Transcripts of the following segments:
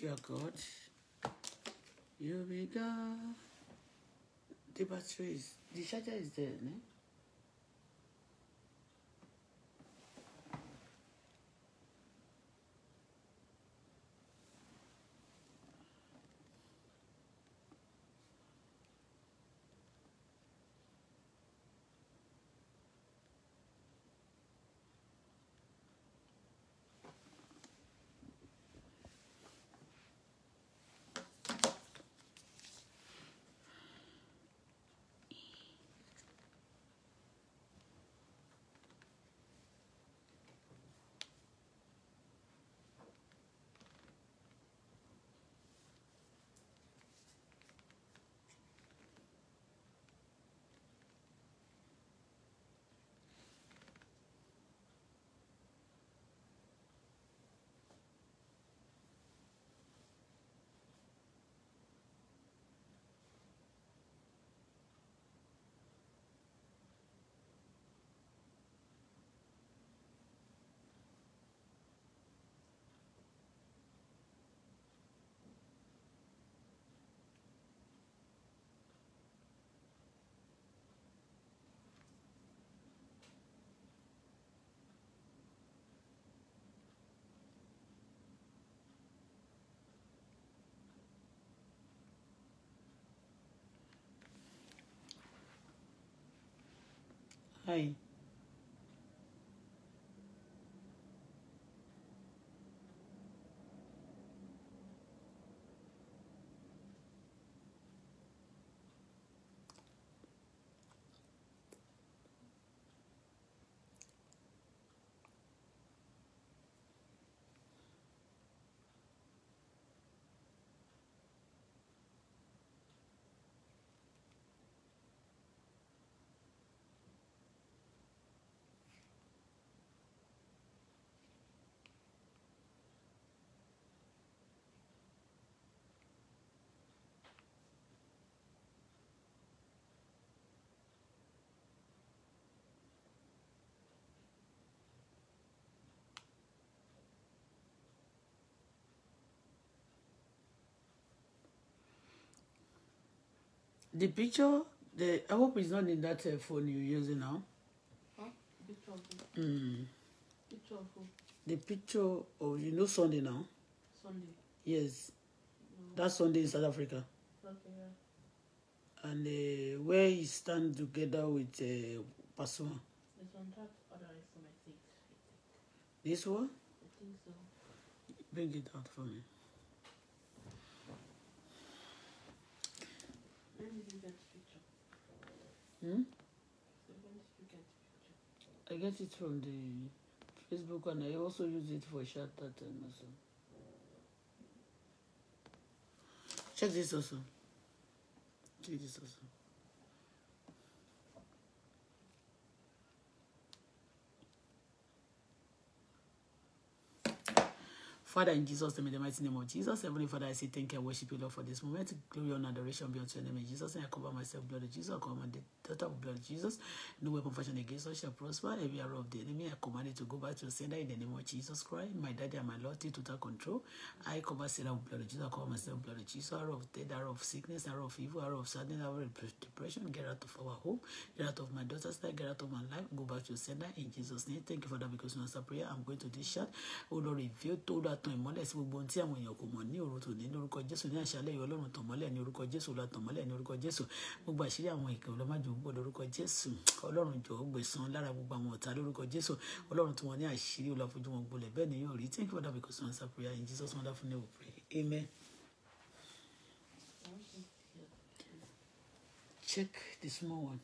You're God. You will be God. The battery is, the charger is there, ne? aí. The picture, the I hope it's not in that uh, phone you're using now. Huh? Picture of who? Mm. Picture of who? The picture of you know Sunday now. Sunday. Yes. No. That Sunday in South Africa. Okay. Yeah. And uh, where you stand together with uh, Pasuma. It's on that other iPhone, I think. This one? I think so. Bring it out for me. When did you get picture? Hmm? I get it from the Facebook and I also use it for short and also. Check this also. Check this also. Father, in Jesus' name, in the mighty name of Jesus, Heavenly Father, I say thank you, and worship you, Lord, for this moment. Glory and adoration be unto your name, in Jesus. And I cover myself, blood of Jesus. I command the daughter of blood of Jesus. No weapon fashioned against us shall prosper. Every arrow of the enemy, I command it to go back to sender in the name of Jesus Christ. My daddy and my Lord, take total control. I cover Sarah with blood of Jesus. I cover myself, blood of Jesus. Arrow of death, arrow of sickness, arrow of evil, arrow of sadness, arrow of depression. Get out of our home. Get out of my daughter's life. Get out of my life. Go back to sender in Jesus' name. Thank you, Father, because you answer prayer. I'm going to this chat. Oh Lord, reveal to that tan ìmọ́lẹ̀ sí gbogbo ohun tí àwọn èèyàn kò mọ̀ ní òru tòní lórúkọ Jésù ní àṣálẹ́ ìwọ Ọlọ́run tàn ní orúkọ Jésù la ní orúkọ Jésù gbogbo àṣírí àwọn ìkẹ́ ọlọ́májú gbogbo lórúkọ Jésù Ọlọ́run jọ̀ọ́ gbẹ̀san lára gbogbo àwọn ọ̀tá lórúkọ Jésù Ọlọ́run tí wọ́n ní àṣírí olàfojú wọn gbolẹ̀ bẹ́ẹ̀ ni yóò rí thank you father because Check the small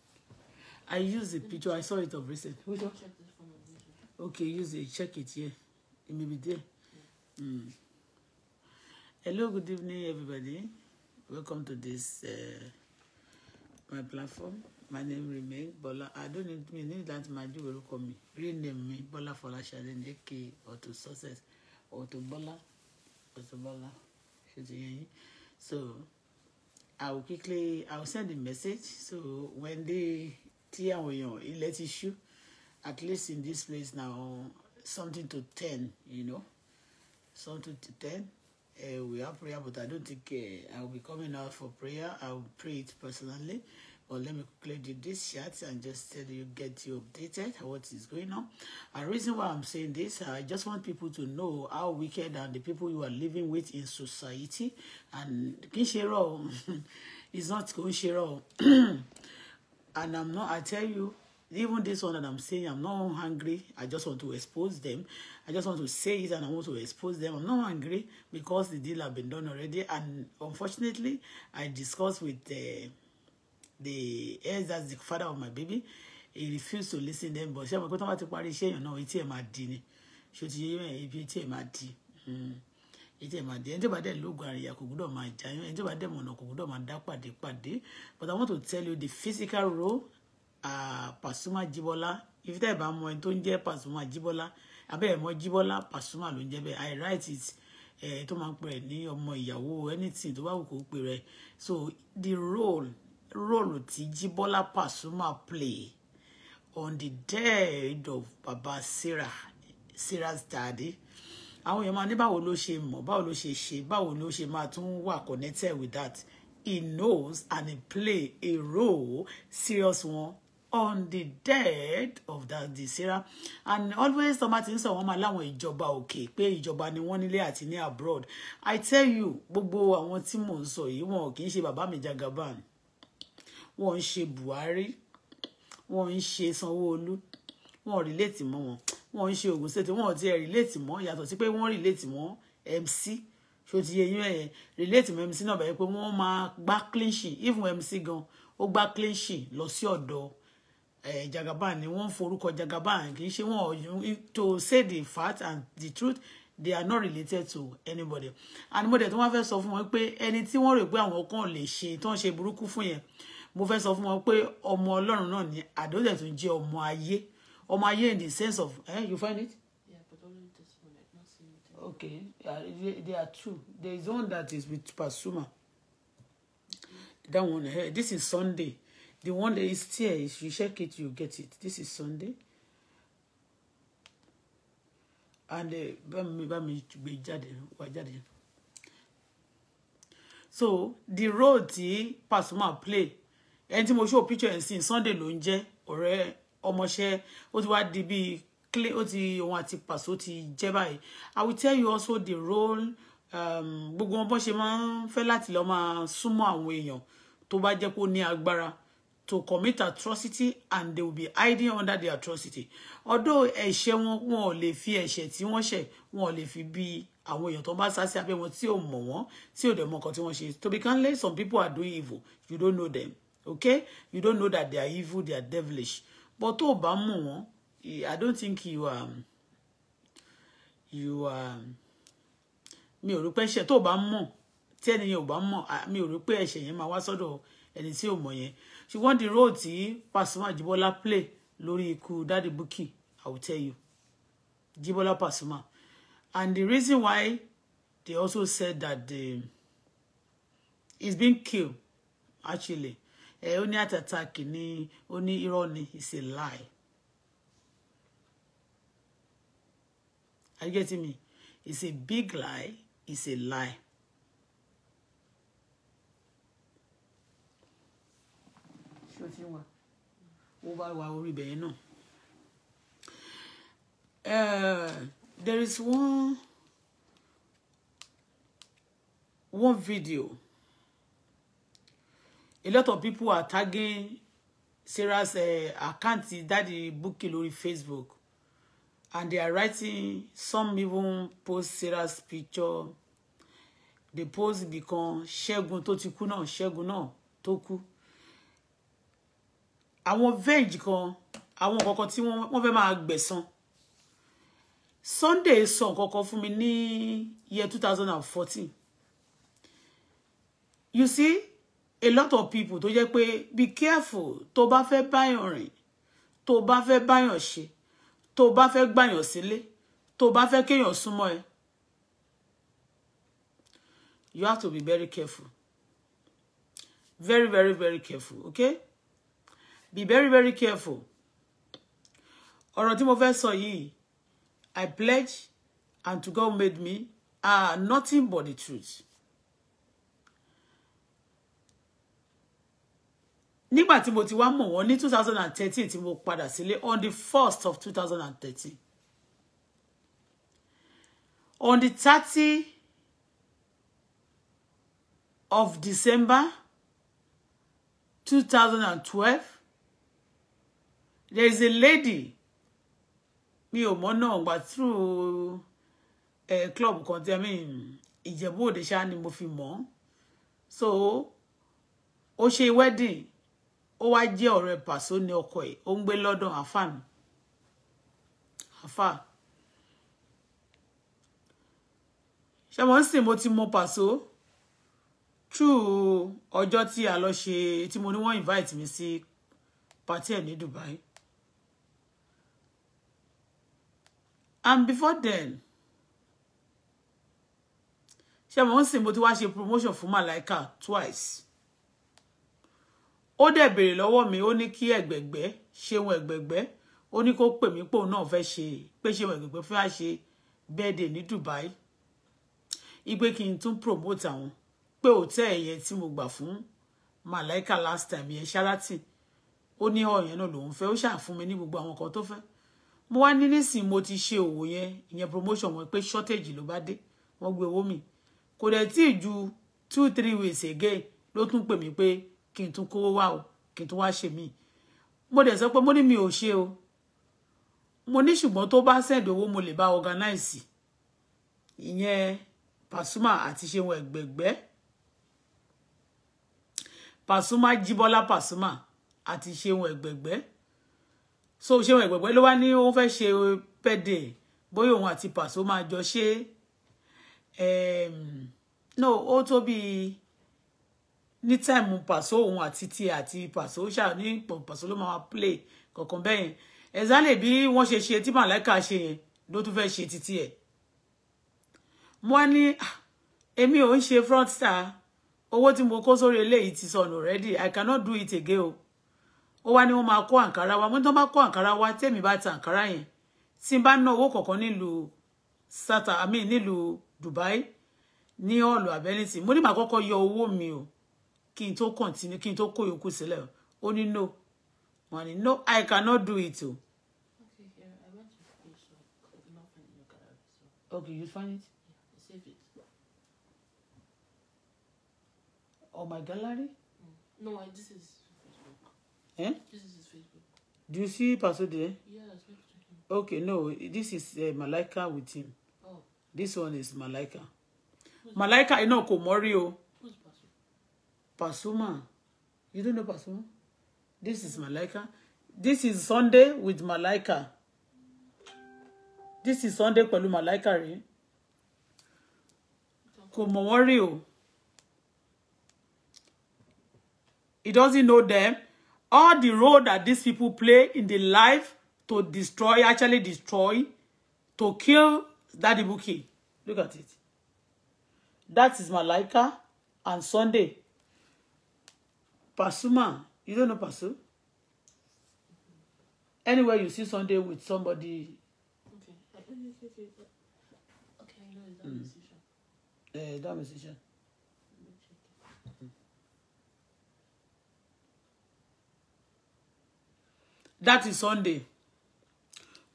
I used the picture. I saw it of recent. Okay, use it. Check it here. Yeah. It may be there. Mm. Hello, good evening, everybody. Welcome to this uh, my platform. My name remain, Bola. I don't need need that my Jew will call me. Rename me Bola Folashade Eke or to success or to Bola or to Bola. So I will quickly I will send a message. So when they tí àwọn èèyàn ilẹ̀ ti ṣú at least in this place now something to ten you know something to 10. Uh, we have prayer, but I don't think uh, I will be coming out for prayer. I will pray it personally. But let me quickly do this chat and just tell you, get you updated what is going on. A reason why I'm saying this, I just want people to know how wicked and the people you are living with in society. And Kinshiro is not Kinshiro. and I'm not, I tell you, even this one that I'm saying, I'm not angry. I just want to expose them. I just want to say it and I want to expose them. I'm not angry because the deal has been done already. And unfortunately, I discussed with uh, the ex, that's the father of my baby. He refused to listen to them. But ṣé mo kó tán bá ti parí iṣẹ́ yẹn náà, etí ẹ̀ máa di But I want to tell you the physical role Pasuma Jibola if tẹ́ ẹ̀ mo mọ ẹni tó Pasuma Jibola abe mo Jibola Pasuma ló ń jẹ́ I write it eh, tó máa ń pè ní ọmọ anything tó bá wù kó pè rẹ̀ so the role role tí Jibola Pasuma play on the death of Baba Sarah Sarah's daddy àwọn èèyàn máa ní báwo ló ṣe mọ̀ báwo ló ṣe ṣe báwo ló ṣe máa tún wà connected with that he knows and he play a role serious one on the death of that the sarah and always ọmọ ti ń sọ wọn máa láwọn ìjọba òkè pé ìjọba ni wọ́n nílé àti ní abroad i tell you gbogbo àwọn tí mò ń sọ yìí wọn kì í ṣe bàbá mi jagaban wọn ń ṣe buhari wọn ń ṣe sanwóolu wọn rìlẹ́tì mọ́ wọn wọn ń ṣe ògùn state wọn ti relate rìlẹ́tì mọ́ yàtọ̀ sí pé wọ́n rìlẹ́tì mc ṣó ti yẹ yín ẹ̀yẹ rìlẹ́tì mọ́ mc náà báyìí pé wọ́n máa gbá clean sheet even mc gan ó gbá clean sheet lọ sí ọ̀dọ̀ uh, Jagaban ni wọ́n forúkọ Jagaban kì í ṣe to say the fact and the truth they are not related to anybody and mo dẹ̀ tó wọ́n fẹ́ sọ fún wọn pé ẹni tí wọ́n rò pé àwọn kan lè ṣe tó ń ṣe burúkú fún yẹn mo fẹ́ sọ fún wọn pé ọmọ ọlọ́run náà ni àdójẹ̀ tó jẹ́ ọmọ ayé ọmọ ayé in the sense of eh, you find it. Yeah, but only this one, I've not seen it. okay they, are two there is one that is with Pasuma that one eh, this is Sunday The one that is here is you check it, you get it. This is Sunday. And uh, so the role tí Pasuma play and tí mo show picture and sí Sunday ló or jẹ́ ọ̀rẹ́ ọmọọṣẹ́ ó ti wá di bíi clay ó ti òun àti ti jẹ́ báyìí I will tell you also the role um wọn bọ́n ṣe máa ń fẹ́ láti lọ́ọ́ máa súnmọ́ àwọn to commit atrocity and they will be hiding under the atrocity although ẹ̀ṣẹ̀ wọn wọn ò lè fi ẹ̀ṣẹ̀ tí wọ́n ṣẹ̀ wọn ò lè fi bí àwọn èèyàn tó bá sá sí abẹ́ wọn tí ò mọ̀ wọ́n tí ò dẹ̀ mọ̀ nǹkan tí wọ́n ṣe to be candid some people are doing evil you don't know them okay you don't know that they are evil they are devilish but tó o bá mọ̀ i don't think you are um, you are um, mi ò rò pé ẹ̀ṣẹ̀ tó o bá mọ̀ tí ẹni yẹn ò bá mọ̀ mi ò rò pé ẹ̀ṣẹ̀ yẹn máa wá sọ́dọ̀ ẹni tí ò mọ̀ ṣùgbọ́n the role tí Pasuma Jibola play lórí ikú Daddy Buki I will tell you Jibola Pasuma and the reason why they also said that the, he's been killed actually ẹ ó ní heart attack ó ní irọ́ ni it's a lie are you getting me it's a big lie it's a lie Over bá wà orí bẹ̀yẹn eh, there is one one video. A lot of people are tagging Sarah's uh, account Daddy Bukky lórí Facebook, and they are writing some even post Sarah's picture. They post become Ṣẹ́gun tó ti kú náà, Ṣẹ́gun náà tó kú àwọn venge kan àwọn kankan tí wọ́n fẹ́ máa gbẹ̀san Sunday sọ kankan fún mi ní year two thousand and fourteen you see a lot of people tó jẹ́ pé be careful tó bá fẹ́ báyàn rìn tó bá fẹ́ báyàn ṣe tó bá fẹ́ gbàyàn sílé tó bá fẹ́ kéèyàn súnmọ́ ẹ you have to be very careful very very very careful okay be very very careful ọ̀rọ̀ tí mo fẹ́ sọ yìí I pledge and to God made me are nothing but the truth. nígbà tí mo ti wá mọ̀ wọ́n ní two thousand and thirteen tí mo padà sílé on the first of two thousand and thirteen on the thirty of December two thousand and twelve there is a lady mi ò mọ̀ náà gbà through uh, club kan tí i mean ìjẹ̀bú òde ṣá ni mo fi mọ̀ so ó ṣe wedding ó wá jẹ́ ọ̀rẹ́ pàṣọ ní ọkọ ẹ̀ ó ń gbé lọ́dọ̀ àfààní àfà ṣẹmọ sì mo ti mọ pàṣọ through ọjọ́ tí a lọ ṣe tí mo ní wọ́n invite mi sí party ẹ̀ ní Dubai. and before then she mo ń sìn mo ti wá ṣe promotion fún Malaika twice ó dẹ̀ béèrè lọ́wọ́ mi ó ní kí ẹ̀gbẹ̀gbẹ́ ṣeun ẹ̀gbẹ̀gbẹ́ ó ní kó pe mi pé òun fe fẹ́ pe pé ṣeun ẹ̀gbẹ̀gbẹ́ fe a ṣe birthday ni Dubai ipe kí n tún promote àwọn pe hòtẹ́ẹ̀ yẹn tí mo gbà fún Malaika last time yẹn Sheraton ó ní ọ̀yẹn náà lòun fẹ́ ó ṣàfún mi ní gbogbo àwọn kan tó fẹ́ mo wá ní nísìnyí mo ti ṣe òwò yẹn ìyẹn promotion wọn pé shortage ló bá dé wọn gbé owó mi kò dẹ̀ tí ju two three weeks again ló tún pè mí pé kí n tún kówó wá o kí n tún wá ṣe mí mo dẹ̀ sọ pé mo ní mi ò ṣe o mo ní ṣùgbọ́n tó bá send owó mo lè bá organize ìyẹn Pasuma àti ṣeun ẹ̀gbẹ̀gbẹ́ Pasuma jibola Pasuma àti ṣeun ẹ̀gbẹ̀gbẹ́ so ṣé wọn ìgbẹ̀gbẹ́ ló wá ní ó fẹ́ ṣe pẹ́dẹ̀ bóyá òun àti pàṣọ máa jọ ṣe no ó tó bí ní táìmù pàṣọ òun àti tí àti pàṣọ ó ṣáà ní pàṣọ ló máa play kọ̀ọ̀kan bẹ́yẹn ẹ̀zálẹ̀ bí wọ́n ṣe ṣe tí màláìka ṣe yẹn ló tún fẹ́ ṣe títí ẹ̀ mo ní ah, èmi ò ń ṣe front star owó tí mo kó sórí eléyìí ti sọnù already i cannot do it again o ó wá ní wọ́n máa kó àǹkárá wa mo ní tó bá kó àǹkárá wa tèmi bá ta àǹkárá yẹn tí n bá ná owó kọ̀ọ̀kan nílùú sata àmì nílùú Dubai ní ọ̀lù abẹ́lẹ́tì mo ní màá kọ́kọ́ yọ owó mi o kí n tó kọ̀ntínú kí n tó kó yòókù sílẹ̀ ó ní no wọn ni no I cannot do it o. Okay, you find it? Yeah, save it. Oh, my gallery? No, no, this is Eh? This is his Facebook. Do you see Pastor there? Yeah, Okay, no, this is uh, Malaika with him. Oh. This one is Malaika. Who's Malaika, you know, kò mọ̀ rí o. Who's Pasuma? Pasuma. You don't know Pasuma? This is Malaika. This is Sunday with Malaika. This is Sunday with Malaika rèé. Kò He doesn't know them all the role that these people play in the life to destroy, actually destroy, to kill Daddy Buki. Look at it. That is Malaika and Sunday. Pasuma, you don't know Pasu? Anywhere you see Sunday with somebody. Okay, okay I know that mm. musician. Uh, that musician. that is Sunday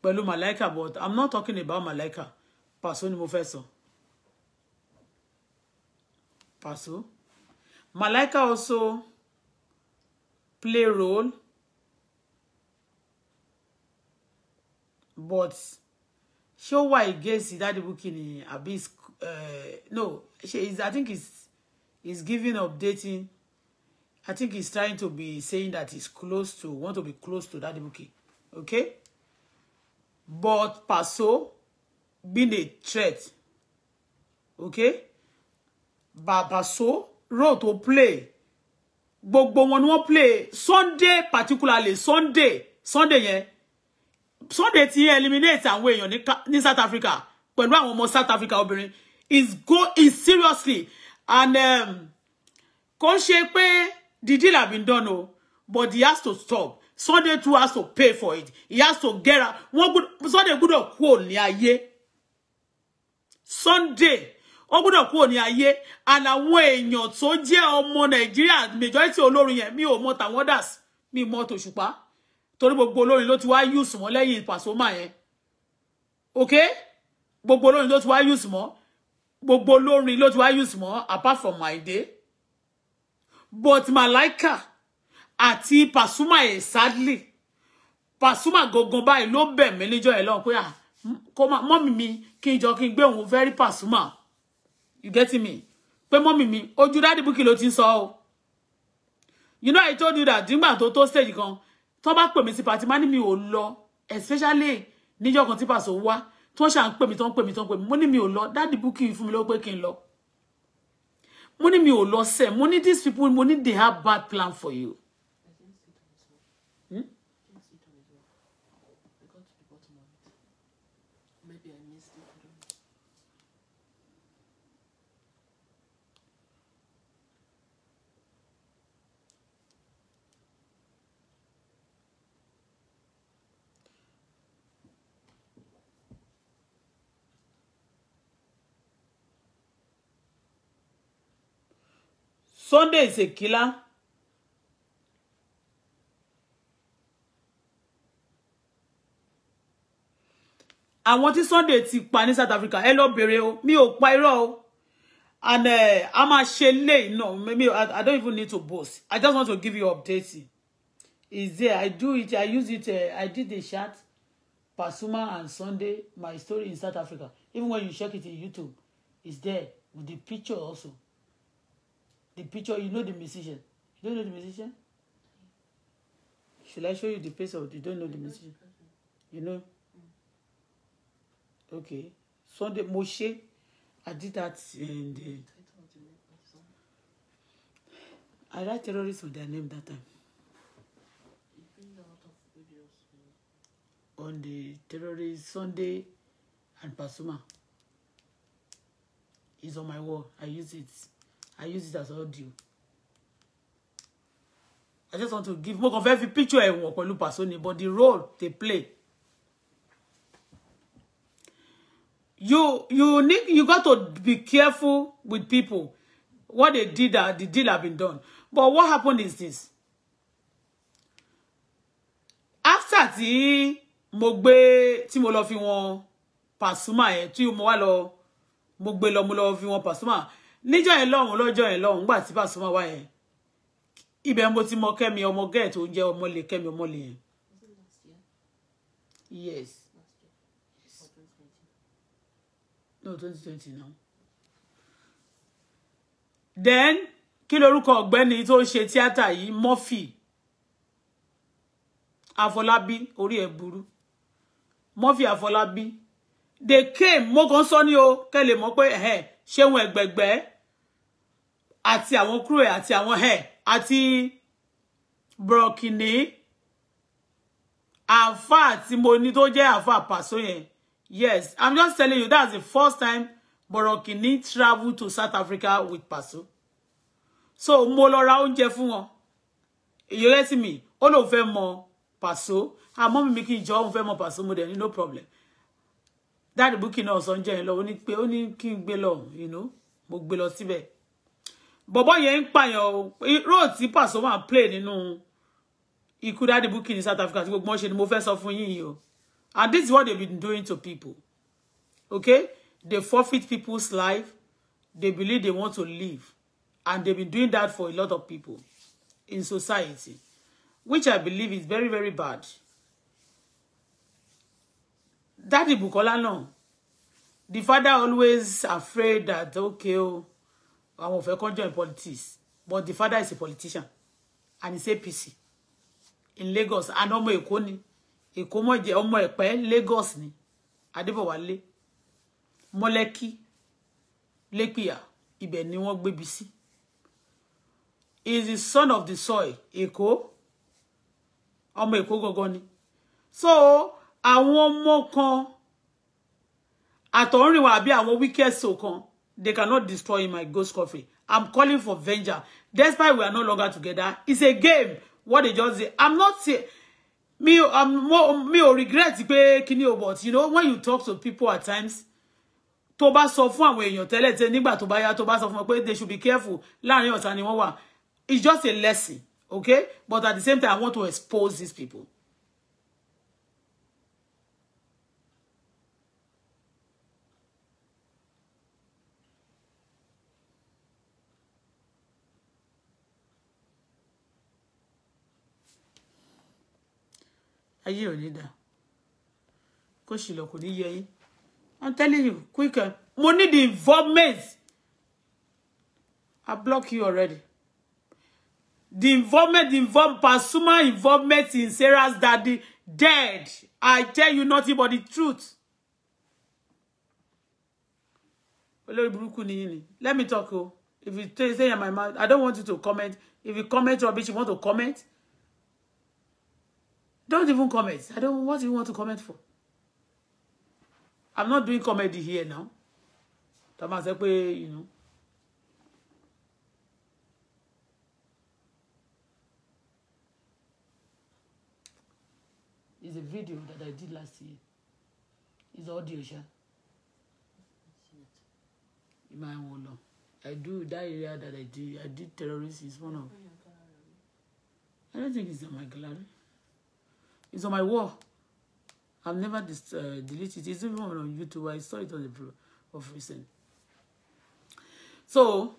pẹ̀lú Malaika but I'm not talking about Malaika Paso ni mo fẹ́ sọ Paso Malaika also play role but ṣé ó wà against Daddy Bukky ni àbí eh, no ṣe I think he's he's giving updating. I think he's trying to be saying that he's close to want to be close to Daddy Buki. Okay? But Paso being a threat. Okay? But Paso wrote to play. but wọn ni wọ́n play Sunday particularly Sunday Sunday yeah Sunday ti eliminate àwọn èèyàn in South Africa pẹ̀lú àwọn ọmọ South Africa obìnrin is go is seriously and um, kò The deal have been done, oh, but he has to stop. Sunday too has to pay for it. He has to get out. What good Sunday good of quote ní ayé. Sunday oh good of quote ní ayé and àwọn èèyàn tó jẹ́ ọmọ Nàìjíríà majority olórin yẹn mi ò mọ tàwọn dàs mi mọ tòṣùpá Shupa. gbogbo olórin ló ti wá use wọn lẹ́yìn Pasuma yẹn ok Okay, olórin ló ti wá use more? gbogbo olórin ló ti use more? apart from my day but Malaika ati Pasuma ẹ̀ sadly Pasuma gangan báyìí ló bẹ̀ mí níjọ́ ẹ̀ lọ́wọ́ pé à ah, kó má mọ́mì mi kí n jọ kí n very Pasuma you get me pé mommy, mi ojú dáàdì búkì ló ti ń sọ o you know I told you that nígbà tó tó stage kan tó bá pè mí sí pàtí má ní mi ò lọ especially níjọ́ kan tí pàṣọ wá tí wọ́n ṣà ń pè mí tó ń pè mí tó ń pè mí mo ní mi ò lọ dáàdì búkì fún mi ló pé kí n Money, ní mi ò lọ sẹ these people money they have bad plan for you Sunday is a killer. àwọn tí Sunday ti pa ní South Africa ẹ lọ bèrè o mi ò pa irọ́ o and uh, a máa ṣe lé no maybe I, I don't even need to boast I just want to give you update is there I do it I use it uh, I did the chat Pasuma and Sunday my story in South Africa even when you check it in YouTube it's there with the picture also The picture, you know the musician. You don't know the musician? Should I show you the face? or you don't know the musician? You know? Mm. Okay. Sunday Moshe, I did that in the. I write terrorists on their name that time. On the terrorist Sunday and Pasuma. Is on my wall. I use it. I use it as audio. I just want to give more of every picture I wọ̀n pẹ̀lú Paso ni but the role they play. You you need you got to be careful with people. What they did that uh, the deal have been done. But what happened is this. After the mo gbé tí mo lọ fi wọn Pasuma yẹn tí mo wá lọ Pasuma níjọ́ yẹn lọ́hùn lọ́jọ́ yẹn lọ́hùn nígbà tí Pasuma wá yẹn ibẹ̀ mo ti mọ Kẹ́mi ọmọ gẹ́ẹ̀ tó ń jẹ́ ọmọlé yẹn yes no twenty twenty now then kí lorúkọ ọ̀gbẹ́ni tó ń ṣe tíátà yìí Murphy Afọlábí orí ẹ̀ burú Murphy Afọlábí they came mo kàn sọ ni o kẹ́ lè mọ̀ pé ẹ̀hẹ́ ṣéun ẹ̀gbẹ̀gbẹ́ àti àwọn crew ẹ̀ àti àwọn ẹ̀ àti brokini àáfàá tí mo ní tó jẹ́ àáfàá pàṣọ yẹn yes i'm just telling you that's the first time brokini travel to south africa with pàṣọ so mo lọ ra oúnjẹ fún wọn ìyẹn rẹ sí mi ó lóun fẹ́ mọ pàṣọ àmọ́ mi kì í jọ òun fẹ́ mọ pàṣọ mo dẹ̀ ní no problem dáàdì búkì náà sọ ń jẹ́ yẹn lọ ó ní pé ó ní kí n gbé lọ you know mo gbé lọ síbẹ̀ bọ̀bọ̀ yẹn ń pààyàn o road tí Pasuma play nínú ikú dáàdì búkì ní South Africa tí gbogbo wọn ṣe ni mo fẹ́ sọ fún yín yìí o and this is what they been doing to people okay they forfeit people's life they believe they want to live and they been doing that for a lot of people in society which I believe is very very bad. Daddy Bukola no, the father always afraid that okay o àwọn a fẹ́ kán join politics but the father is a politician and he's APC in Lagos and ọmọ Èkó ni Èkó mọ̀ jẹ́ ọmọ Ẹ̀pẹ́ Lagos ni Adébọ̀wálé Mọ́lẹ́kí Lẹ́kìyà ibẹ̀ ni wọ́n gbébi sí he is the son of the soil Eko, I'm Èkó gangan so àwọn ọmọ kan àtọ̀rìnwá àbí àwọn wicked soul kan they cannot destroy my ghost coffee i'm calling for venger. despite we are no longer together it's a game what they just say, i'm not say. mi um, mi ò regret pé kíni o but you know when you talk to people at times tó bá sọ fún àwọn èèyàn tẹ́lẹ̀ tẹ́lẹ̀ nígbà tó bá yá tó bá sọ fún pé they should be careful láàrin ọ̀tá ni wọ́n wà it's just a lesson okay but at the same time i want to expose these people ayé ò ní dà kó sì kò ní yẹ yín i'm telling you quick eh? mo need the involvement i block you already the involvement the involvement Pasuma involvement in Sarah's daddy dead i tell you nothing but the truth olórí burúkú ni yín ni let me talk o oh. if you say say my mouth i don't want you to comment if you comment rubbish you want to comment Don't even comment. I don't what do you want to comment for? I'm not doing comedy here now. Thomas you know. It's a video that I did last year. It's audio, sha. In my own law. I do that area that I did. I did terrorists is one of. I don't think it's on my gallery. It's on my wall. I've never dis uh, deleted it. It's even on YouTube. I saw it on the of recent. So,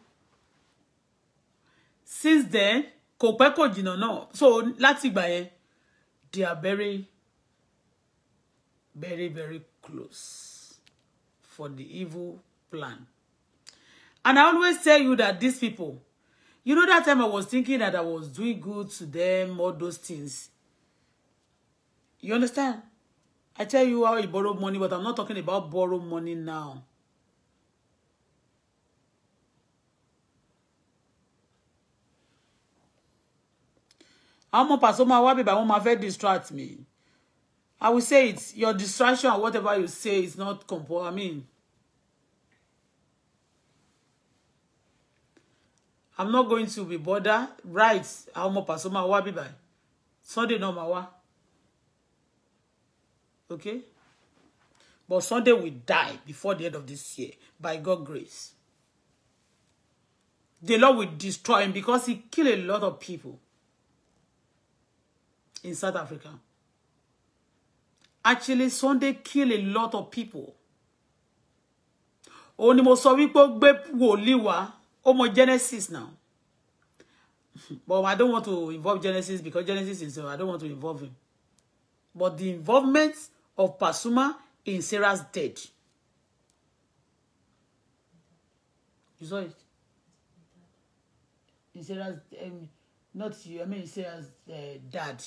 since then, kò pẹ́ no. jìnnà náà. So, láti ìgbà yẹn, they are very, very, very close for the evil plan. And I always tell you that these people, you know that time I was thinking that I was doing good to them, all those things. You understand? I tell you how he borrowed money, but I'm not talking about borrow money now. Àwọn pàṣẹ máa wá bíbá wọn máa fẹ́ distract me. I will say it. Your distraction and whatever you say is not compo. I mean, I'm not going to be bothered. Right. Àwọn pàṣẹ máa wá bíbá. Sunday no máa wá. Okay? But Sunday will die before the end of this year by God's grace. The Lord will destroy him because he killed a lot of people in South Africa. Actually, Sunday killed a lot of people. Ó ní mo sọ wípé ó gbé Genesis now. But I don't want to involve Genesis because Genesis is, so. I don't want to involve him. But the involvement of Pasuma in Sarah's death. You saw it? In Sarah's, um, not you, I mean Sarah's uh, dad.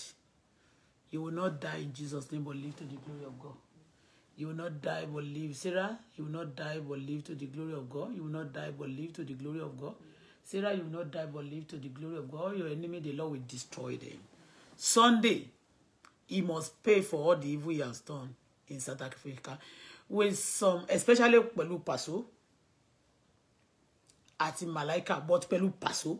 You will not die in Jesus' name, but live to the glory of God. You will not die but live. Sarah, you will not die but live to the glory of God. You will not die but live to the glory of God. Sarah, you will not die but live to the glory of God. All your enemy, the Lord will destroy them. Sunday, he must pay for all the evil he has done in South Africa with some especially pelu Paso at Malaika but pelu Paso.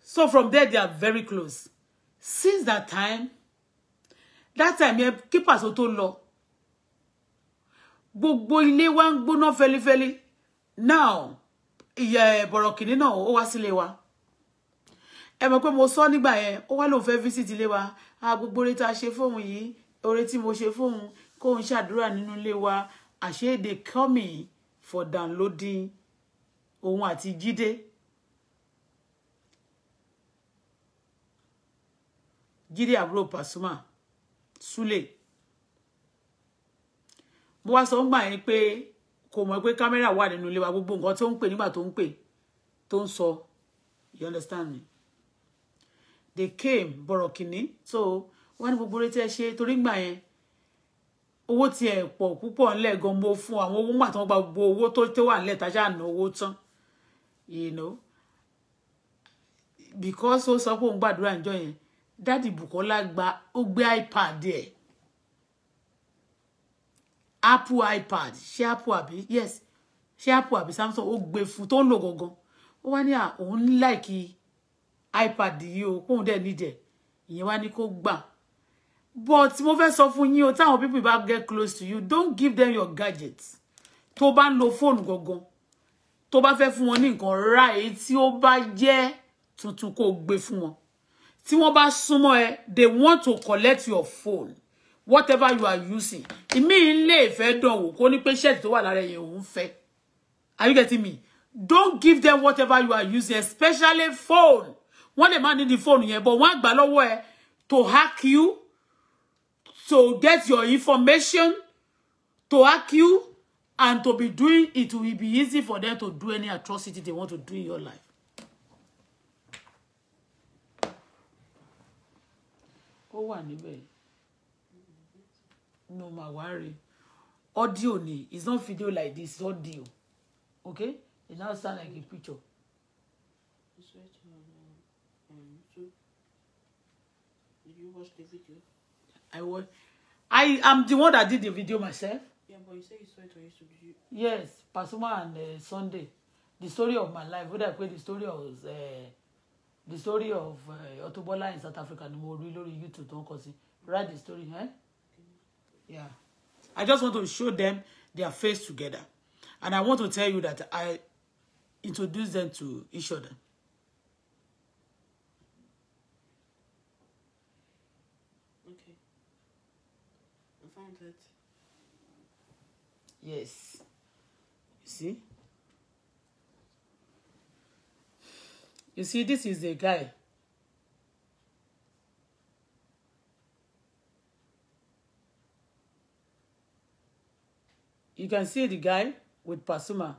So from there they are very close. Since that time that time yẹn kí Paso tó lọ gbogbo ilé wa ń gbóná fẹlifẹli now yeah, bọ̀rọ̀kìnní no, ó wá wa ẹ mọ̀ pé mo sọ nígbà yẹn ó wá lóun fẹ́ visit ilé wa a gbogbo oore tá a ṣe fóun yìí oore tí mo ṣe fóun kóun ṣàdúrà nínú ilé wa àṣé they coming for downloading òun àti Jídé Jídé àbúrò Pasuma Sule mo wá sọ ń gbà yẹn pé kò mọ̀ pé kámẹ́rà wà nínú ilé wa gbogbo nǹkan tó ń pè nígbà tó ń pè tó ń sọ you understand me they came bọ̀rọ̀ kìnní so wọ́n ní gbogbo retí ẹ ṣe torí gbà yẹn owó tiẹ̀ pọ̀ púpọ̀ ńlẹ̀ gan mo fún àwọn owó mà tí wọ́n gba gbogbo owó tó tó wà ńlẹ̀ tájà ná owó tán you know because ó sọ pé òun gbàdúrà níjọ́ yẹn dáàdì Bùkọ́lá gba ó gbé iPad ẹ̀ apple ipad ṣé apple àbí yes ṣé apple àbí samsung ó gbé fún tó ń lò gangan ó wá ní à òun láìkí ipad yìí o kóun dẹ̀ nídẹ̀ ìyẹn wá ní kó gbà but mo fẹ́ sọ fún yín o táwọn people bá get close to you don't give them your gadgets. tó bá ń lo fóònù gangan tó bá fẹ́ fún wọn ní nǹkan ra èyí tí ó bá jẹ́ tuntun kó gbé fún wọn tí wọ́n bá they want to collect your phone whatever you are using ìmí ilé ìfẹ́ dánwò kó ní pé ṣẹ́ẹ̀tì tó wà lára ẹ̀yẹ̀ òun fẹ́ are you getting me don't give them whatever you are using especially phone wọ́n lè má ní di fóònù yẹn but wọ́n á gbà ẹ to hack you to get your information to hack you and to be doing it will be easy for them to do any atrocity they want to do in your life. ó wà níbẹ̀ no ma wá rí audio ni it's not video like this audio okay it now sound like a picture watched the video. I was. I am the one that did the video myself. Yeah, but you say you saw it on YouTube. Did you? Yes, Pasuma and uh, Sunday. The story of my life. Whether I play the story of uh, the story of uh, Auto in South Africa, No more, really, YouTube don't cause kọ Write the story, huh? Eh? Yeah. I just want to show them their face together. And I want to tell you that I introduced them to each other. yes you see you see this is a guy you can see the guy with Pasuma.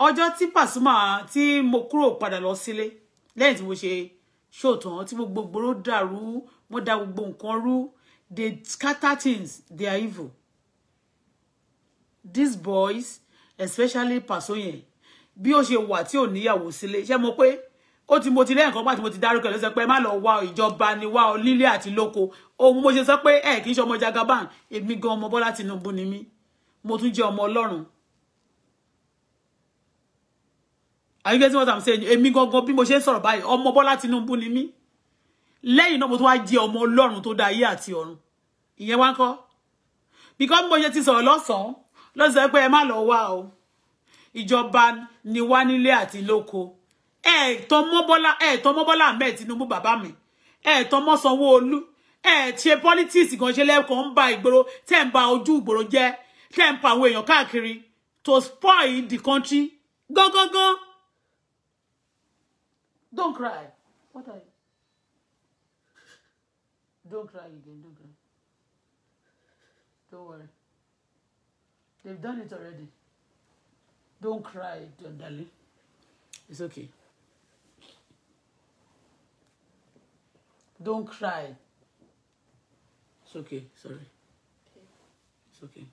Ojo ti Pasuma ti mo kúrò padà lọ sílé lẹ́yìn tí mo ṣe ṣòtàn tí gbogbo gbòòrò dàrú wọ́n da gbogbo nǹkan rú they scatter things they are evil these boys especially pàṣọ yẹn bí ó ṣe wà tí ò níyàwó sílé ṣé mo pé ó ti mo ti lẹ́yìn kan pàtó mo ti dárúkọ ló sọ pé má lọ wá ìjọba ni wá lílé àti lóko ohun mo ṣe sọ pé ẹ kì í ṣe ọmọ Jagaban èmi gan ọmọ Bọ́lá Tinubu ni mí mo tún jẹ́ ọmọ Ọlọ́run are you getting what i'm saying èmi gangan bí mo ṣe sọ̀rọ̀ báyìí ọmọ Bọ́lá Tinubu ni mí lẹ́yìn náà mo tún wá jẹ́ ọmọ Ọlọ́run tó dá ayé àti ọ̀run ìyẹn wá ńkọ́ because mo ṣe ti sọ̀rọ̀ lọ́sàn ló sọ pé ẹ má lọ wá o ìjọba ni wá nílé àti lóko ẹ tó mọ́ Bọ́lá ẹ tó mọ́ Bọ́lá Ahmed Tinubu bàbá mi ẹ tó mọ́ Sanwó-Olú ẹ ṣe politics gan ṣe lẹ́kọ̀ọ́ ń ba ìgboro tẹ́ ń ba ojú ìgboro jẹ́ tẹ́ ń pa àwọn èèyàn káàkiri to spoil the country gangan gangan. Don't cry. What are you? Don't cry again. Don't cry. Don't worry. They've done it already. Don't cry, darling. It's okay. Don't cry. It's okay. Sorry. It's okay.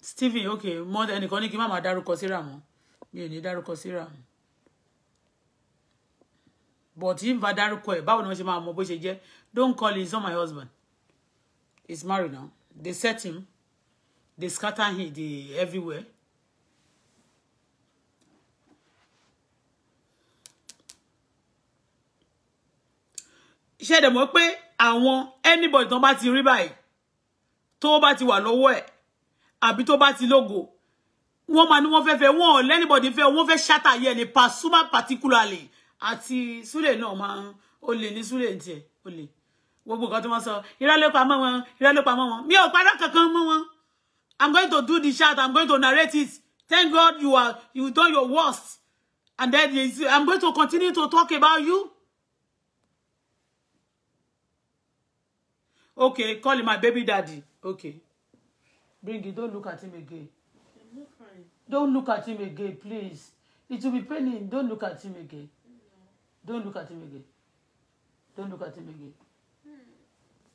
Stephen, okay. More than ẹnìkan ní kí n má máa dárúkọ síra mọ́. need ò ní but him bá dárúkọ ẹ̀ báwo ni wọ́n ṣe máa mọ bó ṣe jẹ́ don't call him he's not my husband he's married now they set him they scatter him the everywhere. ṣé dẹ̀ mọ̀ pé àwọn anybody tó bá ti rí báyìí tó bá ti wà lọ́wọ́ ẹ̀ àbí tó bá ti lógo wọ́n máa ní wọ́n fẹ́ fẹ́ wọ́n lẹ́nìbọ̀dì fẹ́ wọ́n fẹ́ ṣàtàyẹ ní Pasuma particularly àti súlè náà máa ń ó lè ní súlè ní tiẹ̀ ó lè gbogbo nǹkan tí wọ́n sọ irọ́ ló pamọ́ wọn irọ́ ló pamọ́ wọn mi ò parọ́ kankan mọ́ wọn i'm going to do the chat. i'm going to narrate it thank god you are you done your worst and then i'm going to continue to talk about you. Okay, call my baby daddy. Okay. Bring it. Don't look at him again. I'm Don't look at him again, please. It will be pain. Don't look at him again. Don't look at him again. Don't look at him again. Hmm.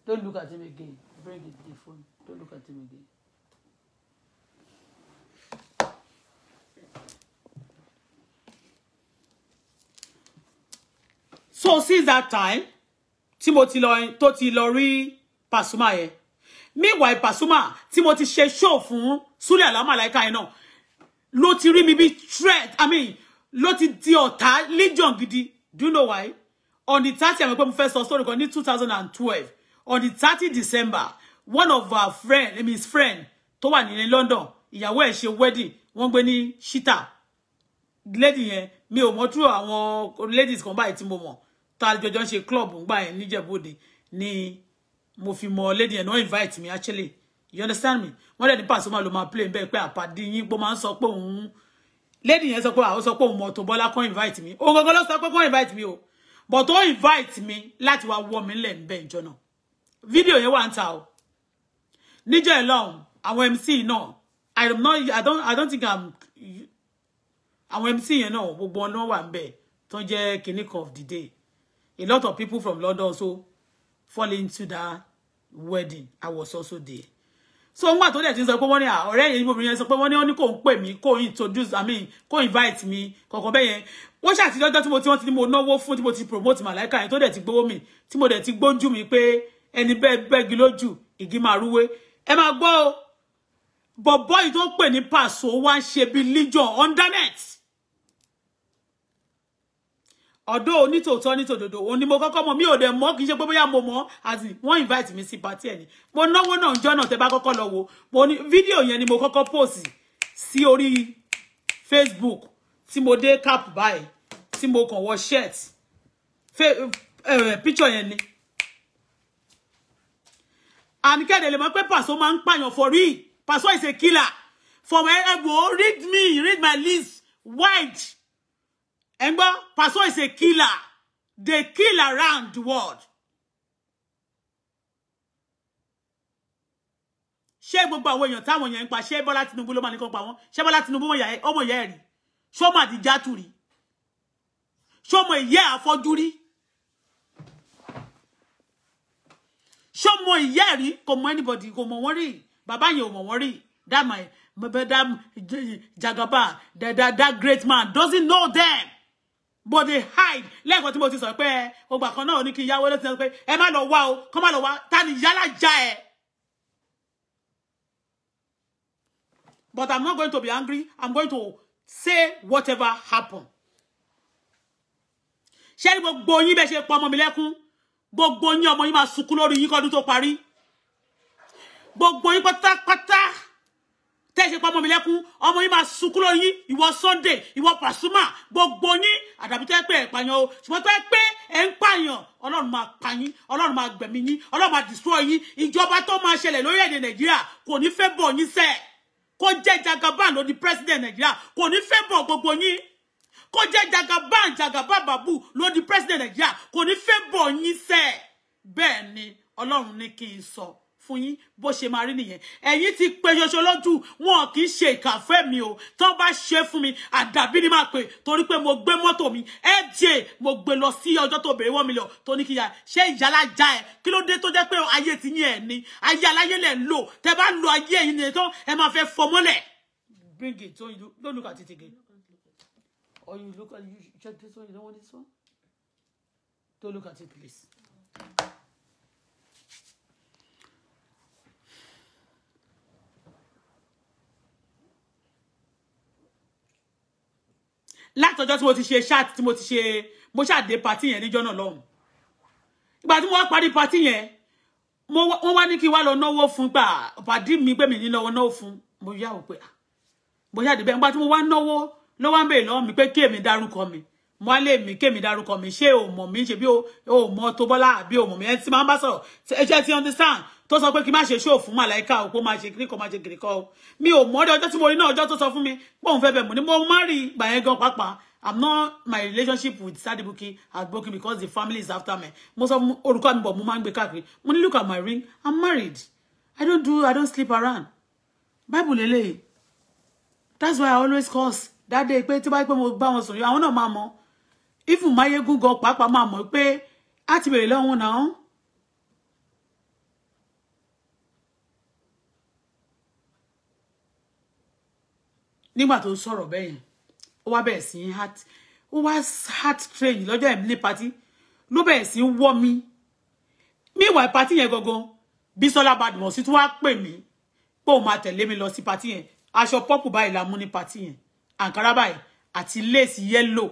Don't look at him again. Bring it the phone. Don't look at him again. So since that time, Timothy mo ti lọ Pasuma yẹn. Meanwhile Pasuma Timothy mo ti ṣe show fún Sule Almalaika yẹn náà ló ti rí mi bí threat. I mean, ló ti di ọ̀tá legion gidi do you know why on the thirty àmì pé mo fẹ́ sọ story kan ní two thousand and twelve on the thirty december one of our friend I mean his friend tó wà ní london He went she wedding One gbé shita lady yẹn mi ò mọ̀ tú àwọn ladies kan báyìí tí mo mọ̀ tá a jọjọ ń ṣe club ńgbà yẹn níjẹ̀bọ́dẹ ni mo fi lady yẹn no invite me actually you understand me wọ́n dẹ̀ ní Pasuma ló máa play bẹ́ẹ̀ pé àpàdé yín gbọ́ máa ń sọ pé òun lady yẹn sọ pé àwọn sọ pé òun mọ tó Bọ́lá kàn invite mi òun gangan ló sọ pé kàn invite mi o but ó invite mi láti wá wọ mi lẹ̀ ń bẹ̀ ìjọ náà fídíò yẹn wà ń ta o níjọ́ ẹ̀ lọ́hùn àwọn mc náà i am not i don't i don't think i'm àwọn mc yẹn náà gbogbo ọ̀nà wà ń bẹ̀ tó ń jẹ́ kinní of the day a lot of people from London also fall into that wedding i was also there so to tó dẹ̀ So ń sọ pé wọ́n ní ah, ọ̀rẹ́ yẹn ibòmí yẹn sọ pé wọ́n ní wọ́n ní kò ń pè mí kò introduce i mean kò invite mi kọ̀ọ̀kan bẹ́yẹn wọ́n ṣàti lọ́jọ́ tí mo ti wọ́n ti ní mo náwó fún tí mo ti promote màláìka yẹn tó dẹ̀ ti gbowó mi tí mo dẹ̀ ti gbójú mi pé ẹni bẹ́ẹ̀ bẹ́gi lójú ìgí máa rúwé ẹ máa gbọ́ o bọ̀bọ́ yìí tó ń pè ní pàṣọ wá ń ṣe bí legion undernet ọ̀dọ́ onítòótọ́ nítòdodo òun ni mo kọ́kọ́ mọ̀ mi ò dẹ̀ mọ̀ kì í ṣe pé bóyá mo mọ̀ as in wọ́n invite mi sí party ẹ̀ ni mo náwó náà jọ́ náà tẹ́ bá kọ́kọ́ lọ wo mo ní fídíò yẹn ni mo kọ́kọ́ post sí orí Facebook tí mo dé cap báyìí tí mo kàn wọ shirt eh, eh, picture yẹn ni and kéde lè mọ̀ pé Paso máa ń for real Paso is a killer for my elbow eh, read me read my list white ẹ ń pastor is a killer they kill around the world. ṣé gbogbo àwọn èèyàn táwọn èèyàn ń pa ṣé Bọ́lá Tinubu ló máa nìkan pa wọ́n ṣé Bọ́lá Tinubu ọmọ ìyá ẹ̀ rí ṣọmọ àdìjátù rí ṣọmọ ìyá àfọ́jú rí ṣọmọ ìyá rí kò mọ anybody kò mọ wọn rí bàbá yẹn ò mọ wọn rí dàmà ẹ mọbẹ dàmà jagaba that that that great man doesn't know them but they hide lẹ́ẹ̀kan tí mo ti sọ pé ọgbà kan náà ní kí n yáwó lọ́sìn pé ẹ má lọ wá o kọ́ má lọ wá ta yálà já ẹ. but i'm not going to be angry i'm going to say whatever happen. ṣé ní gbogbo yín bẹ́ẹ̀ ṣe pọ̀ ọmọ mi lẹ́kún gbogbo yín ọmọ yín máa sunkún lórí yín kọ́dún tó parí gbogbo yín pátápátá tẹ́ ẹ ṣe pamọ́ mi lẹ́kún ọmọ yín máa sunkún yín ìwọ Sunday ìwọ Pasuma gbogbo yín àdàbí tẹ́ pé ẹ̀ pààyàn o ṣùgbọ́n tẹ́ pé ẹ̀ ń pààyàn ọlọ́run máa pa yín ọlọ́run máa gbẹ̀mí yín ọlọ́run máa destroy yín ìjọba tó máa ṣẹlẹ̀ lórí èdè Nàìjíríà kò ní fẹ́ bọ̀ yín sẹ́ẹ̀ kó jẹ́ jagaban ló di president Nàìjíríà kò ní fẹ́ bọ̀ gbogbo yín kó jẹ́ jagaban jagaban babu ló di president Nàìjíríà kò ní fẹ́ bọ̀ yín sẹ́ẹ̀ bẹ́ẹ̀ ni ọlọ́run ní kí n sọ. So fún yín bó ṣe máa rí nìyẹn ẹ̀yin ti pe ṣoṣo lójú wọn kì í ṣe ìkàfẹ́ mi o tó bá ṣe fún mi àdàbí ni máa pè torí pé mo gbé mọ́tò mi fda mo gbé lọ sí ọjọ́ tó bèrè wọ́n mi lọ tó ní kíyà ṣé ìyálàjà ẹ̀ kí ló dé tó jẹ́ pé ayé ti yín ẹ̀ ni ayé aláyé lẹ̀ lò tẹ bá lo ayé ẹ̀yin nìyẹn tán ẹ máa fẹ́ fọmọ́lẹ̀. bring it so you don't look at it again or oh, you look at you check this one you don't want this one don't look at it please. látọjọ́ tí mo ti ṣe ṣáàt tí mo ti ṣe mo ṣàdé pàtí yẹn níjọ́ náà lọ́hùn ìgbà tí mo wá parí pàtí yẹn wọ́n wá ní kí n wá lọ náwó fún gbà ah, pàdí mi pé mi ní lọ́wọ́ náwó fún mo yá òpè ah. mo ṣàdé bẹ́ẹ̀ nígbà tí mo wá náwó ló wá ń bèèrè lọ́wọ́ mi pé kí èmi dárúkọ mi mo lè mi kémi dárúkọ mi ṣé o mọ̀ mi ṣe bí o mọ̀ tó bọ́lá àbí o mọ̀ mi ẹni tí máa ń bá sọ̀rọ̀ ẹ ti understand tó sọ pé kí má ṣe ṣó fún màláìka o kó má ṣe kíríkọ má ṣe kíríkọ o mi ò mọ̀ ọdẹ ọjọ́ tí mo rí náà ọjọ́ tó sọ fún mi pé òun fẹ́ bẹ̀ ni mo má rí ìgbà yẹn gan pàápàá I'm not my relationship with Sadibuki has broken because the family is after me. Mo sọ orúkọ mi bọ̀ mo máa ń gbé Mo ní look at my ring. I'm married. I don't do I don't sleep around. Bible lele. That's why I always curse. That day pé tí bá pé mo bá wọn sùn yọ àwọn náà máa mọ̀ even Mayegun gan pàápàá máa mọ̀ pé a ti bèrè lọ́wọ́ náà. nígbà tó ń sọ̀rọ̀ bẹ́yẹn ó wá bẹ̀rẹ̀ heart ó wá heart train lọ́jọ́ ẹ̀mí party, patí be bẹ̀rẹ̀ sí wọ́ mi meanwhile patí yẹn gangan Bísọ́lá Badmus tí wàá pè mí pé òun máa tẹ̀lé mi lọ sí patí yẹn aṣọ pọ́pù báyìí la mú ní patí yẹn àǹkárá báyìí àti lace yellow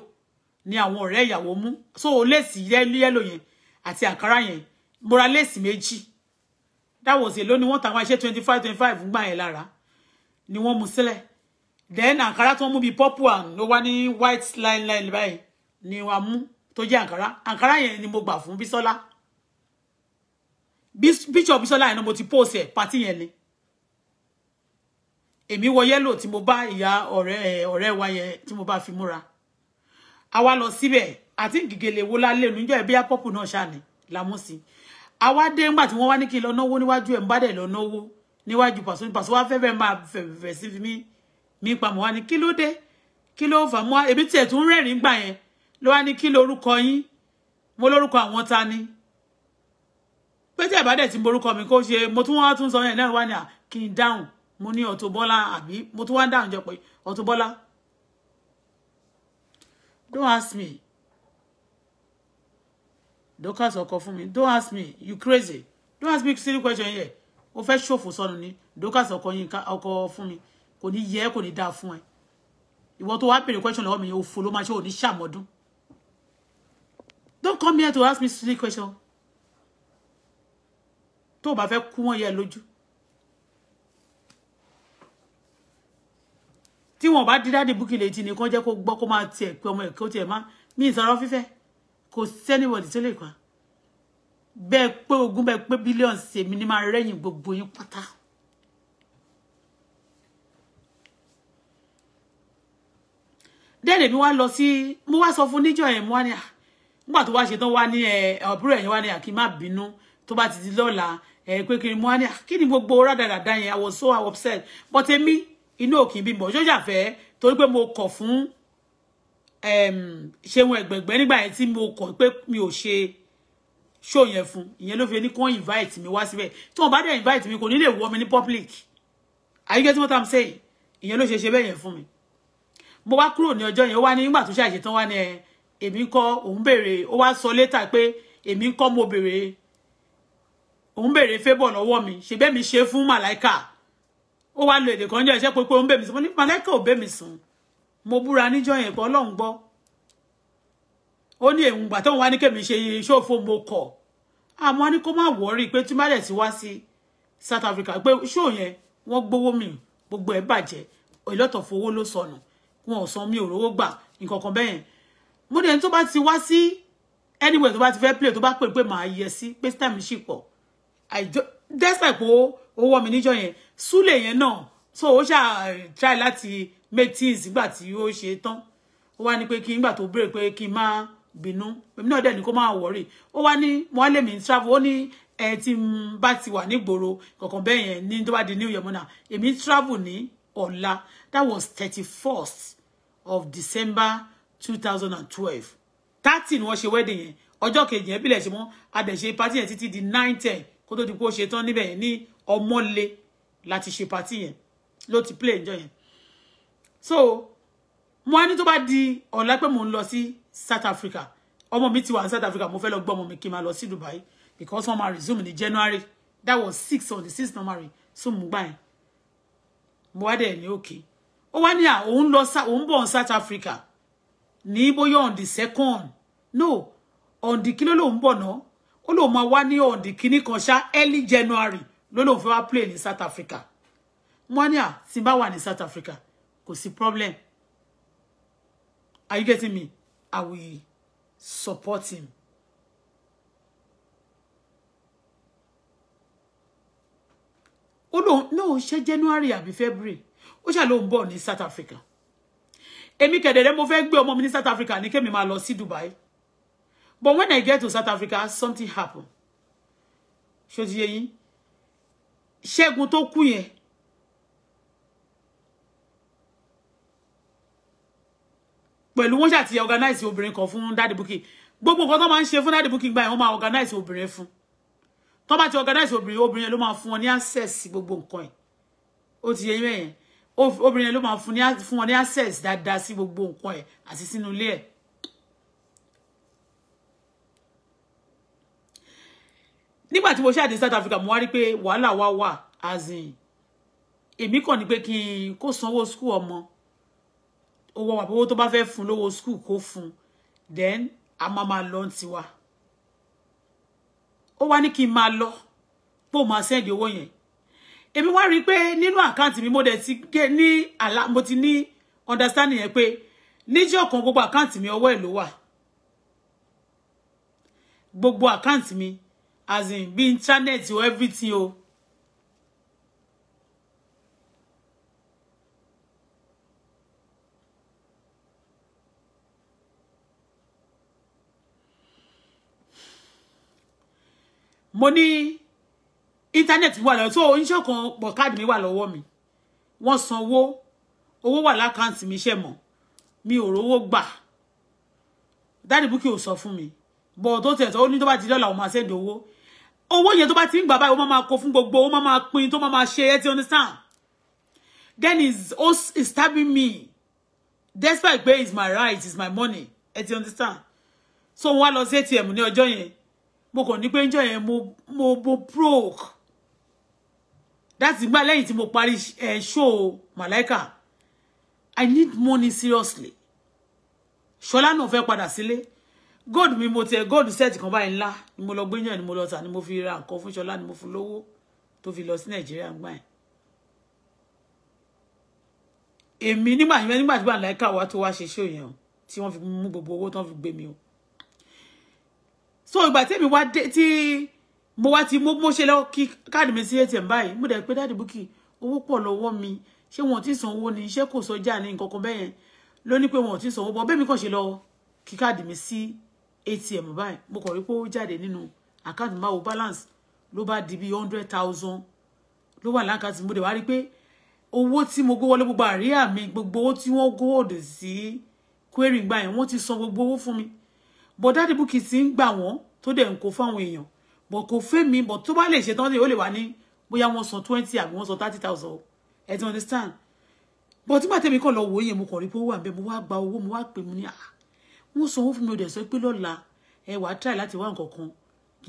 ni àwọn ọ̀rẹ́ ìyàwó mú so léèsì yẹ́lò yẹn àti àǹkárá yẹn mo ra léèsì méjì dáwọ̀sẹ̀ lónìí wọ́n tàwọn iṣẹ́ twenty five twenty five ń gbà yẹn lára ni wọ́n mú sílẹ̀ then àǹkárá tó ń mú bíi purple and ló wá ní white line line báyìí ni wọ́n mú tó jẹ́ àǹkárá àǹkárá yẹn ni mo gbà fún Bísọ́lá bíṣọ̀ Bísọ́lá yẹn ni mo ti post ẹ̀ pàtí yẹn ni èmi wọ yẹ́lò tí mo bá ìyá ọ̀rẹ́ wa yẹn tí mo bá fi múra àwa lọ síbẹ̀ àti gègèlè wo lálẹ́ oníjọ́ ẹ̀ bíyà pọ́pù náà ṣáà ní lámúsí àwa dé ńgbà tí wọ́n wá ní kí n lọ náwó níwájú ẹ̀ ń bá dẹ̀ lọ náwó níwájú pàṣọ ní pàṣọ wá fẹ́fẹ́ máa fẹ̀fẹ̀ sí mi mi pa mọ́ wá ní kí ló dé kí ló fà mọ́ èmi tiẹ̀ tún rẹ́rìn gbà yẹn ló wá ní kí lorúkọ yín mo lórúkọ àwọn ta ni pé tí àbádẹ̀ ti borúkọ mi kó ṣe mo tún wá tún sọ yẹn náà wá ní à kí n mo ní Auto Bola mo tún wá dáhùn jọ pé Auto don't ask me dorcas ọkọ fún mi don't ask me you crazy don't ask me silly question here. o fẹ́ ṣòfò sọnù ni dorcas ọkọ yín ọkọ fún mi kò ní yẹ kò ní dáa fún ẹ ìwọ tó wá béèrè question lọ́wọ́ mi yẹn òfò ló máa ṣe òní ṣàmọdún don't come here to ask me silly question tó o bá fẹ́ kú wọn yẹ lójú tí wọn bá di Daddy Bukky létí ni kàn jẹ́ kó gbọ́ kó máa tiẹ̀ pé ọmọ ẹ̀ kó tiẹ̀ má mi ìsọ̀rọ̀ fífẹ́ kò sẹ́nìwọ̀dì tó lè pa bẹ́ẹ̀ pé ogún bẹ́ẹ̀ pé bílíọ̀nù sèmi ni máa rẹ́yìn gbogbo yín pátá. dẹ́ẹ̀dẹ̀ mi wá lọ sí mo wá sọ fún níjọ́ ẹ̀ mo wá ní à ah, nígbà tó wá ṣe tán wá ní ẹ àbúrò ẹ̀yìn wá ní à ah, kí n má bínú tó bá ti di lọ́la ẹ̀ pé kí ni mo wá ní à ah, kí ni gbogbo I was so upset but emi Eh, inú òkì bímbọ ṣóṣà fẹ́ torí pé mo kọ̀ fún ṣeun ẹ̀gbẹ̀gbẹ́ nígbà yẹn tí mo kọ̀ pé mi ò ṣe ṣó yẹn fún ìyẹn ló fi ní kí invite mi wá síbẹ̀ tí wọ́n bá dẹ̀ invite mi kò ní lè wọ́ mi ní public are you getting what I'm saying ìyẹn ló ṣe ṣe bẹ́ẹ̀ yẹn fún mi mo wá kúrò ní ọjọ́ yẹn ó wá ní nígbà tó ṣàṣẹ tán wá ní ẹ èmi kọ́ òun béèrè ó wá sọ létà pé èmi kọ́ mo béèrè òun béèrè fébọ̀ lọ́wọ́ mi ṣe bẹ́ẹ̀ mi ṣe fún màláìkà ó wá lo èdè kan jọ iṣẹ́ pé ó ń bẹ̀ mí sùn mo be màlẹ́kà ò bẹ̀ mí sùn mo búra níjọ́ yẹn pé ọlọ́run gbọ́ ó ní èwùn gbà tóun wá ní kèmí ṣe ṣòfò mo kọ̀ àmọ́ ní kó má wọ́rí pé tí má dẹ̀ sí wá sí South Africa pé ṣó yẹn wọ́n gbowó mi gbogbo ẹ̀ bàjẹ́ ìlọ́tọ̀ fowó ló sọnù wọn ò san mi ò rówó gbà nǹkan kan bẹ́yẹn mo dẹ̀ tó bá ti wá sí anywhere tó bá ti fẹ́ play tó bá pè pé màá yẹ sí pé time I just. That's pé ó wọ́ mi níjọ́ yẹn súlè yẹn náà so ó ṣáà try láti make things nígbà tí ó ṣe tán ó wá ní pé kí nígbà tó béèrè pé kí n má bínú èmi náà dẹ̀ ní kó máa wọ̀rì ó wá ní mo wá lè mí travel ó ní ẹ tí n bá ti wà nígboro kọ̀ọ̀kan bẹ́ẹ̀ yẹn ní tó bá di new year mọ́nà èmi travel ní ọ̀la that was thirty first of december two thousand and twelve thirteen wọ́n ṣe wedding yẹn ọjọ́ kejì yẹn bílẹ̀ ṣe mọ́ adẹ̀ ṣe party yẹn títí di nine ten kó tó di pé ó ṣe tán níbẹ̀ yẹn ní ọmọlé láti ṣe party yẹn ló ti play ǹjọ́ yẹn so mo wá ní tó bá di ọ̀la pé mò ń lọ sí South Africa ọmọ mi ti wà ní South Africa mo fẹ́ lọ gbọ́ ọmọ mi kí n máa lọ sí Dubai because wọ́n máa resume ní January that was six on the sixth January so mo gbà yẹn mo wá dẹ̀ ní òkè ó wá ní à òun lọ òun bọ̀ South Africa ní bóyá on the second no on the kí ló lòun bọ̀ náà ó lòun máa wá ní on the kíní kan ṣá early January lólóun fẹ́ wá play ní South Africa wọ́n ní à ah, tí South Africa kò sí problem are you getting me I will support him. ó no, lóun January àbí February ó ṣà lóun bọ̀ ní South Africa èmi kẹ̀dẹ̀rẹ́ mo fẹ́ gbé ọmọ mi ní South Africa ní kémi máa lọ sí Dubai but when I get to South Africa something happen ṣó ti Ṣẹ́gun tó kú yẹn pẹ̀lú wọ́n ṣàti organize obìnrin kan fún Daddy Buki gbogbo nǹkan tó máa ń ṣe fún Daddy Buki gbà yẹn wọ́n máa organize obìnrin fún tó bá ti organize obìnrin obìnrin yẹn ló máa fún wọn ní access gbogbo nǹkan yẹn ó ti yẹ yín bẹ́ẹ̀ yẹn obìnrin yẹn ló máa fún wọn ní access dáadáa sí gbogbo nǹkan yẹn àti sínú ilé ẹ̀ nígbà tí mo ṣáà dé South Africa mo wá rí pé wàhálà wá wà azin èmi kàn ní pé kí n kó sanwó school ọmọ owó wà tó bá fẹ́ fún lówó school kó fún then a máa máa lọ tiwa ó wá ní kí n máa lọ pò máa sẹ́ndì owó yẹn èmi wá rí pé nínú àkáǹtì mi mo dẹ̀ ti gé ní àlá mo ti ní understanding yẹn pé níjọ́ kan gbogbo àkáǹtì mi ọwọ́ ẹ̀ ló wà gbogbo àkáǹtì mi as in bí internet o everything oh. o. mo ní internet wà lọ́wọ́ tó oníṣẹ́ kan me. káàdì mi wà lọ́wọ́ wo wọ́n sanwó owó wà lákàǹtì mi ṣe mọ̀ mi ò rówó gbà dáàdì book you sọ fún mi bọ̀ tó tẹ̀ tó ní tó bá ti dọ́là ò máa ṣèdè wo owó yẹn tó bá ti ń gbà báyìí ó máa kó fún gbogbo ó máa pín tó máa ṣe ẹ ti understand then he's he's stabbing me despite pé it's my right it's my money ẹ ti understand so wọ́n wá lọ sí ATM ní ọjọ́ yẹn mo kàn ní pé ńjọ́ yẹn mo mo mo broke that's ìgbà lẹ́yìn tí mo parí show Malaika i need money seriously ṣọlá náà fẹ́ padà sílé gold mi mo tiẹ̀ gold set kan báyìí ńlá ni mo lọ gbé yàn ni mo lọ tà ni mo fi ra nǹkan fún ṣọlá ni mo fún lówó tó fi lọ sí nàìjíríà gbà yẹn èmi nígbà yẹn nígbà tí bàǹláìkà wa tó wá ṣe ṣó yẹn o tí wọ́n fi mú gbogbo owó tán fi gbé mi o so ìgbà tèmi wá dé tí mo wá ti mo mo ṣe lọ kí káàdì mi sí atm báyìí mo dẹ̀ pé dáàdì búkì owó pọ̀ lọ́wọ́ mi ṣé wọn ò tí sanwó ni iṣẹ́ kò sọjà ní nǹkan kan bẹ́yẹn ló ní pé wọn ò tí sanwó bọ́ bẹ́ẹ̀ mi kàn ṣe lọ kí káàdì mi sí atm báyìí mo kàn rí pé ó jáde nínú àkáǹtì máa wo balance ló bá di bíi hundred thousand ló wà lákàtí mo dẹ̀ wá rí pé owó tí mo gbé wọlé gbogbo àríyá mi gbogbo owó tí wọ́n góòdù sí query gbà yẹn wọ́n ti san gbogbo owó fún mi bọ̀ dáàdì búkì ti ń gbà wọ́n tó dẹ̀ ń kó fáwọn èèyàn bọ̀ kò fẹ́ mi bọ̀ tó bá lè ṣe tán ó lè wà ní bóyá wọ́n san twenty àbí wọ́n san thirty thousand ẹ ti understand But tí màtẹ́mi kàn lọ wòye mo kàn rí pé ó wà bẹ́ẹ̀ mo wá gba owó mo wá pè mo ní àá ah, wọ́n sanwó fún mi ò dẹ̀ sọ pé lọ́la ẹ wàá try láti wá nǹkan kan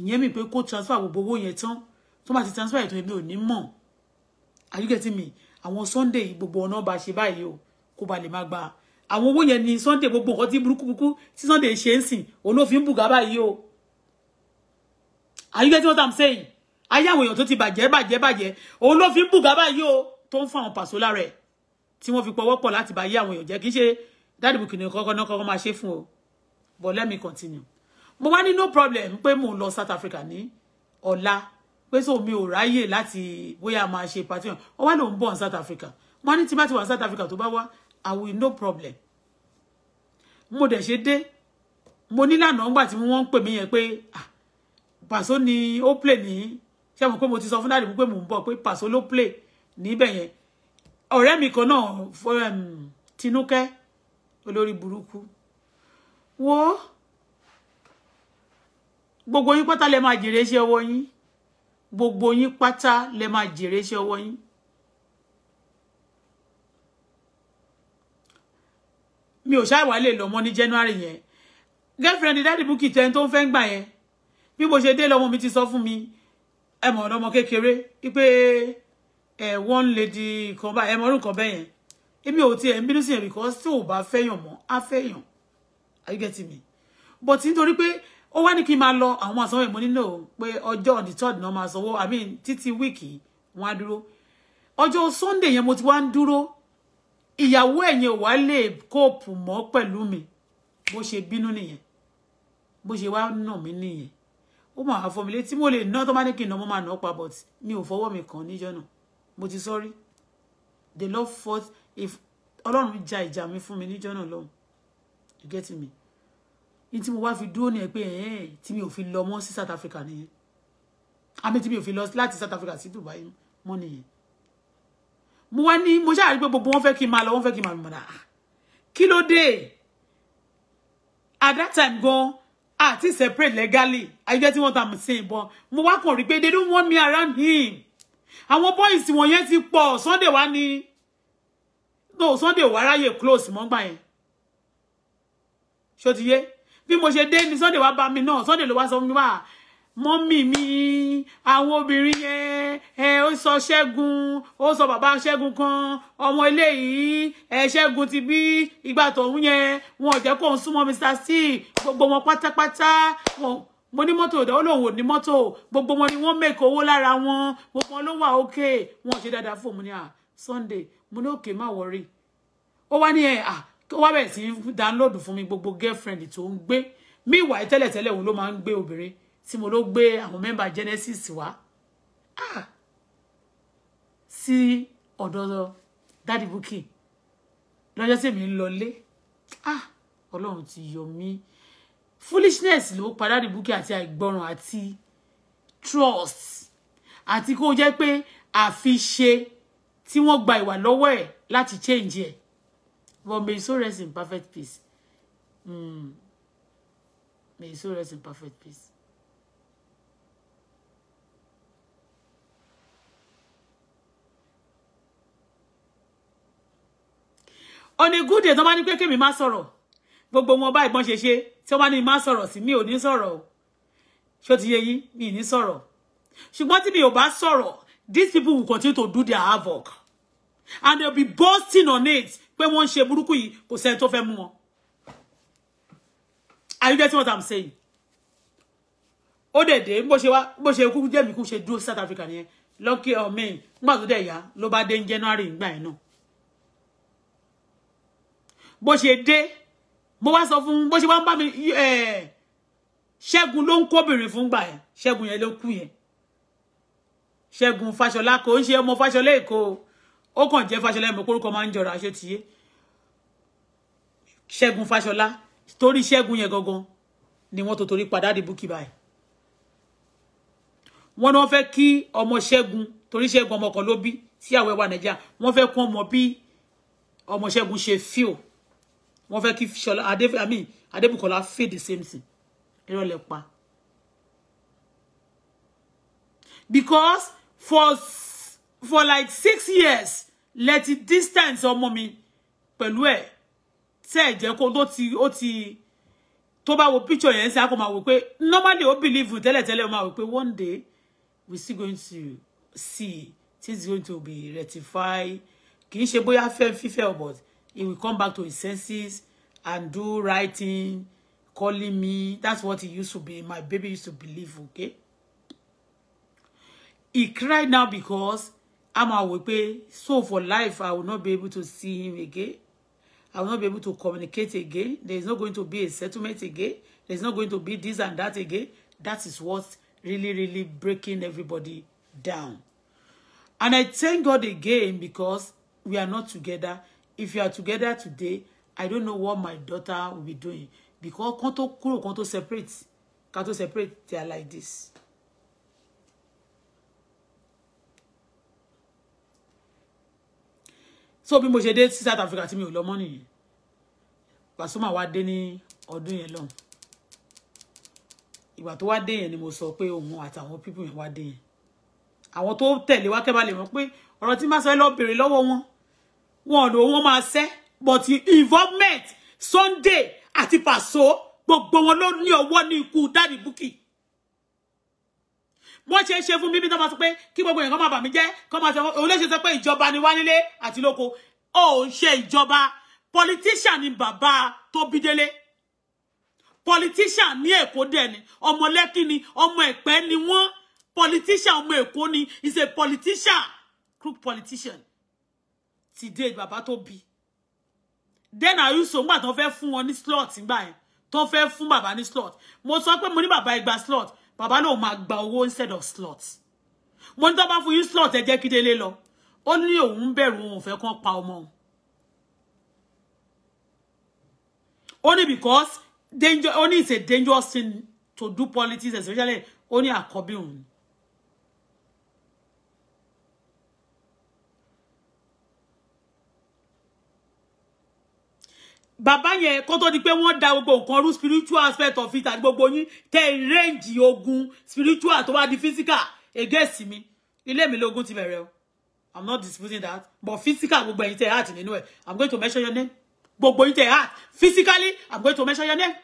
ìyẹn mi pé kó transfer gbogbo owó yẹn tán tó bá ti transfer ètò èmi ò ní mọ̀ are you getting me àwọn Sunday gbogbo ọ̀nà bá ṣe báyìí o kó ba lè má gba àwọn owó yẹn ni Sunday gbogbo nǹkan tí burúkú burúkú tí Sunday ṣe ń sìn olófin bùgá báyìí o are you getting what I'm saying ayé àwọn èèyàn tó ti bàjẹ́ bàjẹ́ bàjẹ́ olófin bùgá báyìí o tó ń fún àwọn pàṣọ lára ẹ̀ tí wọ́n fi pọwọ́pọ̀ láti bá ayé àwọn èèyàn jẹ́ kì í ṣe dáàdì bùkì ní kọ́kọ́ náà kọ́kọ́ máa ṣe fún o but let me continue mo wá ní no problem pé mò ń lọ South Africa ní ọ̀la pé so mi ò ráyè láti bóyá máa ṣe party wọn ọ wá lòun bọ̀ ní South Africa mo ní tí bá ti wà ní South Africa tó bá wá I will no problem mo dẹ̀ ṣe dé mo ní lánàá ńgbà tí wọ́n ń pè mí yẹn pé ah pàṣọ ni ó play ní ṣé mo pé mo ti sọ fún dáàdì pé mò ń bọ̀ pé pàṣọ ló play níbẹ̀ yẹn ọ̀rẹ́ mi kan náà um, Tinúkẹ́ olórí burúkú wo gbogbo yín pátá lẹ máa jèrè iṣẹ́ ọwọ́ yín gbogbo yín pátá lẹ máa jèrè iṣẹ́ ọwọ́ yín mi ò ṣáà wá lè lọ ní January yẹn girlfriend dáàdì búkì tẹni tó ń fẹ́ ń gbà yẹn bí mo ṣe dé lọ́mọ mi ti sọ fún mi ẹ mọ̀ ọ̀dọ́mọ kékeré wípé ẹ one lady kan bá ẹ mọ̀ ọdún kan èmi ò tiẹ̀ ń bínú sí yẹn because tí ò bá fẹ́yàn mọ́ á are you getting me but nítorí pé ó wá ní kí n máa lọ àwọn àsanwó ìmọ̀ nínú pé ọjọ́ on the third náà máa sanwó i mean títí wíìkì wọn á dúró ọjọ́ sunday yẹn mo ti wá ń dúró ìyàwó ẹ̀yìn ò wá lè kóòpù mọ́ pẹ̀lú mi bó ṣe bínú nìyẹn bó ṣe wá nà mí nìyẹn ó máa fọ mi létí mo lè ná tó bá ní kí n ná mo máa ná pa but mi ò fọwọ́ mi kàn níjọ́ náà mo ti sọ́rí the love fought if ọlọ́run ja ìjà mi fún mi níjọ́ náà lọ́hùn you get me ní tí mo wá fi dúró ní ẹ pé ẹ̀ẹ́n tí mi ò fi lọ mọ́ sí South Africa nìyẹn àmì tí mi ò fi lọ láti South Africa sí Dubai mọ́ nìyẹn mo wá ní mo ṣáà rí pé gbogbo wọn fẹ́ kí n máa lọ wọn fẹ́ kí n máa lọ mọ̀dà ah, kí ló dé at that time gan àti separate legally ayé tí wọ́n ta mí sí ìbọn mo wá kàn rí pé they don't want me around him àwọn boys wọ̀nyẹn ti pọ̀ Sunday wá ní no Sunday wá ráyè close mọ́ gbà yẹn ṣó ti yé bí mo ṣe dé ni Sunday wá bá mi náà Sunday ló wá sọ mi wá mọ́mì mi àwọn obìnrin yẹn ẹ ó sọ ṣẹ́gun ó sọ bàbá ṣẹ́gun kan ọmọ ilé yìí ẹ ṣẹ́gun ti bí ìgbà tọ̀hún yẹn wọn ò jẹ́ kó ń súnmọ́ Mr. C gbogbo wọn pátápátá mo ní mọ́tò ìdáwó lòun ò ní mọ́tò gbogbo wọn ni wọ́n mẹ́kọ̀ owó lára wọn gbogbo wọn ló wà ókè wọn ò ṣe dáadáa fún òun ní à Sunday mo ní òkè má wọrí ó wá ní ẹ eh, à ah, ó wá bẹ̀rẹ̀ sí dáńlódù fún mi gbogbo girlfriend tó ń gbé míwà tẹ́lẹ̀tẹ́lẹ̀ òun ló máa ń gbé obìnrin tí mo ló gbé àwọn mẹ́mbà Genesis wá ah! sí ọ̀dọ̀ Daddy Bukky lọ́jọ́ tí èmi ń lọlé ah! ọlọ́run ti yọ mí foolishness ló pa Daddy Bukky ati àìgbọràn ati. trust àti kó jẹ́ pé àfiṣe tí wọ́n gba ìwà lọ́wọ́ ẹ̀ láti change ẹ̀ but may so rest in perfect peace mm. may so rest in perfect peace. on a good day tó bá ní pé kémi má sọ̀rọ̀ gbogbo wọn bá ìbọn ṣe ṣe tí wọ́n bá ní má sọ̀rọ̀ sí mi ò ní sọ̀rọ̀ o ṣó ti yé yín mi ní sọ̀rọ̀ ṣùgbọ́n tí mi ò bá sọ̀rọ̀ these people will continue to do their havoc and they'll be boasting on it pé wọ́n ṣe burúkú yìí kò sẹ́ni tó fẹ́ mú wọn are you getting what i'm saying ó dẹ̀ dé bó ṣe wa. bó ṣe kúkú jẹ́ mi kú ṣe dúró South Africa Lucky or oh, me? nígbà tó dẹ̀ yá ló bá dé ní January ìgbà yẹn náà bó ṣe dé mo wá sọ fún bó ṣe wá ń bá mi eh, ṣẹ́gun ló ń kóbìnrin fún gbà yẹn ṣẹ́gun yẹn ló kú yẹn ṣẹ́gun fàṣọlá kò ń ṣe ọmọ fàṣọlá èkó o ó kàn jẹ́ Fáṣọlá ẹ̀mọ́ kórúkọ máa ń jọra ṣé tiye Ṣẹ́gun Fáṣọlá torí Ṣẹ́gun yẹn gangan ni wọ́n tó torí padà dé Bukky báyìí wọ́n ní wọ́n fẹ́ kí ọmọ Ṣẹ́gun torí Ṣẹ́gun ọmọ kan ló bí tí àwẹ̀ wà Nàìjíríà wọ́n fẹ́ kún ọmọ bí ọmọ Ṣẹ́gun ṣe fíò wọ́n fẹ́ kí Ṣọlá Adé I mean Adébùkọ́lá feel the same thing irọ́ lẹ pa because for for like six years let it distance ọmọ mi pẹ̀lú ẹ̀ tẹ́ ẹ̀ jẹ́ kó tó ti ó ti tó bá wo picture yẹn sí a kò máa wò pé normally ó believe tẹ́lẹ̀tẹ́lẹ̀ ó máa wò pé one day we still going to see things going to be rectify. kì í ṣe bóyá fẹ́ fífẹ́ o but he will come back to his senses and do right calling me that's what he used to be my baby used to believe okay he cried now because a máa wò so for life i will not be able to see him again i will not be able to communicate again there is not going to be a settlement again there is not going to be this and that again that is what really really breaking everybody down and i thank god again because we are not together if you are together today i don't know what my daughter will be doing because kan kuro kúrò kan tó separate kan separate they are like this so bí mo ṣe dé sí South Africa tí mi ò lọ mọ́ nìyẹn Pasuma wá dé ní ọdún yẹn lọ́hùn ìgbà tó wá dé yẹn ni mo sọ pé òun àtàwọn pípù yẹn wá dé yẹn àwọn tó tẹ̀lé wá kẹ́ bá lè mọ̀ pé ọ̀rọ̀ tí máa sọ lọ bèrè lọ́wọ́ wọn wọn lò wọ́n máa ṣẹ́ but involvement Sunday àti Paso gbogbo wọn ló ní ọwọ́ ní ikú Daddy Bukky wọ́n ṣe é ṣe fún bíbí tó máa sọ pé kí gbogbo èèyàn kó máa bà mí jẹ́ kó máa sọ òun lè ṣe sọ pé ìjọba ni wá nílé àti lóko ó ń ṣe ìjọba politician ni bàbá tó bí délé politician ní èkó dẹ̀ ni ọmọ lẹ́kí ni ọmọ ẹ̀pẹ́ ni wọ́n politician ọmọ èkó ni is a politician crook politician ti dé bàbá tó bí then I use tó fẹ́ fún wọn ní slot ńgbà yẹn tó fẹ́ fún bàbá ní slot mo sọ pé mo ní bàbá ìgbà slot bàbá no máa gba owó instead of slot mo ní tó bá fún yín slot ẹ jẹ́ kí délé lọ ó ní òun bẹ̀rù òun fẹ́ pa ọmọ òun because danger Only ní it's a dangerous thing to do politics especially only ní àkọ́bí bàbá yẹn kó tó di pé wọ́n da gbogbo nǹkan rú spiritual aspect of it àti gbogbo yín tẹ range ogun spiritual tó wá di physical against mi ilé mi lógun ti bẹ̀rẹ̀ o i'm not disputing that but physical gbogbo ẹ̀yin tẹ heart nínú ẹ̀ i'm going to mention your name gbogbo yín tẹ heart physically i'm going to mention your name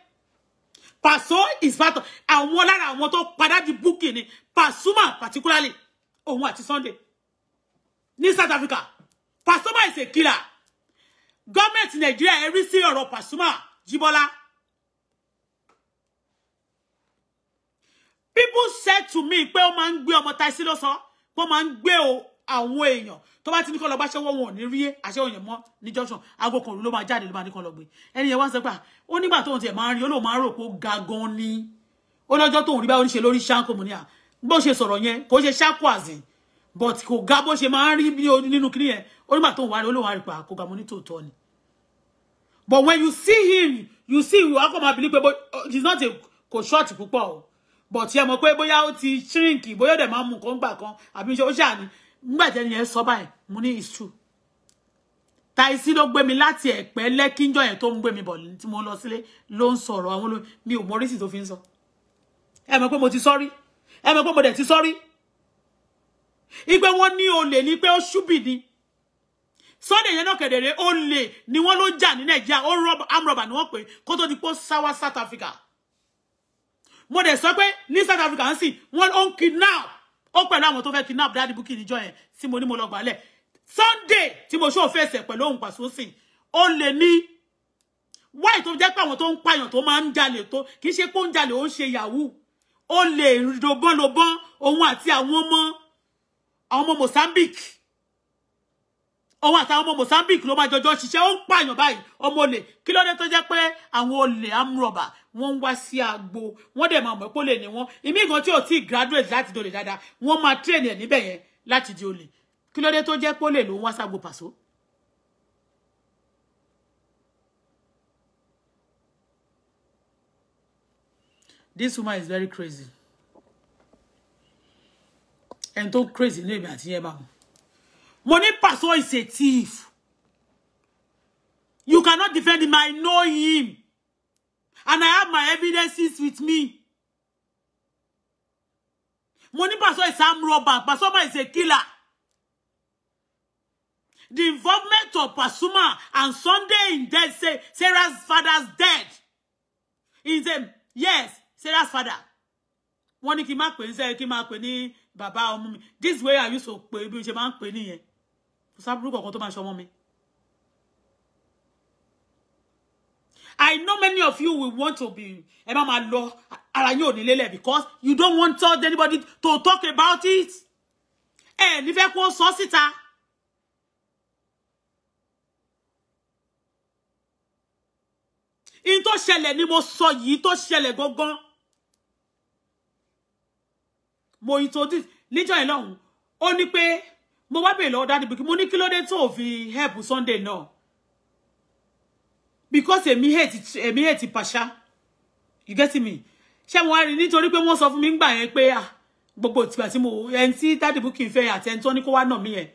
Paso is part of àwọn lára àwọn tó padà di booking ni Pasuma particularly òun àti Sunday ní South Africa Pasuma is a killer. Government Nigeria every rí sí ọ̀rọ̀ Pasuma Jíbọ́lá. people said to me pé ó máa ń gbé ọmọ taisí lọ́sọ pé ó máa ń gbé àwọn èèyàn tó bá ti ní kọ́ lọ bá ṣẹ́wọ́ wọn ò ní rí àṣẹ òyìn mọ́ ní junction aago kan ló máa jáde ló máa ní kọ́ lọ gbé ẹni yẹn wá sọ pé ah, ó nígbà tóun tiẹ̀ máa ń rí ó lóun máa ń rò pé ó ga gan ni ó lọ́jọ́ tóun rí báyìí ó ń ṣe lórí ṣáńkò mọ́ ní à ah, bó ṣe sọ̀rọ̀ yẹn kò ṣe ṣáńkò but kò ga bó ṣe máa ń rí bí nínú kiri yẹn onígbà tó ń wá rí olóhùn àrípa kò ga mo ní tòótọ́ ni but when you see him you see you akọ máa bìlí pé he is not a kò ṣọ́ọ̀tì púpọ̀ o but ẹ mọ̀ pé bóyá ó ti shrink bóyá ó dẹ̀ máa ń mu nǹkan gbà kan àbí ṣe ó ṣáà ní nígbà tẹ́ni yẹn sọ báyìí mo ní it's true taisi ló gbé mi láti ẹ̀pẹ́ lẹ́kíńjọ́ yẹn tó ń gbé mi bọ̀ tí mo lọ sílé ló ń sọ̀rọ̀ àwọn olóyún mi ò mọ orísìí tó fi ń sọ ẹ mọ̀ mo ti sọ́rí ẹ mọ̀ pé mo dẹ̀ ti sọ́rí ìgbé wọn ní olè ní pé ó ṣúbì ni Sunday yẹn náà kedere olè ni wọ́n ló jà ní Nàìjíríà ó rọba amrọba ni wọ́n pè kó tó di pé ó South Africa mo dẹ̀ sọ pé ní South Africa ń sìn wọ́n ó ń kidnap ó pẹ̀lú àwọn tó fẹ́ kidnap Daddy Bukky níjọ́ yẹn tí mo ní mo lọ gbàlẹ̀ Sunday tí mo ṣó fèsì pẹ̀lú òun pàṣẹ sìn olè ní wáì tó jẹ́ pé àwọn tó ń pààyàn tó máa ń jalè tó kì í ṣe pé ó ń jalè ó ń ṣe yahoo olè ìrìndòbọ́n lobọ́n òun àti àwọn ọmọ àwọn ọmọ Mozambique òun àtàwọn ọmọ Mozambique ló máa jọjọ ṣiṣẹ́ ó ń pààyàn báyìí ọmọ olè kí ló dé tó jẹ́ pé àwọn olè amúrọ̀bà wọ́n ń wá sí agbo wọ́n dẹ̀ máa mọ̀ pé olè ni wọ́n ìmí nǹkan tí ò tí graduate láti dolè dáadáa wọ́n máa train ẹ̀ níbẹ̀ yẹn láti di olè kí ló dé tó jẹ́ pé ló ń wá ságbo pàṣọ. This woman is very crazy. And tó crazy nínú at here. yẹn money mọ̀ Paso is a thief you cannot defend him I know him and I have my evidences with me Money ní Paso is armed robber Paso is a killer. The involvement of Pasuma and Sunday in death, say Sarah's father's dead. In them, yes, Sarah's father. Wọ́n Kimakwe, kí n Kimakwe pè bàbá ọmọ mi this way i used to pè bí mo ṣe máa ń pè nìyẹn kò sábúrú kankan tó máa ṣe ọmọ mi. I know many of you will want to be ẹ má máa lọ ara yín ò ní lélẹ̀ because you don't want to anybody to talk about it. Ẹ ní fẹ́ kó sọ síta. In tó ṣẹlẹ̀ ni mo sọ yìí tó ṣẹlẹ̀ gangan mo introduce níjọ́ yẹn lọ́hùn ó ní pé mo wá bèèrè lọ́wọ́ dáadé bìkì mo ní kí ló dé tó fi help Sunday náà because èmi hate èmi hate pàṣá you get me ṣé mo wá rí nítorí pé wọ́n sọ fún mi ńgbà yẹn pé ah gbogbo ìtìgbà tí mo ẹni tí dáadé bùkì ń fẹ́ àti ẹni tó ní kó wá nà mí yẹn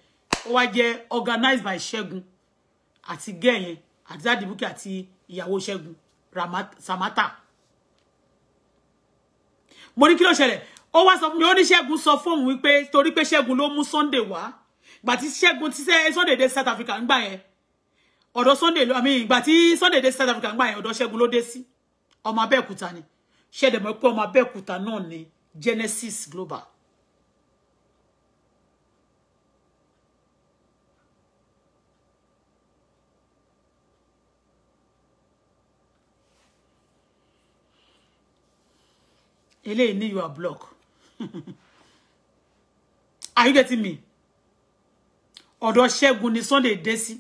ó wá jẹ́ organized by Ṣẹ́gun àti gẹ́yẹn àti dáadé bùkì àti ìyàwó Ṣẹ́gun Samata mo ní kí ló ṣẹlẹ̀ ó wá sọ fún mi ó ní ṣẹ́gun sọ fóun wípé torí pé ṣẹ́gun ló mú sunday wá ìgbà tí ṣẹ́gun ti sẹ́ sunday dé south africa ń gbà yẹn sunday ló àmì ìgbà tí sunday dé south africa ń gbà yẹn ọ̀dọ̀ ṣẹ́gun ló dé sí ọmọ abẹ́òkúta ni ṣẹ́dẹ̀ mọ̀ pé ọmọ abẹ́òkúta náà ni genesis global eléyìí you are blocked. Are you getting me? Ọ̀dọ̀ Ṣẹ́gun ni Sunday dé sí.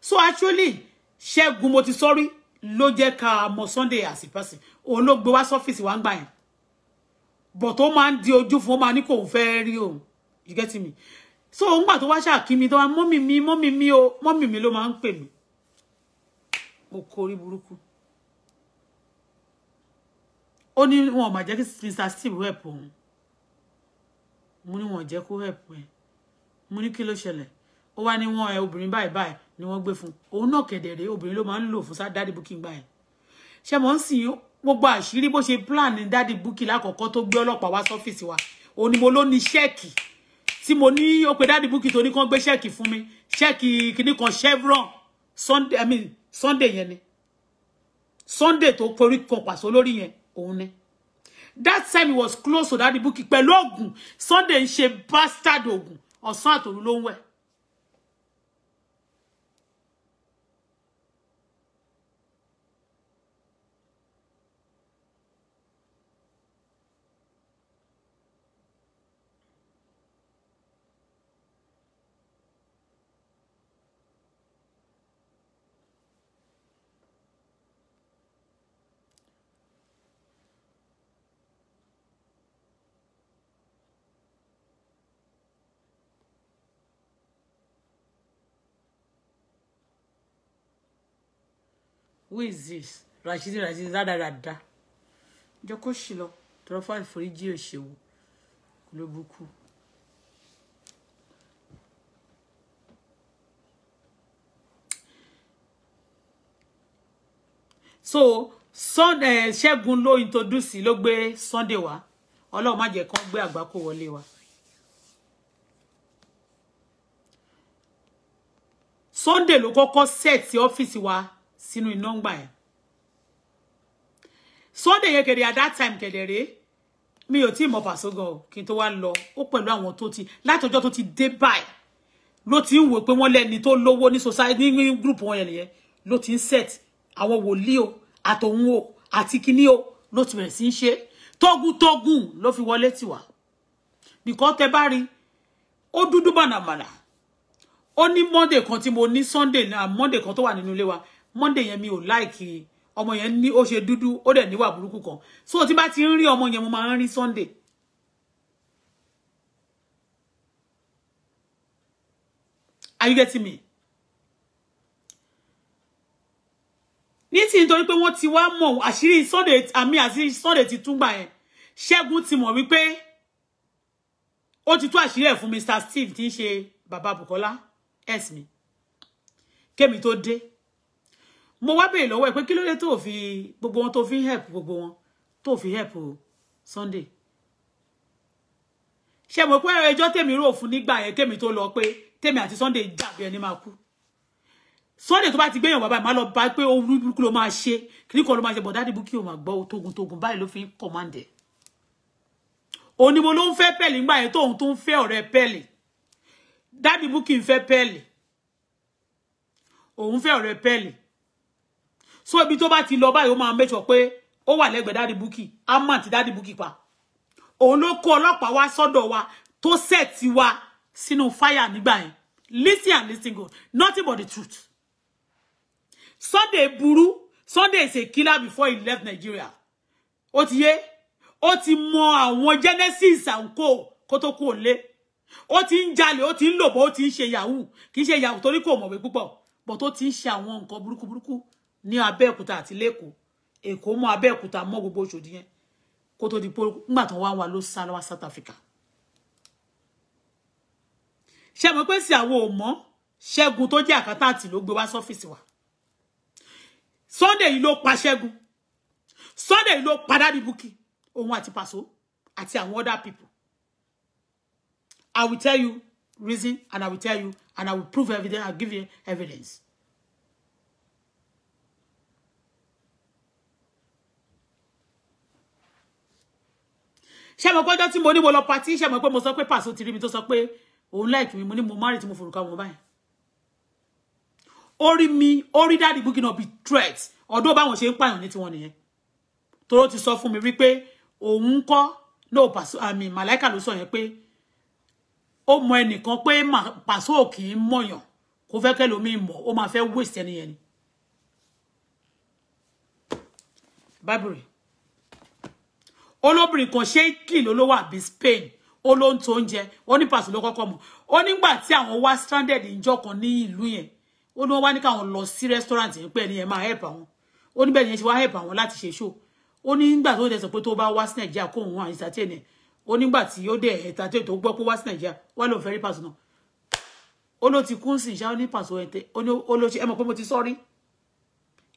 So actually, Ṣẹ́gun mo ti sọ́rí ló jẹ́ ká mọ Sunday as a person. Òun ló gbé wá office wá ń gbà But ó máa ń di Oju fún ó máa ní kò fẹ́ rí òun. You getting me? So òun gbà tó wá ṣàkíní tó wá mọ́mì mi mọ́mì mi o mọ́mì mi ló máa ń pè mí. O korí burúkú o ní wọn ò mà jẹ́ Mr Steve help òun mo ní wọn jẹ́ kó help ẹ mo ní kí ló ṣẹlẹ̀ ó wá ní wọn ẹ obìnrin báyìí báyìí ni wọ́n gbé fún òun náà kedere obìnrin ló máa ń lò fún sá dáàdì búkì gbà yẹn ṣé mo ń sìn gbogbo àṣírí bó ṣe plan ní dáàdì búkì lákọ̀ọ́kọ́ tó gbé ọlọ́pàá wá sọ́fíìsì wa òun ni mo ló ní ṣẹ́ẹ̀kì tí mo ní ó pe dáàdì búkì tó ní kán gbé ṣẹ́ẹ̀kì fún mi ṣẹ́ẹ̀kì kìíní kan chevron sunday yẹn ni sunday tó forí kan pàṣọ lórí yẹn òun ni that time he was close to that ibuki pẹ̀lú ogun Sunday ń ṣe bastard ogun ọ̀sán àtòru ló ń who is this Rashidi Rashidi rádaràda jẹ́ kó ṣì lọ tọrọ fún àforíjì òṣèwò ló bukú. so sunday eh, ṣẹ́gun ló introduce ló gbé sunday wá ọlọ́run má jẹ́ kán gbé àgbákò wọlé wa. sunday ló kọ́kọ́ set ọ́fíìsì wa sínú iná ń gbà ẹ̀ sunday yẹn at that time kẹ̀dẹ̀ rèé mi ò tí ì mọ pàṣọgàn o kí n tó wá lọ ó pẹ̀lú àwọn tó ti látọjọ́ tó ti dé báyìí ló ti wo wò pé wọ́n lẹ́ni tó lówó ní society ni group wọn yẹn nìyẹn ló ti ń set àwọn wòlíì o ato wo àti kíní o ló ti bẹ̀rẹ̀ sí í ṣe tógúntógún ló fi wọlé tiwa nìkan tẹ bá rí ó dúdú bànàbànà ó ní monday kan tí mo ni sunday na monday kan tó wà nínú ilé wa Monday yẹn mi ò like ọmọ yẹn ní ó ṣe dúdú ó dẹ̀ níwà burúkú kan so tí bá ti ń rí ọmọ yẹn mo máa ń rí Sunday are you getting me nísìnyí nítorí pé wọ́n ti wá mọ̀ àṣírí Sunday àmì àṣírí Sunday ti tún gbà yẹn Ṣẹ́gun ti mọ̀ wípé ó ti tú àṣírí ẹ̀ fún Mr Steve tí ń ṣe bàbá Bukola ẹ̀sìn mi kémi tó dé mo wá béèrè lọ́wọ́ ẹ pé kí ló dé tó fi gbogbo wọn tó fi help gbogbo wọn tó fi help o Sunday ṣe mọ̀ pé ẹjọ́ tèmi rò fún nígbà yẹn kémi tó lọ pé tèmi àti Sunday jàbí ẹni máa kú Sunday tó bá ti gbéyàn bàbá máa lọ bá pé ohun burúkú ló máa ṣe kìíní kan ló máa ṣe bọ̀ dáàdì bukí o máa gbọ́ togun togun báyìí ló fi ń kọ̀mándẹ̀ onímọ̀ ló ń fẹ́ pẹ̀lì nígbà yẹn tóun tó ń fẹ́ ọ̀rẹ́ pẹ̀lì dáàdì bukí ń fẹ́ pẹ̀lì òun fẹ́ ọ̀rẹ́ pẹ̀lì so ibi tó bá ti lọ báyìí ó máa make sure pé ó wà lẹ́gbẹ̀ẹ́ Daddy Bukky á ti Daddy Bukky pa òun ló ko ọlọ́pàá wá sọ́dọ̀ wa tó set wa sínú fire nígbà yẹn listen and listen good nothing but the truth Sunday buru. Sunday is a killer before he left Nigeria ó ti yé ó ti mọ àwọn genesis àǹkó kó tó kú òlé ó ti ń jalè ó ti ń lòbó ó ti ń ṣe yahoo kì í ṣe yahoo torí kò mọ̀wé púpọ̀ bọ̀ tó ti ń ṣe àwọn nǹkan burúkú burúkú ní Abẹ́òkúta àti lẹ́kọ̀ọ́ èkó mọ́ Abẹ́òkúta mọ́ gbogbo Òṣòdì yẹn kó tó di pé ńgbà tó wá wà ló sá lọ South Africa ṣé mo pé sí àwọn ò mọ́ ṣẹ́gun tó jẹ́ àkátà àti ló gbé wá sọ́fíìsì wa Sunday yìí ló pa ṣẹ́gun Sunday yìí ló padà ní búkì òun àti pàṣọ àti àwọn other people I will tell you reason and I will tell you and I will prove evidence I give you evidence ṣé mo gbọ́jọ́ tí mo ní mo lọ patí ṣé mo pé mo sọ pé pàṣẹ ti rí mi tó sọ pé òun láìkí mi mo ní mo márì tí mo forúkọ àwọn báyìí orí mi orí dáàdì Bukky náà be threat ọdún báwọn ṣe ń pààyàn ní tiwọn nìyẹn tóró ti sọ fún mi wípé òun kọ́ no pàṣẹ àmì màláìkà ló sọ pe. pé ó mọ ẹnìkan pé pàṣẹ ò kì í mọ̀yàn kò fẹ́ kẹ́lòmíì mọ̀ ó máa fẹ́ waste ẹni ni Bible olóbìnrin kan ṣe italy lólówó àbí spain ó ló ń to oúnjẹ ó ní pàṣẹ ló kọ́kọ́ mọ̀ ó nígbà tí àwọn wá stranded ìjọ kan ní ìlú yẹn ó ní wọ́n wá ní káwọn lọ sí restaurant yẹn pé ẹni yẹn máa help àwọn ó ní bẹ́ẹ̀ yẹn ṣe wá help àwọn láti ṣe show ó ní nígbà tó dẹ̀ sọ pé tó bá wá sí nàìjíríà kó òun àyè sàtẹ́ ẹ̀ ó nígbà tí ó dẹ̀ ẹ̀ta tó tó gbọ́ pé wá sí nàìjíríà wá lóun fẹ́ rí pàṣẹ náà ó ló ti kún sí ìṣá ó ní pàṣẹ ó ló ṣe ẹ mọ̀ pé mo ti sọ́rí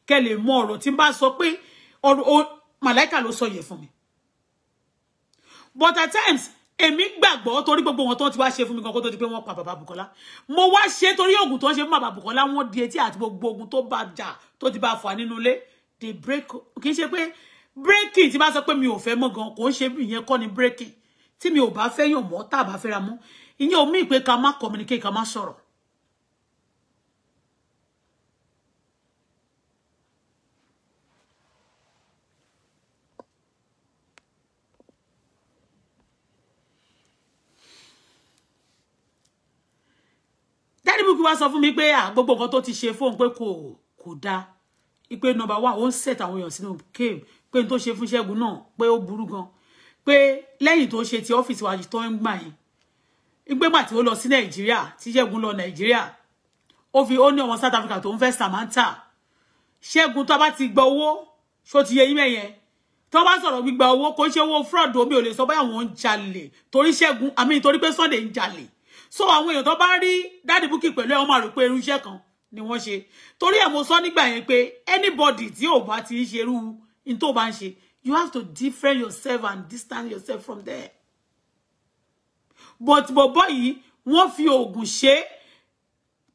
kẹ́ lè mọ ọ̀rọ̀ tí n bá sọ pé ọ̀rọ̀ màláìkà ló sọ yẹn fún mi but at times èmi gbàgbọ́ torí gbogbo wọn tó ti wá ṣe fún mi kan kó tó di pé wọ́n pa bàbá Bùkọ́lá mo wá ṣe torí oògùn tó ń ṣe fún bukola. Bùkọ́lá wọ́n di etí àti gbogbo oògùn to bá jà tó ti bá fà nínú ilé the break kì í ṣe pé breaking tí bá sọ pé mi ò fẹ́ mọ́ gan kò ń ṣe bí ìyẹn kọ́ ni breaking tí mi ò bá fẹ́ yàn mọ́ tá a bá fẹ́ra mọ́ ìyẹn ò mí pé ká má communicate ká má sọ̀rọ̀ Bukky wá sọ fún mi pé ah, gbogbo nǹkan tó ti ṣe fóun pé kò kò dáa pé nọ́mbà wà ó ń set àwọn èèyàn sínú cave pé n tó ṣe fún Ṣẹ́gun náà pé ó burú gan pé lẹ́yìn tó ṣe ti ọ́fíìsì wa tó ń gbà yẹn pé gbà tí ó lọ sí Nàìjíríà tí Ṣẹ́gun lọ Nàìjíríà ó fi ó ní ọmọ South Africa tó ń fẹ́ Samantha Ṣẹ́gun tó bá ti gba owó ṣó ti yẹ yímẹ̀ yẹn tó bá sọ̀rọ̀ gbígba owó kò ń ṣe owó fraud omi ò lè sọ báyà wọ́n ń jalè torí Ṣẹ́gun àmì torí pé Sunday ń jalè so àwọn èèyàn tó bá rí dáàdì búkì pẹ̀lú ẹ wọn máa rò pé irú kan ni wọ́n ṣe torí ẹ̀ mo sọ nígbà yẹn pé anybody tí ò bá ti ń ṣerú in tó bá ń ṣe you have to different yourself and distance yourself from there but bọ̀bọ̀ yìí wọ́n fi oògùn ṣe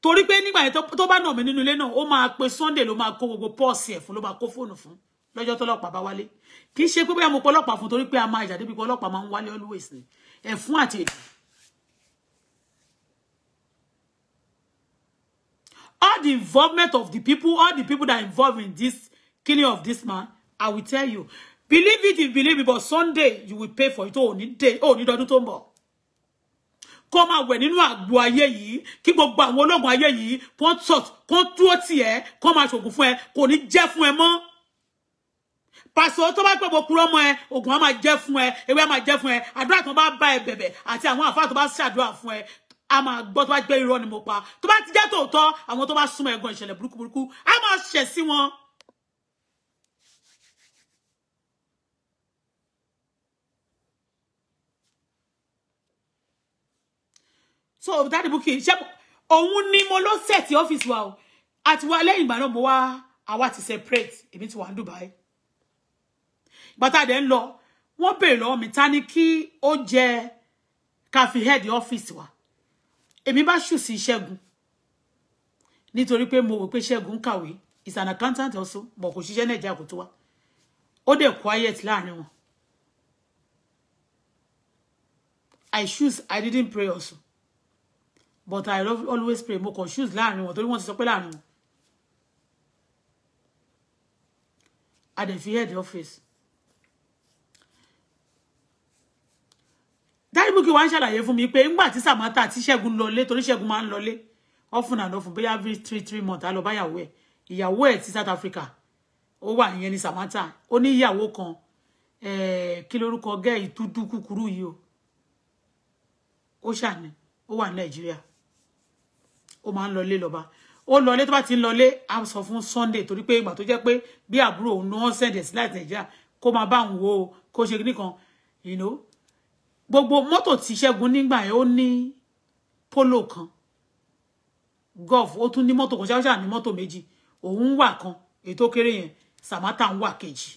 torí pé nígbà yẹn tó bá nà mí nínú ilé náà ó máa pe Sunday ló máa kó gbogbo pọ́ọ̀sì ẹ̀ fún ló máa kó fóònù fún lọ́jọ́ tọ́lọ́pàá bá wálé kì í ṣe pé bóyá mo pọ́ ọlọ́pàá fún torí pé a máa ìjà débi pé ọlọ́pàá máa ń wálé always ni ẹ̀fún àti èdè all the involvement of the people, all the people that are involved in this killing of this man, I will tell you. Believe it if believe it, but Sunday you will pay for it. Oh, ní day, oh, ní ọdún tó ń bọ̀. Kó máa wẹ̀ nínú àgbo ayé yìí, kí gbogbo àwọn ológun ayé yìí, kon tot, kon dúró tì ẹ́, kon máa ṣògùn fún ẹ, kò ní jẹ́ fún ẹ mọ́. Pàṣẹ tó bá pẹ̀ bọ̀ kúrọ́ mọ́ ẹ, ògùn á máa jẹ́ fún ẹ, ewé á máa jẹ́ fún ẹ, àdúrà tó bá bá ẹ bẹ̀bẹ̀ àti àwọn a máa gbọ́ tó bá jẹ́ irọ́ ni mo pa tó bá ti jẹ́ tòótọ́ àwọn tó bá súnmọ́ ẹ̀gbọ́n ìṣẹ̀lẹ̀ burúkú burúkú a máa ṣẹ̀ sí wọn. so dáàdì Bukky ṣé òun ni mo ló sẹ̀tì ọ́fíìsì wa o àti wa lẹ́yìn ìgbà náà mo wá àwa ti separate èmi ti wà ní Dubai gbàtà dẹ̀ ń lọ wọ́n béèrè lọ́wọ́ mi ta ni kí ó jẹ káfí head ọ́fíìsì wa èmi bá ṣù sí ṣẹ́gun nítorí pé mo wò pé ṣẹ́gun kàwé is an accountant also bọ̀ kò ṣiṣẹ́ nàìjíríà kò to wá ó dẹ̀ quiet láàrin wọn i choose i didn't pray also but i love, always pray mo kàn choose láàrin wọn torí wọ́n ti sọ pé láàrin wọn I dẹ̀ fi the office Daribuki wá ń ṣàlàyé fún mi pé ńgbà tí Samantha àti Ṣẹ́gun lọlé torí Ṣẹ́gun máa ń lọlé often and often bóyá every three three months á lọ báyàwó ẹ̀ ìyàwó ẹ̀ ti South Africa ó wà ìyẹn ní Samantha ó ní ìyàwó kan eh, kí lorúkọ gẹ́ ìtúdú kúkúrú yìí o ó ṣàní ó wà ní Nàìjíríà ó máa ń lọlé lọ́ba ó lọlé tó bá ti ń lọlé á sọ fún Sunday torí pé ìgbà tó jẹ́ pé bí àbúrò òun náà sẹ̀dẹ̀ sí láti Nàìjíríà kó máa bá òun wo kó ṣe nìkan you know gbogbo mọ́tò tí Ṣẹ́gun nígbà yẹn ó ní polo kan golf ó tún ní mọ́tò kan ṣáṣá ní mọ́tò méjì òun wà kan èyí tó kéré yẹn Samantha ń wà kejì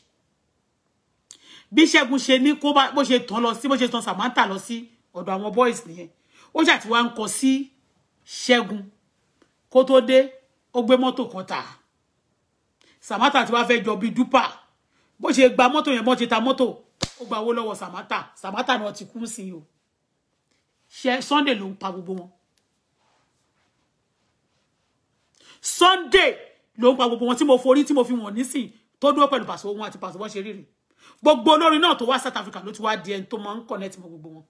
bí Ṣẹ́gun ṣe ní kó bó ṣe tán lọ sí bó ṣe tán Samantha lọ sí ọ̀dọ̀ àwọn boys nìyẹn ó ṣàti wá ń kọ sí Ṣẹ́gun kó tó dé ó gbé mọ́tò kan tà Samantha ti wá fẹ́ jọ bí dúpà bó ṣe gba mọ́tò yẹn bó ṣe ta mọ́tò ó gba owó lọ́wọ́ sàmátà sàmátà náà ti kú sí o ṣe sunday ló ń pa gbogbo wọn sunday ló ń gbogbo wọn tí mo forí tí mo fi wọn nísìn tó dúró pẹ̀lú pàṣẹ wọn àti pàṣẹ wọn ṣe rírì gbogbo olórin náà tó wá south africa ló ti wá di ẹni tó máa connect mọ́ gbogbo wọn.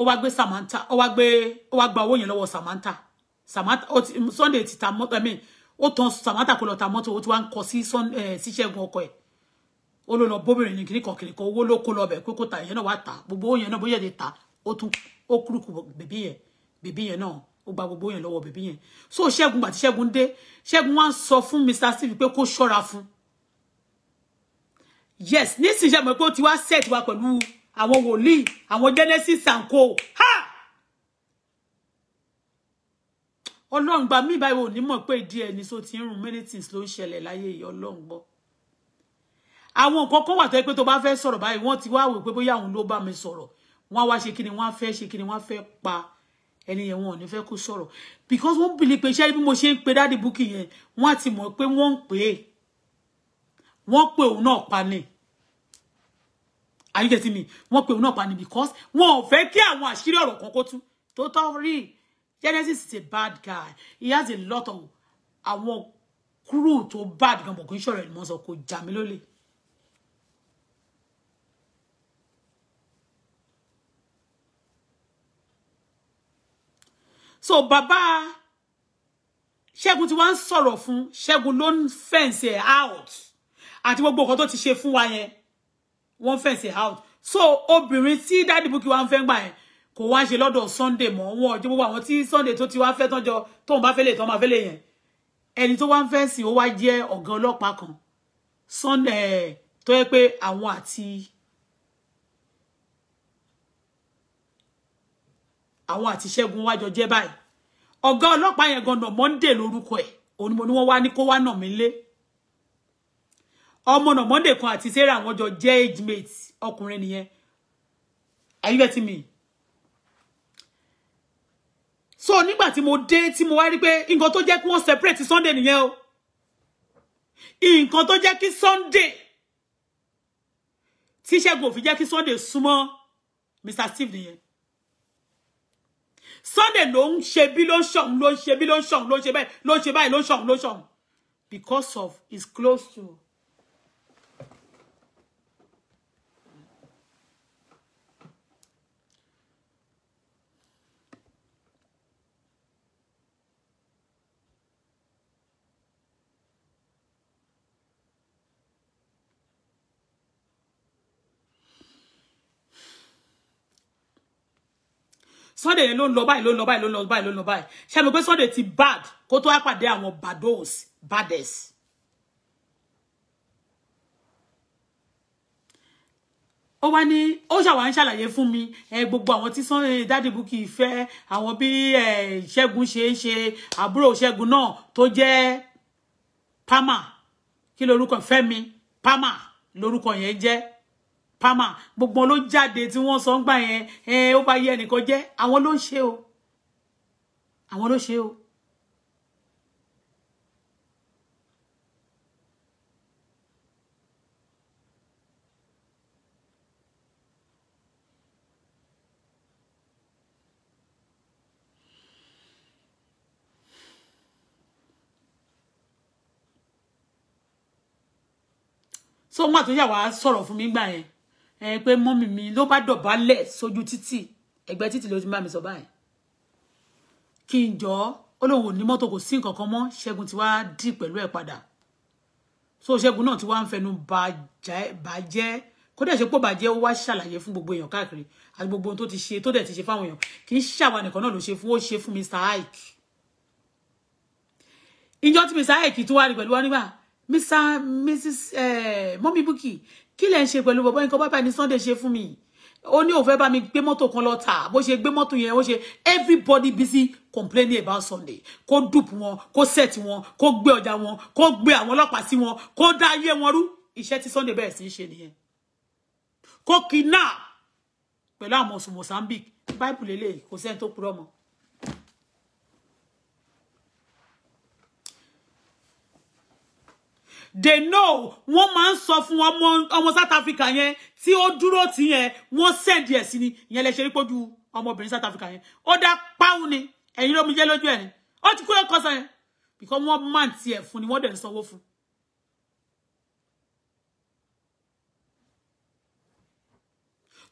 ó wá gbé samantha ó wá gbé ó wá gba owó yẹn lọ́wọ́ samantha samata o ti sunday ti ta mọ́tò i mean ó tan samata kó lọ ta mọ́tò ó ti wá ń kọ sí ṣíṣẹ́gun eh, ọkọ ẹ̀ ó ló lọ bóbìnrin ní kìnnìkan kìnnìkan owó ló kó lọ bẹ̀ pé kó ta ìyẹn náà wá ta gbogbo owó yẹn náà bóyá ti ta ó tún ó kúrúkù bèbí yẹn bèbí yẹn náà ó gba gbogbo yẹn lọ́wọ́ bèbí yẹn so ṣẹ́gun gbàtí ṣẹ́gun dé ṣẹ́gun wá ń sọ fún mr steve pé kó ṣọ́ra fún yes nísìnyí ṣe mọ̀ pé ó ti wá set wa pẹ̀lú àwọn wòlíì àwọn genesis and co ha ọlọ́run gba mí báyìí ò ní mọ̀ pé díẹ̀ ní so ti ń run many things ló ń ṣẹlẹ̀ láyé yìí ọlọ́run gbọ́ àwọn nǹkan kan wà tó yẹ pé tó bá fẹ́ sọ̀rọ̀ báyìí wọ́n ti wá wò pé bóyá òun ló bá mi sọ̀rọ̀ wọ́n á wá ṣe kíni wọ́n á fẹ́ ṣe kíni wọ́n á fẹ́ pa ẹni yẹn wọn ò ní fẹ́ kó sọ̀rọ̀ because wọ́n bìlì pé iṣẹ́ bí mo ṣe ń pe dáàdì búkì yẹn wọ́n á ti mọ̀ pé wọ́n ń pè é wọ́n pe òun náà pa ni are you getting me wọ́n pe òun náà pa ni because wọn ò fẹ́ kí àwọn àṣírí ọ̀rọ̀ kan kó tú tó tọ́ rí i Genesis is a bad guy he has a lot of àwọn crew tó bad gan bọ̀ sure. n ṣọ̀rọ̀ ẹ̀ Jamiloli. so Baba, ṣẹ́gun tí wọ́n ń sọ̀rọ̀ fún ṣẹ́gun ló ń fẹ̀ǹsì ẹ̀ out àti gbogbo nǹkan tó ti ṣe fún wa yẹn wọ́n fẹ̀ǹsì out so obìnrin tí dádìbò kí wọ́n fẹ́ gbà yẹn Ko wá ṣe lọ́dọ̀ Sunday mo wọn ọjọ́ gbogbo àwọn ti Sunday tó ti wá fẹ́ tọ́jọ́ tóun bá fẹ́ lè tọ́ máa fẹ́ lè yẹn ẹni tó wá ń fẹ́ sìn ó wá jẹ́ ọ̀gá ọlọ́pàá kan Sunday eh, to yẹ pé àwọn àti àwọn àti Ṣẹ́gun wájọ jẹ́ báyìí ọ̀gá ọlọ́pàá yẹn gan-an Monday lórúkọ ẹ̀ Oni ni mo ní wọ́n wá ní kó wá nà mí lé ọmọ nà Monday kan ati Sarah àwọn jọ jẹ́ age mate ọkùnrin nìyẹn are you getting me? so nígbà tí mo dé tí mo wá rí pé nǹkan tó jẹ́ kí wọ́n separate Sunday nìyẹn o nǹkan tó jẹ́ kí Sunday tí Ṣẹ́gun òfin jẹ́ kí Sunday súnmọ́ Mr Steve nìyẹn Sunday ló ń ṣe bí ló ń ṣọ̀hún ló ń ṣe bí ló ń ṣọ̀hún ló ń ṣe báyìí ló ń ṣọ̀hún ló ń ṣọ̀hún because of is close to sunday yẹn ló ń lọ báyìí ló ń lọ báyìí ló ń lọ báyìí ló ń lọ báyìí ṣe mo pé sunday ti bad kó tó wá pàdé àwọn bados bades. ó wá ní ó ṣàwọn ṣàlàyé fún mi ẹ gbogbo àwọn tí sunday eh, dáàdì bukki fẹ́ àwọn bí ṣẹ́gun ṣe ń ṣe àbúrò ṣẹ́gun náà tó jẹ́ pama kí lorúkọ fẹ́mi pama lorúkọ yẹn jẹ́ pama gbogbo ló jáde tí wọ́n sọ ń gbà yẹn ẹ ó bá yẹ ẹnìkan jẹ́ àwọn ló o àwọn ló ṣe o. so wọn àtúnyà wàá sọ̀rọ̀ fún mi gbà yẹn ẹ pé mọ́mì mi ló bá dọ̀bálẹ̀ sójú títì ẹgbẹ́ títì ló ti bá mi sọ báyìí kí n jọ ó lóun ò ní mọ́tò kò sí nǹkan kan mọ́ ṣẹ́gun ti wá dì pẹ̀lú ẹ̀ padà so ṣẹ́gun náà ti wá ń fẹnu bàjẹ́ kódà ṣe pọ̀ bàjẹ́ ó wá ṣàlàyé fún gbogbo èèyàn káàkiri àti gbogbo ohun tó ti ṣe tó dẹ̀ ti ṣe fáwọn èèyàn kì í ṣàwa nìkan náà ló ṣe fún ó ṣe fún Mr. Ike ìjọ tí Mr. Ike tó wá rí pẹ̀lú wa nígbà Mr. Mrs. mọ́mí Bukky kí lẹ ń ṣe pẹ̀lú bọ̀bọ́ nǹkan bàbá ni Sunday ṣe fún mi ó ní òun fẹ́ bá mi gbé mọ́tò kan lọ tà bó ṣe gbé mọ́tò yẹn ó ṣe everybody busy complaining about Sunday kó dùpù wọn kó set wọn kó gbé ọjà wọn kó gbé àwọn ọlọ́pàá sí wọn kó dá ayé wọn rú iṣẹ́ tí Sunday bẹ̀rẹ̀ sí í ṣe nìyẹn kó kidnap pẹ̀lú àwọn ọmọ Mozambique Bible lélẹ̀ kò sẹ́ni tó purọ́ mọ́ they know wọ́n man ń sọ fún ọmọ ọmọ South Africa yẹn tí ó dúró tì yẹn wọ́n send ẹ̀ sí ni ìyẹn lè ṣe rí pójú ọmọbìnrin South Africa yẹn ó dá páwọn ni ẹ̀yin ló mi jẹ́ lójú ẹ̀ ni ó ti kú ẹ̀kọ́ sọ yẹn because wọ́n máa ń tiẹ̀ fún ni wọ́n dẹ̀ ń sanwó fún.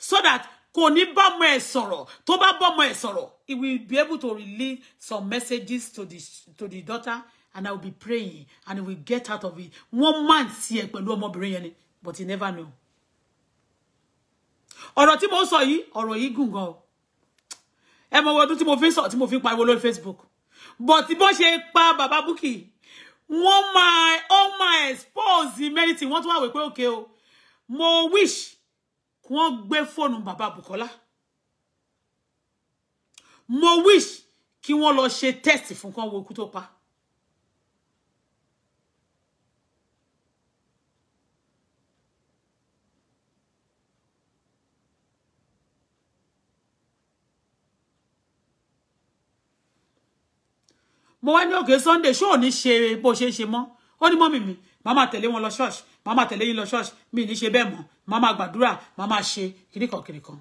so that kò ní bọ́mọ ẹ̀ sọ̀rọ̀ ba bá bọ́mọ ẹ̀ sọ̀rọ̀ it will be able to relay some messages to the to the daughter and I will be praying and we get out of it. One man sí ẹ pẹ̀lú ọmọbìnrin yẹn but he never know. Ọ̀rọ̀ tí mo sọ yìí, ọ̀rọ̀ yìí gùn gan o. Ẹ mọ ọdún mo fi sọ tí mo fi pariwo lórí Facebook. But bó ṣe pa bàbá Búkì, wọ́n máa ó máa expose many things. Wọ́n tún wá wí pé o. Mo wish kí wọ́n phone fóònù bàbá Mo wish kí wọ́n lọ ṣe test fún kán wo ikú tó pa. mo wá ní òkè sunday ṣó ò ní ṣe bó ṣe ń ṣe mọ́ ó ní mọ́mì mi màá máa tẹ̀lé wọn lọ ṣọ́ọ̀ṣì màá máa tẹ̀lé yín lọ ṣọ́ọ̀ṣì mi ní ṣe bẹ́ẹ̀ mọ́ màá máa gbàdúrà màá kiri ṣe kìnnìkan kìnnìkan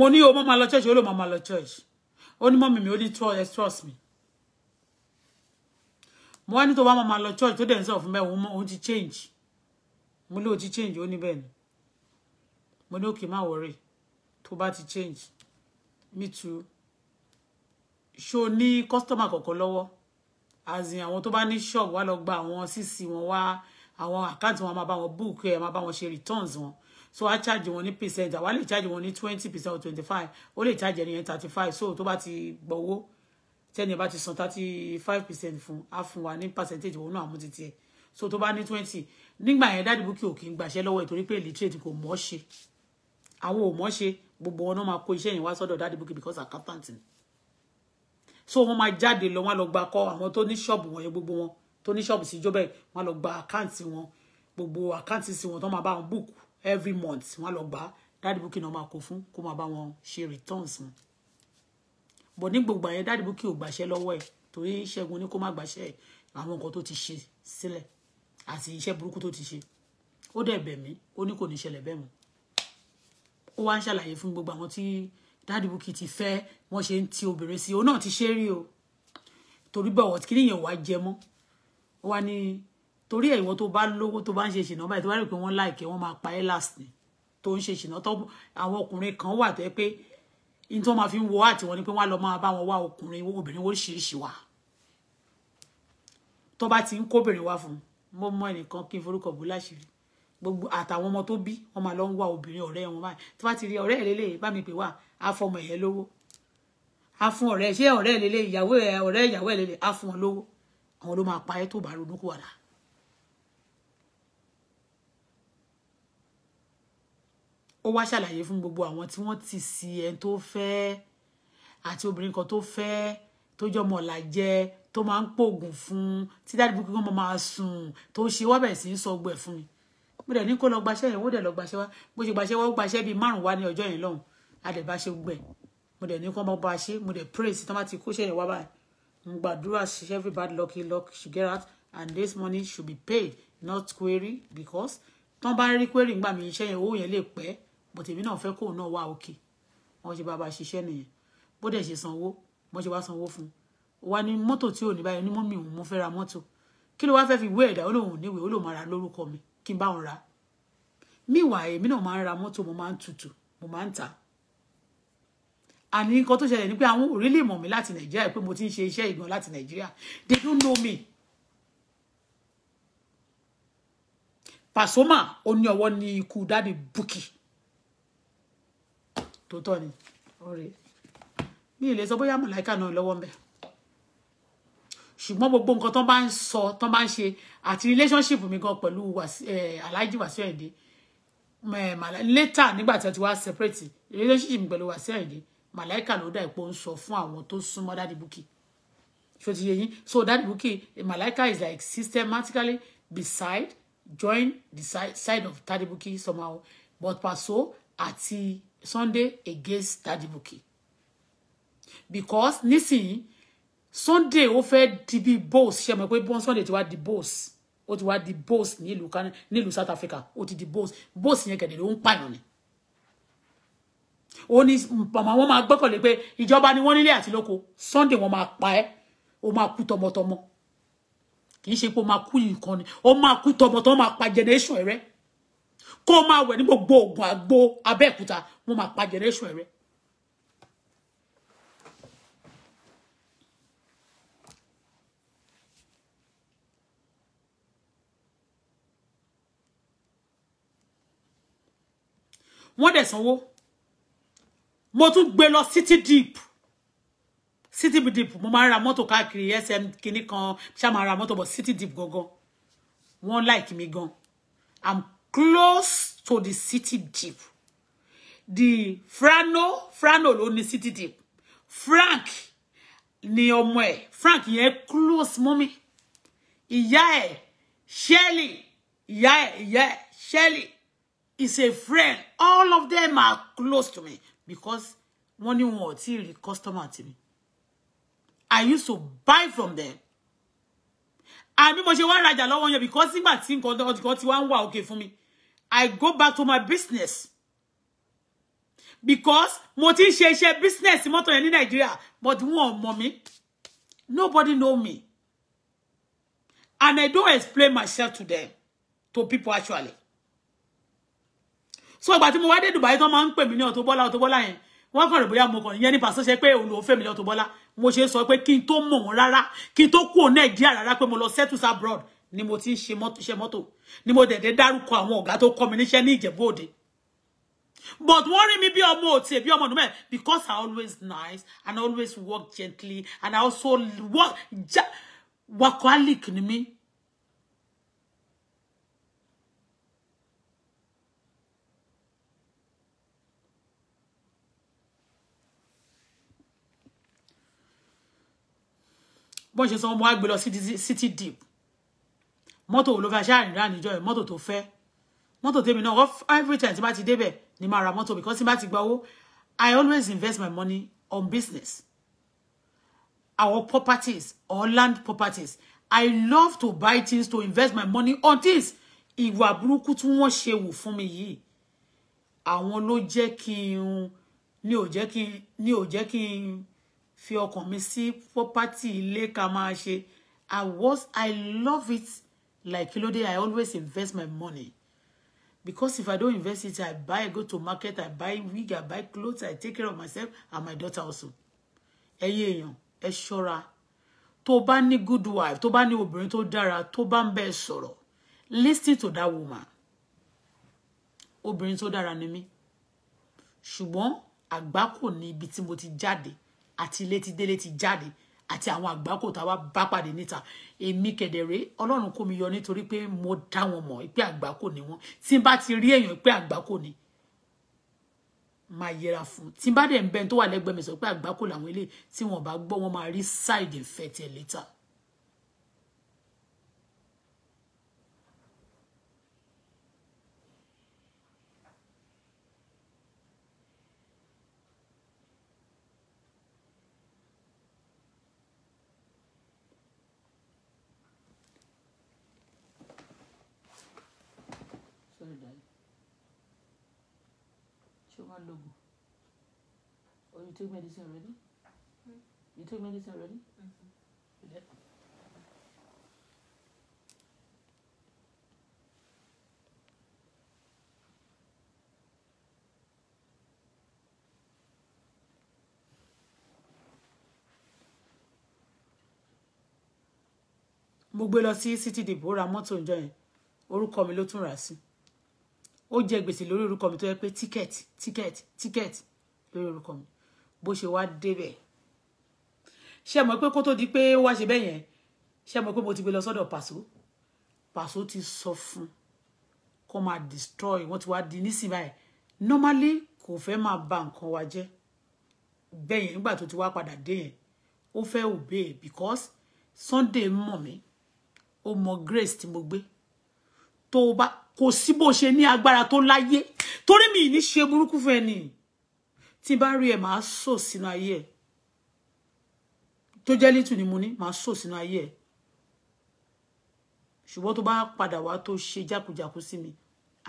mo ní o mo máa lọ church ó lò máa lọ church ó ní mọ́mì mi ó ní trust me mo wá ní tó bá máa máa lọ church tó dẹ̀ ń sọ̀rọ̀ fún bẹ́ẹ̀ òun ti change mo lóò ti change ó ní bẹ́ẹ̀ ni mo ní òkè má wọ̀rẹ̀ tó bá ti change me too ṣó ní customer kọ̀ọ̀kan lọ́wọ́ azin àwọn tó bá ní shop wá lọ gba àwọn sísì wọn wá àwọn àkáǹtì wọn máa bá wọn book ẹ máa bá wọn ṣe returns wọn so a charge wọn ní percent àwa lè charge wọn ní twenty percent or twenty five ó lè charge ẹni yẹn thirty five so tó bá ti gbowó tẹ́ni bá ti san thirty five percent fún á fún wa ní percentage òun náà mú títí ẹ̀ so tó bá ní twenty nígbà yẹn dáàdì búkì ò kì í gbàṣẹ́ lọ́wọ́ ẹ̀ torí pé illiterate kò mọ̀ ṣe àwọn ò mọ̀ ṣe gbogbo wọn náà máa kó iṣẹ́ yẹn wá sọ́dọ̀ dáàdì búkì because accountant ni so wọ́n máa jáde lọ wọ́n lọ gba kọ́ àwọn tó ní ṣọ́ọ̀bù wọn yẹn gbogbo wọn tó ní ṣọ́ọ̀bù sí jọ́bẹ̀ wọ́n lọ gba àkáǹtì wọn gbogbo àkáǹtì sí wọn tó máa bá wọn búùkù every month wọ́n lọ gbà dáàdì buki náà máa kó fún kó máa wọn ṣe returns wọn bọ̀ ní gbogbo àyẹn dáàdì búkì ò gbàṣẹ́ lọ́wọ́ ẹ̀ torí ṣẹ́gun ní kó má gbàṣẹ́ àwọn nǹkan tó ti ṣe sílẹ̀ àti iṣẹ́ burúkú tó ti ṣe ó dẹ̀ bẹ̀ ó ní kò ní ṣẹlẹ̀ bẹ́ẹ̀ ó wá ń ṣàlàyé fún gbogbo àwọn tí dáàdì búkì ti fẹ́ wọ́n ṣe ń ti obìnrin sí i òun náà ti ṣe é rí o torí bọ̀ wọ́n kí nìyẹn wàá jẹ mọ́ ó wá ní torí ẹ̀ ìwọ tó bá lówó tó bá ń ṣe ṣìnà báyìí tó bá rí pé wọ́n láìkẹ́ wọ́n máa pa ẹ́ last ni tó ń ṣe ṣìnà tó àwọn ọkùnrin kan wà tẹ́ pé in tó máa fi ń wọ àti wọn ni pé wọ́n á lọ máa bá wọn wá ọkùnrin obìnrin oríṣiríṣi wà tó bá ti ń kóbìnrin wá fún mo mọ ẹnìkan kí n forúkọ bó láṣìírí gbogbo àtàwọn ọmọ tó bí wọ́n máa lọ ń wá obìnrin ọ̀rẹ́ wọn báyìí tó bá ti rí ọ̀rẹ́ ìlélẹ bá mi pè wá á ẹ lówó á fún ọ̀rẹ́ ṣé ọ̀rẹ́ ìlélẹ ìyàwó ẹ ọ̀rẹ́ ìyàwó ìlélẹ á fún ọ lówó àwọn ló máa pa ẹ tó bá ronú kúwàdà ó wá ṣàlàyé fún gbogbo àwọn tí wọ́n ti sí ẹni tó fẹ́ àti obìnrin kan tó fẹ́ tó jọmọ ọ̀làjẹ tó máa ń pògùn fún tí dáàdì bukú kan máa sùn tó ń ṣe wá bẹ̀rẹ̀ sí í sọ ọgbẹ̀ fún mi mo dẹ̀ ní kó lọ gbaṣẹ́ yẹn ó dẹ̀ lọ gbaṣẹ́ wá bó ṣe gbaṣẹ́ wá ó gbaṣẹ́ bíi márùn wá ní ọjọ́ yẹn lọ́hùn adẹ̀bá ṣe gbẹ̀ mo dẹ̀ ní kó ọmọ bá ṣe mo dẹ̀ pray sí tọ́mátì kó ṣẹ̀yìn wá báyìí mo gbàdúrà ṣe every bad lucky luck should get out and this money should be paid not query because tọ́n bá rí query ńgbà mi iṣẹ́ yẹn owó yẹn lè pẹ́ but èmi náà fẹ́ kóun náà wá òkè wọ́n ṣe bàbá ṣiṣẹ́ nìyẹn bó dẹ̀ ṣe sanwó wọ́n ṣe wá sanwó fún un wá mọ́tò tí ò ní báyìí ní mọ́mì òun mo fẹ́ ra mọ́tò kí ló wá fẹ́ fi wé ẹ̀dá ó lóun níwèé ó lóun máa ra lórúkọ mi kí n bá òun ra meanwhile èmi náà máa ń ra mọ́tò mo máa ń tutù mo máa ń tà àní nǹkan tó ṣẹlẹ̀ ni pé àwọn ò rí lè mọ̀ mí láti nàìjíríà pé mo ti ń ṣe iṣẹ́ ìgbọ̀n láti nàìjíríà they don't know me Pasuma ó ní ọwọ́ ní ikú dáàdi Bukky tó tọ́ ni ọ̀rẹ́ mi ì lè sọ bóyá màláìka náà lọ́wọ́ mbẹ́ ṣùgbọ́n gbogbo nǹkan tó bá ń sọ tó bá ń ṣe àti relationship mi gan pẹ̀lú Alhaji Wasiu Ayinde later nígbà tí wọ́n ti wá separate relationship mi pẹ̀lú Wasiu Ayinde màláìka ló dà ipò ń sọ fún àwọn tó súnmọ́ Daddy Bukky ṣó ti yé yín so Daddy Bukky màláìka is like systematically beside join the side, side of Daddy Bukky somehow but Paso àti Sunday against Daddy Buki because nísìnyí Sunday ó fẹ́ di bí boss ṣe mọ̀ pé bọ́n Sunday ti wá di boss ó ti wá di boss nílùú kan nílùú South Africa ó ti di boss boss yẹn kẹ̀dẹ̀ ló ń pààyàn ni ó ní màmá wọn máa le pé ìjọba ni wọ́n nílé àti lóko Sunday wọn máa pa ẹ́ ó máa kú tọmọtọmọ kì í ṣe pé ó máa kú nǹkan ni ó máa kú tọmọtọmọ máa pa generation eh kó o máa wẹ̀ ní gbogbo oògùn àgbo abẹ́ẹ̀kúta mo máa pa generation rẹ. wọ́n dẹ̀ sanwó mo tún gbé lọ city deep city deep mo máa ń ra mọ́tò káàkiri sm kìíní kan ṣáà máa ra mọ́tò bọ̀ city deep gangan wọ́n like mi gan i'm close to the city deep the Frano Frano ló ní city deep Frank ni ọmọ ẹ̀ Frank yẹn close mommy. mi ìyá ẹ̀ Shelley ìyá ẹ̀ ìyá is a friend all of them are close to me because wọ́n ní wọn the customer to me. I used to buy from them I àbí mo ṣe wá rajà lọ́wọ́ yẹn because nígbà tí nǹkan ọ̀dọ́ ti wá ń wà okay for me. I go back to my business. Because mo share ń business mọ́tò yẹn Nigeria but wọn mommy Nobody know me. And I don't explain myself to them, to people actually. So ìgbà tí mo wá dé Dubai tó don't ń pè mí ní Auto Bola Auto Bola yẹn wọ́n bóyá mo kàn yẹn nípa sọ́ṣẹ́ pé òun lòún mi ní Auto Bola mo ṣe sọ pé kí n tó mọ̀ wọ́n rárá kí n tó kúrò Nàìjíríà rárá pé mo lọ settle abroad ni mo ti ń ṣe mọ́tò ṣe ni mo dẹ̀dẹ̀ dárúkọ àwọn ọ̀gá tó kọ́ mi níṣẹ́ ní Ìjẹ̀bú Òde but worry me mi bí ọmọ òtí bí ọmọ ọdúnmẹ́ because I always nice and always walk gently and I also work ja workaholic ni mi. bọ́n ṣe sọ wọn wá gbé city deep mọ́tò ló fẹ́ ṣáà rìnrìn àníjọ́ yẹn mọ́tò tó fẹ́ mọ́tò tèmi náà every time tí bá ti débẹ̀ ni máa ra mọ́tò because tí bá ti gba owó I always invest my money on business our properties or land properties I love to buy things to invest my money on things ìwà burúkú tí wọ́n ṣe wù fún mi yìí àwọn ló jẹ́ kí n ní ò jẹ́ kí n ní ò jẹ́ kí n fi ọkàn mi sí property ilé ká máa ṣe I was I love it Like Kílódé, I always invest my money. Because if I don't invest it, I buy, I go to market, I buy wig, I buy clothes, I take care of myself and my daughter also. Ẹ̀yin èèyàn, ẹ ṣọ́ra. Tó bá good wife, Toba ni ní obìnrin tó dára, tó bá Listen to that woman. Obìnrin tó dára ni mí. Ṣùgbọ́n àgbákò ni ibi tí mo ti jáde àti ilé tí àti àwọn àgbákò táwa bá pàdé níta èmi kẹdẹrẹ Ọlọ́run kó mi yọ nítorí pé mo dá wọn mọ̀ pé àgbákò ni wọn tí n bá ti rí èèyàn pé àgbákò ni máa yẹra fún tí n bá dẹ̀ ń bẹ́ẹ̀ tó wà lẹ́gbẹ̀ẹ́ mi sọ pé àgbákò làwọn eléyìí tí wọ́n bá gbọ́ wọn máa rí side effect ẹ̀ later. took medicine already? Mm. You took medicine already? Mm-hmm. You mo gbé lọ sí city Depot. ra mọ́tò ìjọ yẹn orúkọ mi ló tún rà sí ó jẹ gbèsè lórí orúkọ mi tó yẹ pé tíkẹ́ẹ̀tì tíkẹ́ẹ̀tì tíkẹ́ẹ̀tì lórí orúkọ mi bó ṣe wá débẹ̀ ṣe mọ̀ pé kó tó di pé ó wá ṣe bẹ́ẹ̀ yẹn ṣe mọ̀ pé mo ti gbé lọ sọ́dọ̀ pàṣọ pàṣọ ti sọ fún kó máa destroy wọ́n ti wá di nísìnyí báyìí normally kò fẹ́ máa ba nǹkan wa jẹ́ bẹ́ẹ̀ yẹn nígbà tó ti wá padà dé yẹn ó fẹ́ obey because Sunday mọ̀ mí ó mọ grace tí mo gbé tó bá kò sí bó ṣe ní agbára tó láyé torí mi ní ṣe burúkú fún ẹni tí n bá rí ẹ màá sò sínú ayé ẹ tó jẹ́ lítù ni mo ní màá sò sínú ayé ẹ ṣùgbọ́n tó bá padà wá tó ṣe jákujàku mi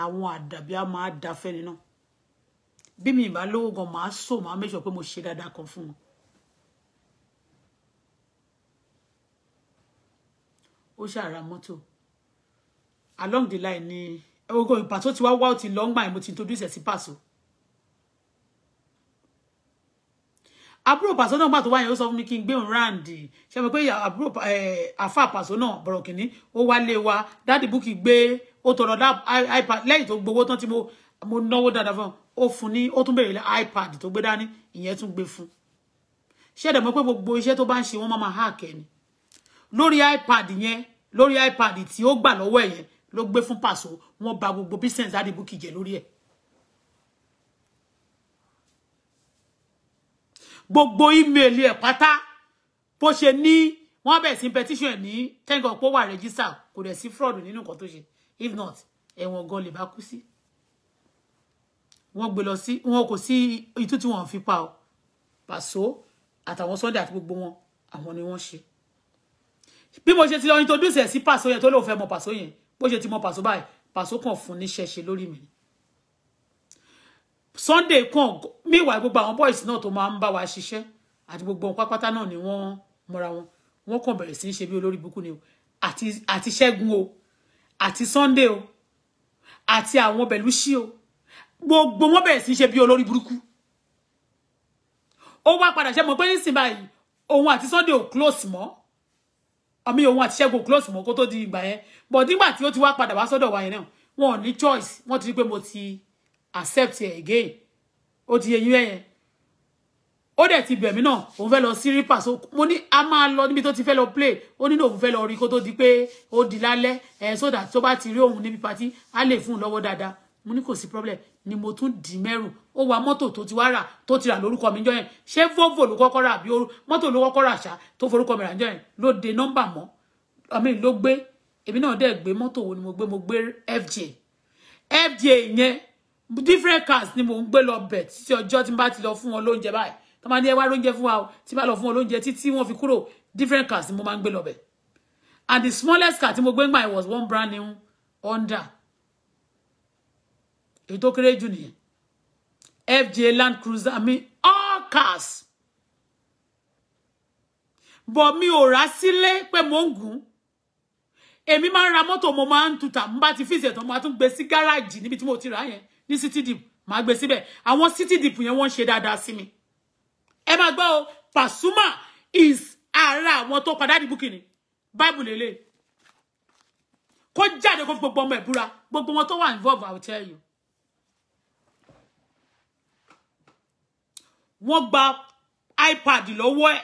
àwọn àdàbí á máa da fẹ́ni náà bí mi ìbá lówó gan màá sò màá make sure pé mo ṣe dáadáa kan fún wọn. ó ṣàrà mọ́tò along the line ni ogo ìpàtó ti wá wá ó ti lọ́ngbà yẹn mo ti introduce ẹ̀ sí pàṣẹ. àbúrò pàṣọ náà gbà tó wá yẹn ó sọ fún mi kí n gbé òun ráǹdì ṣe mọ̀ pé àbúrò àfa pàṣọ bọ̀rọ̀ kìnní ó wálé wa dáàdì búkì gbé ó tọrọ ipad lẹ́yìn tó gbowó tán tí mo mo náwó dáadáa fún ó fún ní ó tún béèrè ipad tó gbé dání ìyẹn tún gbé fún ṣé ẹ̀dẹ̀ mọ̀ pé gbogbo iṣẹ́ tó bá ń ṣe wọ́n máa hà kẹ́ni lórí ipad yẹn lórí ipad tí ó gbà lọ́wọ́ ẹ̀ yẹn ló gbé fún pàṣọ wọ́n bà gbogbo business dáàdì búkì jẹ́ lórí ẹ̀ gbogbo email ẹ̀ pátá bó ṣe ní wọ́n bẹ̀ sí petition ní tẹ́ǹgàn pọ̀ wà register kò dẹ̀ sí fraud nínú nǹkan tó ṣe if not ẹ̀wọ̀n gan lè bá kú sí wọ́n gbé lọ sí wọn kò sí itú tí wọ́n fi pa ọ́ pàṣọ àtàwọn sunday àti gbogbo wọn àwọn ni wọ́n ṣe bí mo ṣe ti lọ introduce ẹ̀ sí pàṣọ yẹn tó lóun fẹ́ mọ pàṣọ yẹn bó ṣe ti mọ pàṣọ báyìí pàṣọ kàn fún níṣẹ́ṣe lórí mi Sunday kan meanwhile gbogbo àwọn boys náà tó máa ń bá wa ṣiṣẹ́ àti gbogbo wọn pápátá náà ni wọ́n mọ́ra wọn wọ́n kàn bẹ̀rẹ̀ sí í ṣe bí olórí burúkú ni o àti àti Ṣẹ́gun o àti Sunday o àti àwọn Belushi o gbogbo wọn bẹ̀rẹ̀ sí í ṣe bí olórí burúkú ó wá padà ṣe mọ̀ pé nísìnyí báyìí òun àti Sunday ò close mọ́ àmì òun àti Ṣẹ́gun ò close mọ́ kó tó di ìgbà yẹn but nígbà tí ó ti wá padà wá sọ́dọ̀ wa náà wọn ò ní choice wọ́n ti rí pé mo ti accept ẹ̀ again ó ti yẹ yín ẹ̀yẹn ó dẹ̀ ti bẹ̀mí náà òun fẹ́ lọ sí ripa so mo ní a máa lọ níbi tó ti fẹ́ lọ play ó nínú òun fẹ́ lọ rí kó tó di pé ó di lálẹ́ ẹ̀ sódà tó bá ti rí òun níbi patí á lè fún un lọ́wọ́ dáadáa mo ní kò sí problem ni mo tún dì mẹ́rù ó wa mọ́tò tó ti wá rà tó ti rà lórúkọ mi jọ yẹn ṣé volvo ló kọ́kọ́ rà àbí mọ́tò ló kọ́kọ́ rà ṣá tó forúkọ mi rà jọ yẹn ló de nọ́mbà mọ́ àmì ló gbé èmi náà dẹ̀ gbé mọ́tò wo ni mo gbé mo gbé FJ FJ yẹn different cars ni mo ń gbé lọ bẹ̀ títí ọjọ́ tí n bá ti lọ fún wọn lóúnjẹ báyìí tó máa ní ẹ wá lóúnjẹ fún wa o tí n bá lọ fún wọn lóúnjẹ títí wọ́n fi kúrò different cars ni mo máa ń gbé lọ bẹ̀ and the smallest car tí mo gbé ń was one brand new Honda èyí tó kéré jù nìyẹn FJ Land Cruiser mi all cars bọ̀ mi ò rà sílé pé mò ń gùn èmi máa ń ra mọ́tò mo máa ń tuta mo bá ti fíìsì ẹ̀tàn mo máa tún gbé sí gáràjì níbi tí mo ti rà yẹn ní city deep màá gbé síbẹ̀ àwọn city deep yẹn wọ́n ṣe dáadáa sí mi ẹ máa gbọ́ Pasuma is ara àwọn tó padà dìbò kìíní báìbù lélẹ̀ kó jáde kó gbogbo ọmọ ìbúra gbogbo wọn tó wà involve I will tell you wọ́n gba ipad lọ́wọ́ ẹ̀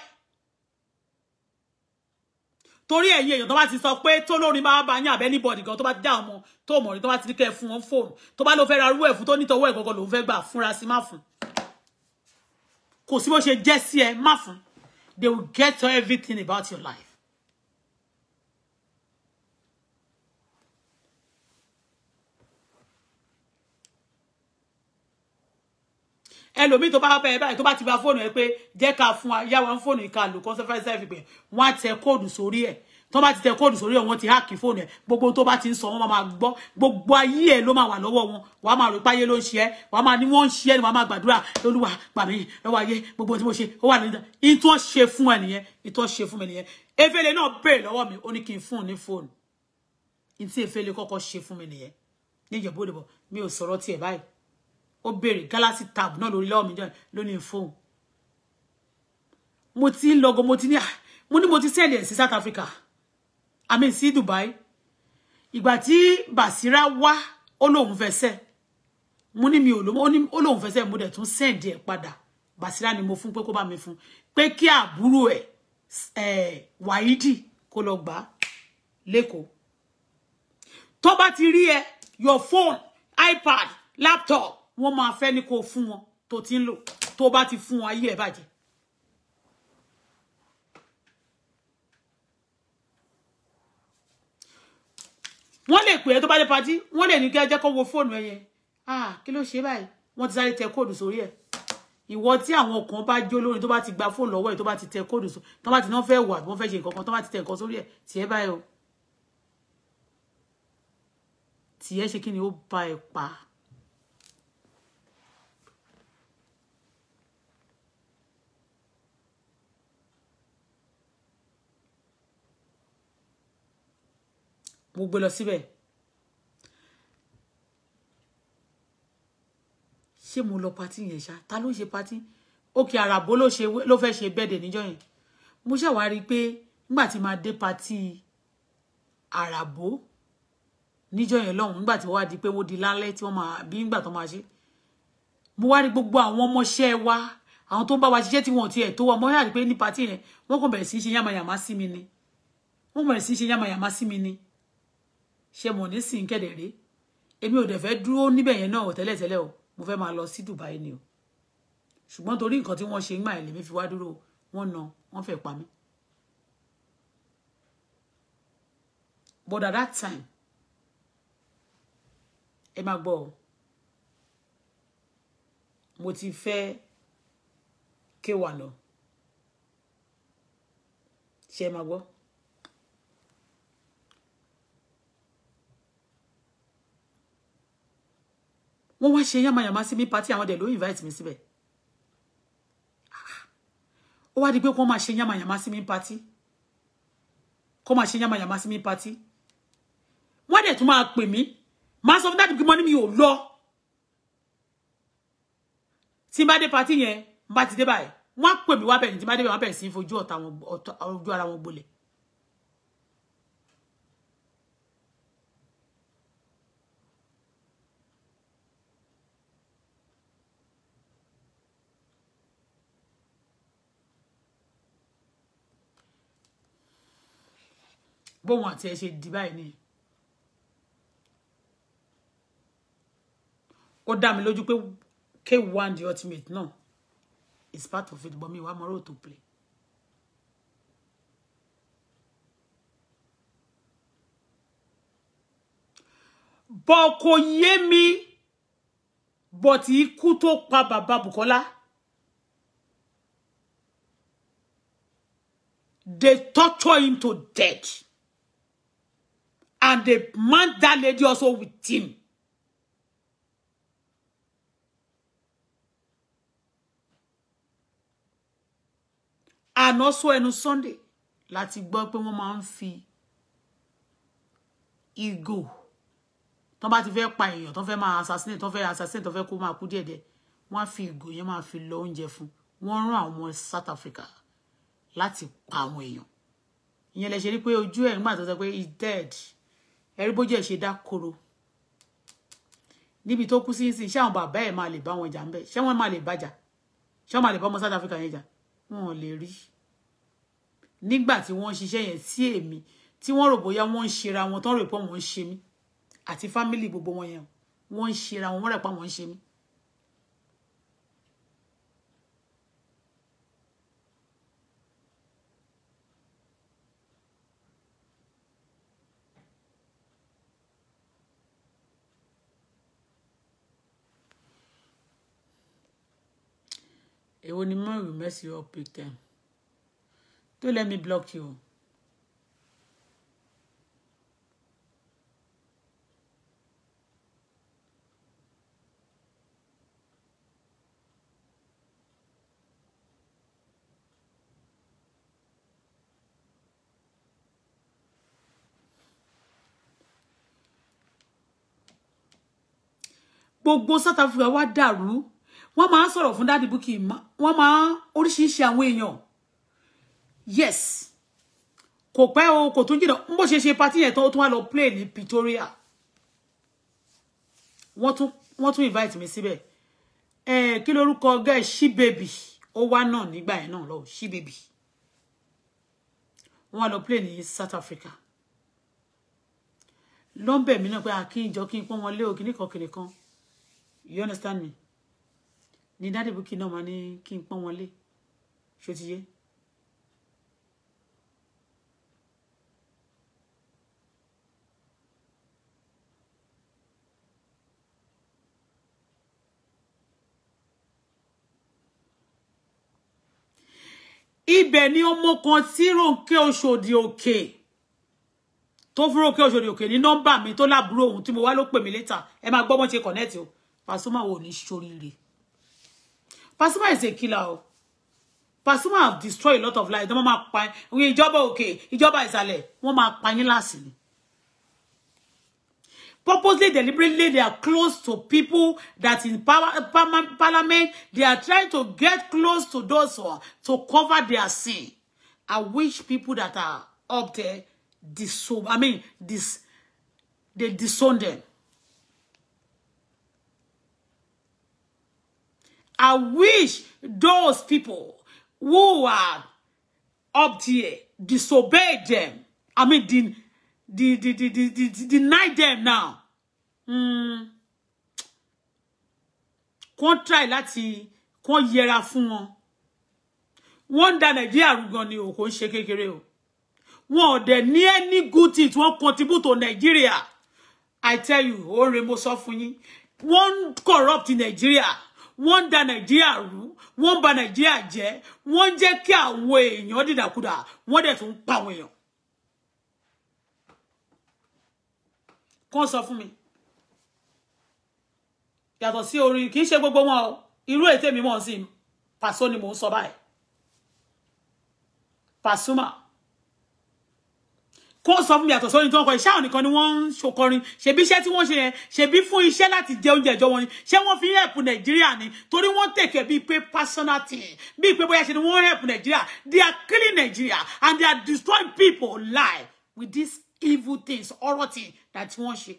torí ẹ̀yin èèyàn tó bá ti sọ pé tó lórin máa bá yín àbẹ́ níbọ̀dì gan tó bá ti dá ọmọ tó mọ̀ ní tó bá ti ní kẹ́ fún wọn fóònù tó bá ló fẹ́ ra rú ẹ̀ fún tó nítọwọ́ ẹ̀ gọ́gọ́ lòún fẹ́ gbà fúnra sí má fún kò sí bó ṣe jẹ́ sí ẹ má fún they will get everything about your life ẹlòmíì tó bá bẹ báyìí tó bá ti ba fóònù ẹ pé jẹ́ ká fún wa yá wa ń fóònù ìka lò conference life pé wọ́n á tẹ kóòdù sórí ẹ̀ tó bá ti tẹ kóòdù sórí ẹ̀ wọ́n ti háàkì fóònù ẹ̀ gbogbo tó bá ti ń sọ wọ́n máa gbọ́ gbogbo ayé ẹ̀ ló máa wà lọ́wọ́ wọn wàá máa rò páyé ló ń ṣe ẹ́ wàá máa ní wọ́n ń ṣe ẹ́ ni wàá máa gbàdúrà lólúwa gbàmí ẹwà ayé gbogbo tí mo ṣe ó wà nínú ìtọ́ ṣe fún ẹ nìyẹn ìtọ́ ṣe fún mi nìyẹn efele náà béèrè lọ́wọ́ mi ó ní kí n fún un ní fóònù ìtí ó béèrè galaxy tab náà lórí lọ́wọ́ mi jẹ́ lónìí fóun mo ti ń lọgọ mo ti ní ah, mo ní mo ti sẹ́ẹ̀lì ẹ̀ sí South Africa I mean sí Dubai ìgbà tí Basira wá ó lóun fẹsẹ̀ mo ní mi ò lóun ó lóun fẹsẹ̀ mo dẹ̀ tún sẹ́ẹ̀dì ẹ̀ padà Basira ni mo fún pé kó bá mi fún pé kí àbúrò ẹ̀ ẹ̀ Wàídì kó lọ gbà á lẹ́kọ̀ọ́ tó bá ti rí ẹ your phone iPad laptop wọ́n m'a fẹ́ ní kó fún wọn tó ti ń lò tó bá ti fún wọn ayé ẹ̀ bàjẹ́. wọ́n lè pè é tó bá dé patí wọ́n lè wo fóònù ẹ ah kí ló ṣe báyìí wọ́n ti sáré tẹ code sórí ẹ̀ ìwọ tí àwọn kan bá jó lórí tó bá ti gba fóònù lọ́wọ́ ẹ̀ tó bá ti tẹ kóòdù sórí tó bá ti náà fẹ́ wà tó fẹ́ ṣe nǹkan kan tó bá ti tẹ nǹkan sórí ẹ̀ tiẹ̀ báyìí o tiẹ̀ ṣe kí ni ó ba ẹ̀ pa mo gbé lọ síbẹ̀ ṣé mo lọ patí yẹn ṣá ta ló ń ṣe patí òkè àràbó ló ṣe ló fẹ́ ṣe bẹ́ẹ̀dẹ̀ níjọ́ yẹn mo ṣàwárí pé nígbà tí máa dé patí àràbó níjọ́ yẹn lọ́hùn nígbà tí wọ́n di pé wọ́n di lálẹ́ tí wọ́n máa bí nígbà tó máa ṣe mo wá rí gbogbo àwọn ọmọọṣẹ́ wa àwọn tó ń bá wa ṣiṣẹ́ tí wọ́n ti ẹ̀ tó wa mọ́ yàrá pé ní patí yẹn wọ́n kàn bẹ̀rẹ̀ sí ṣe yàmàyàmá sí mi ni wọ́n bẹ̀rẹ̀ sí í ṣe yàmàyàmá sí mi ni ṣe mọ̀ nísìn kẹ̀dẹ̀ rèé èmi ò dẹ̀ fẹ́ dúró níbẹ̀ yẹn náà tẹ́lẹ̀tẹ́lẹ̀ o mo fẹ́ máa lọ sí Dubai ni o ṣùgbọ́n torí nǹkan tí wọ́n ṣe ń gbà lèmi fi wá dúró wọ́n na wọ́n fẹ́ pa mí. but at that time ẹ máa gbọ́ ọ mo ti fẹ́ kéwà lọ ṣe é máa gbọ́. wọ́n wá ṣe yama sí mi party àwọn dẹ̀ ló invite mi síbẹ̀ ó wá di pé kó máa ṣe yàmàyàmà sí mi party kó máa yama yàmàyàmà sí mi party wọ́n dẹ̀ tún ma pè mi. máa sọ fún dáàbò gbígbọ́n mi o lọ tí n bá dé party yẹn ba. bá ti dé báyìí wọ́n á pè mí wá bẹ̀rẹ̀ tí n bá dé bẹ̀rẹ̀ wọ́n á bẹ̀rẹ̀ sí fojú ara wọn gbolẹ̀ bóun àti ẹ ṣe di báyìí ni ó dá mi lójú pé k1 the ultimate náà is part of it but mi wá mọ role to play. bọ́ kò yé mi bọ̀ tí ikú tó pa bàbá Bukola they torture him to death and the man that lady also with him. and also ẹnu Sunday láti gbọ́ pé wọ́n máa ń fi ìgò tọ́n bá ti fẹ́ pa èèyàn tọ́n fẹ́ máa assassinate tọ́n fẹ́ assassinate tọ́n fẹ́ kó máa kú díẹ̀díẹ̀ wọ́n á fi ìgò yẹn máa fi lọ oúnjẹ fún wọ́n rán àwọn South Africa láti pa àwọn èèyàn ìyẹn lẹ ṣe rí pé ojú ẹ̀ nígbà tó sọ pé he's dead ẹ̀rí bójú ẹ̀ ṣe dá koro níbi tó kú sí sí ṣé àwọn bàbá ẹ̀ máa lè bá wọn jà ń bẹ̀ ṣé wọ́n máa lè bàjà ṣé wọ́n máa lè bá ọmọ South Africa yẹn jà wọn ò lè rí nígbà tí wọ́n ń ṣiṣẹ́ yẹn sí èmi tí wọ́n rò bóyá wọ́n ń ṣera wọn tán rò pé wọ́n ń ṣe mí àti fámìlì gbogbo wọn yẹn wọ́n ń ṣera wọn wọ́n rẹ̀ pé wọ́n ń ṣe mí A one man will mess you up big time. Don't let me block you. gbogbo South Africa wá dàrú wọ́n máa ń sọ̀rọ̀ fún dáàdì Bukky wọ́n máa ń oríṣiríṣi àwọn yes kò pẹ́ o kò tún jìnnà ń bó ṣe ṣe patí yẹn tán ó tún wá play ní Pretoria wọ́n tún wọ́n tún invite mi síbẹ̀ ẹ kí lorúkọ girl she baby ó wá náà nígbà yẹn náà lọ she baby wọ́n wá lọ play ní South Africa lọ́nbẹ̀ mi náà pé àkínjọ ah, kí n pọ́n wọn lé òkìní kan kìnìkan you understand me ni dáàdì Bukky náà máa ní kí n pọ́n wọn lé ṣó ti yé. ibẹ̀ ni ọmọ kan tí Rónkẹ́ Òṣòdì Òkè tó fún Rónkẹ́ Òṣòdì Òkè ní nọ́mbà mi tó lábúrò òun tí mo wá ló pè mí létà ẹ máa gbọ́ bọ́n ṣe kọ̀nẹ́ẹ̀tì o Pasuma wo ní ṣoríire. Pasuma is a killer o Pasuma have destroyed a lot of lives The mama pa We ìjọba okay. ìjọba is a máa Mama yín láàsì purposely deliberately they are close to people that in power, parliament they are trying to get close to those who are, to cover their sin I wish people that are up there disown I mean this they disown them I wish those people who are up there disobeyed them. I mean, de de de de de de de deny them now. Hmm. Kàn try láti kàn yẹra fún wọn. Wọ́n dà Nàìjíríà rú gan ni o kò ń ṣe kékeré o. Wọn ò dẹ̀ any good it. wọ́n contribute to Nigeria. I tell you, ó rè mo sọ fún yín. Wọ́n corrupt Nigeria wọ́n ń da nàìjíríà rú wọ́n ń ba nàìjíríà jẹ́ wọ́n ń jẹ́ kí àwọn èèyàn dìdàkudà wọ́n dẹ̀ tún pa àwọn èèyàn. kàn sọ fún mi yàtọ̀ sí orin kì í ṣe gbogbo wọn o irú ètè mi mọ̀ sí Paso ni mò ń sọ báyìí Pasuma kó sọ fún mi àtọ̀ sóyún tó ń kọ iṣẹ́ àwọn nìkan ni wọ́n ń ṣokọrin ṣebí iṣẹ́ tí wọ́n ṣe yẹn ṣebí fún iṣẹ́ láti jẹ oúnjẹ ìjọ wọn ni ṣé wọ́n fi ń help nàìjíríà ni torí wọ́n tẹ̀kẹ̀ bíi pé personal thing bíi pé bóyá ṣe ni wọ́n help nàìjíríà they are killing nàìjíríà and they are destroying people life with these evil things ọ̀rọ̀ tí that wọ́n ṣe.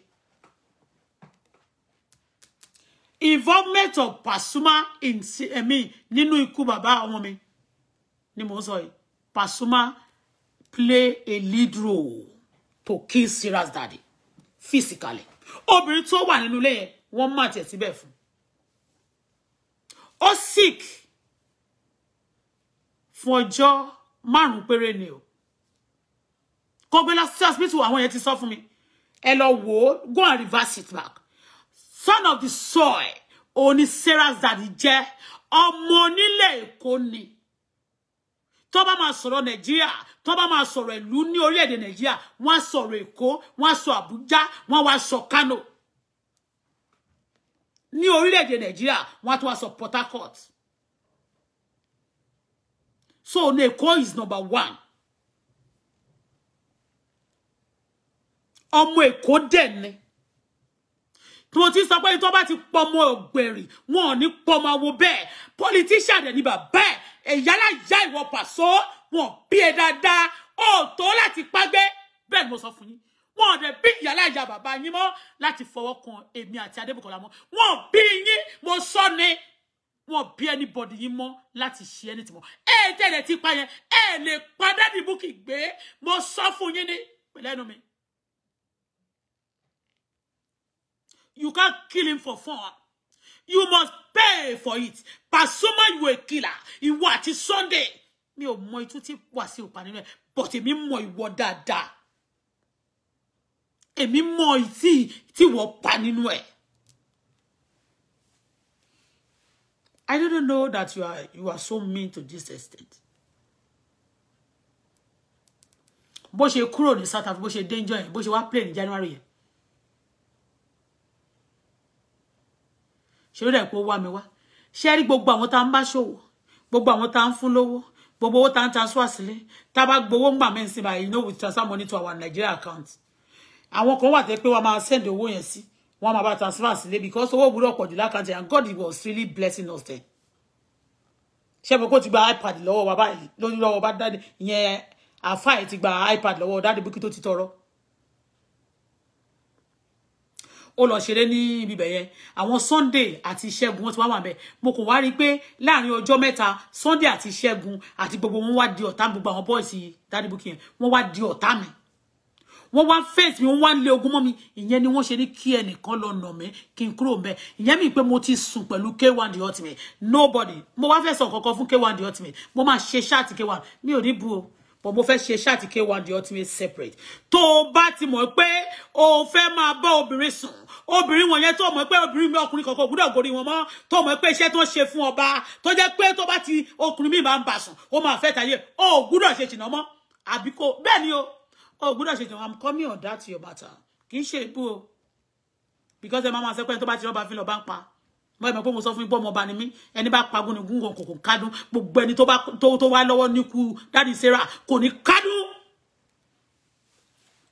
involvement of Pasuma in me. nínú ikú bàbá ọmọ mi ni mò ń sọ yìí Pasuma play a lead role to kill Sarah's daddy physically obìnrin tó wà nínú ilé yẹn wọ́n má tẹ̀ síbẹ̀ fún ó sick fún ọjọ́ márùn-ún péré ni o kó gbé lọ sí hospital àwọn yẹn ti sọ fún mi ẹ lọ wò go and reverse it back son of the soil only Sarah's daddy jẹ́ ọmọ onílé Èkó ni. Toba bá máa sọ̀rọ̀ nàìjíríà tó bá máa sọ̀rọ̀ ìlú ní orílẹ̀-èdè nàìjíríà wọ́n á sọ̀rọ̀ èkó wọ́n á sọ àbújá wọ́n wá sọ kánò ní orílẹ̀ port harcourt so èkó is number one Omo èkó dẹ̀ ni tó ti sọ pé tó bá ti pọmọ ògbèrì wọn ò ní pọmọ wo politician dẹ̀ ni bàbá be ẹ̀yára ìyá ìwọ pàṣọ wọn bí ẹ dáadáa ó tó láti págbé bẹ́ẹ̀ ni mo sọ fún yín wọn ọdẹ bí ìyálà ìyá bàbá yín mọ́ láti fọwọ́ kan èmi àti Adébùkọ́lá mọ́ wọn bí yín mo sọ ni wọn bí anybody yín mọ́ láti ṣe ẹni tìmọ ẹ tẹlẹ ti pa yẹn ẹ lè padà ní búkì gbé mo sọ fún yín ní pẹ̀lẹ́nu mi you can kill him for fun you must pay for it Pasuma you a killer ìwọ àti Sunday mi ò mọ itú tí Wàsíù pa nínú ẹ̀ but emi mọ ìwọ dáadáa Emi mọ ìtì ti wọ́n pa nínú ẹ̀. I didn't know that you are you are so mean to this extent. bó ṣe kúrò ní South Africa bó ṣe danger yẹn bó ṣe wá play ní January yẹn ṣe ló dẹ̀ pé ó wá mi wá ṣé rí gbogbo àwọn tá ń bá ṣòwò gbogbo àwọn tá ń fún lówó gbogbo owó tá ń transfer sílé tá bá gbowó ń gbà mí you know we transfer money to our Nigeria account àwọn kan wà tẹ́ pé wọ́n máa send owó yẹn sí wọ́n máa bá transfer sílé because owó gbúdọ̀ pọ̀ jù lákàntì and God was really blessing us then ṣé mo kó ti gba iPad lọ́wọ́ wa báyìí lórí lọ́wọ́ daddy. dáadé ìyẹn àfáà ti gba iPad lọ́wọ́ dáadé bókító ti tọrọ ó lọ ṣeré ní ibibẹ̀ yẹn àwọn Sunday àti Ṣẹ́gun wọ́n ti wá wà bẹ́ẹ̀ mo kò wá rí i pé láàrin ọjọ́ Sunday àti Ṣẹ́gun àti gbogbo wọn wá di ọ̀tá mi gbogbo àwọn bọ́ọ̀sì dádìbùkì yẹn wọ́n wá di ọ̀tá mi wọ́n wá face mi wọ́n wá lé ogun mọ́ mi ìyẹn ni wọ́n ṣe ní kí ẹnìkan lọ nà mí kí n kúrò mẹ́ ìyẹn mi pé mo ti sùn pẹ̀lú k1 the ultimate nobody mo wá fẹ́ sọ kankan fún k1 the ultimate mo máa ṣe ṣáàtì k1 mi ò ní bu o but mo fẹ́ ṣe ṣáàtì k one the ultimate separate To o bá ti mọ̀ pé o fẹ́ máa bá obìnrin sùn obìnrin wọn yẹn tó mọ̀ pé obìnrin mi ọkùnrin kankan gbúdọ̀ gorí wọn mo tó mọ̀ pé iṣẹ́ tó ń ṣe fún ọba tó jẹ́ to tó bá ti ọkùnrin mi máa ń bà sùn ó máa fẹ́ tàyè o gbúdọ̀ ṣe jìnnà mọ́ àbí kò bẹ́ẹ̀ ni o o gbúdọ̀ ṣe jìnnà i'm coming on that your matter kì í ṣe o because ẹ mama máa sẹ́pẹ́ tó bá ti rọ́bà fi lọ́ọ́ bá ń pa báyìí mọ̀ pé mo sọ fún yín bọ́ ni mí ẹni bá pagún ni gúngàn kò kò kádùn gbogbo ẹni tó wá lọ́wọ́ níkú dáàdì sarah kò ní kádùn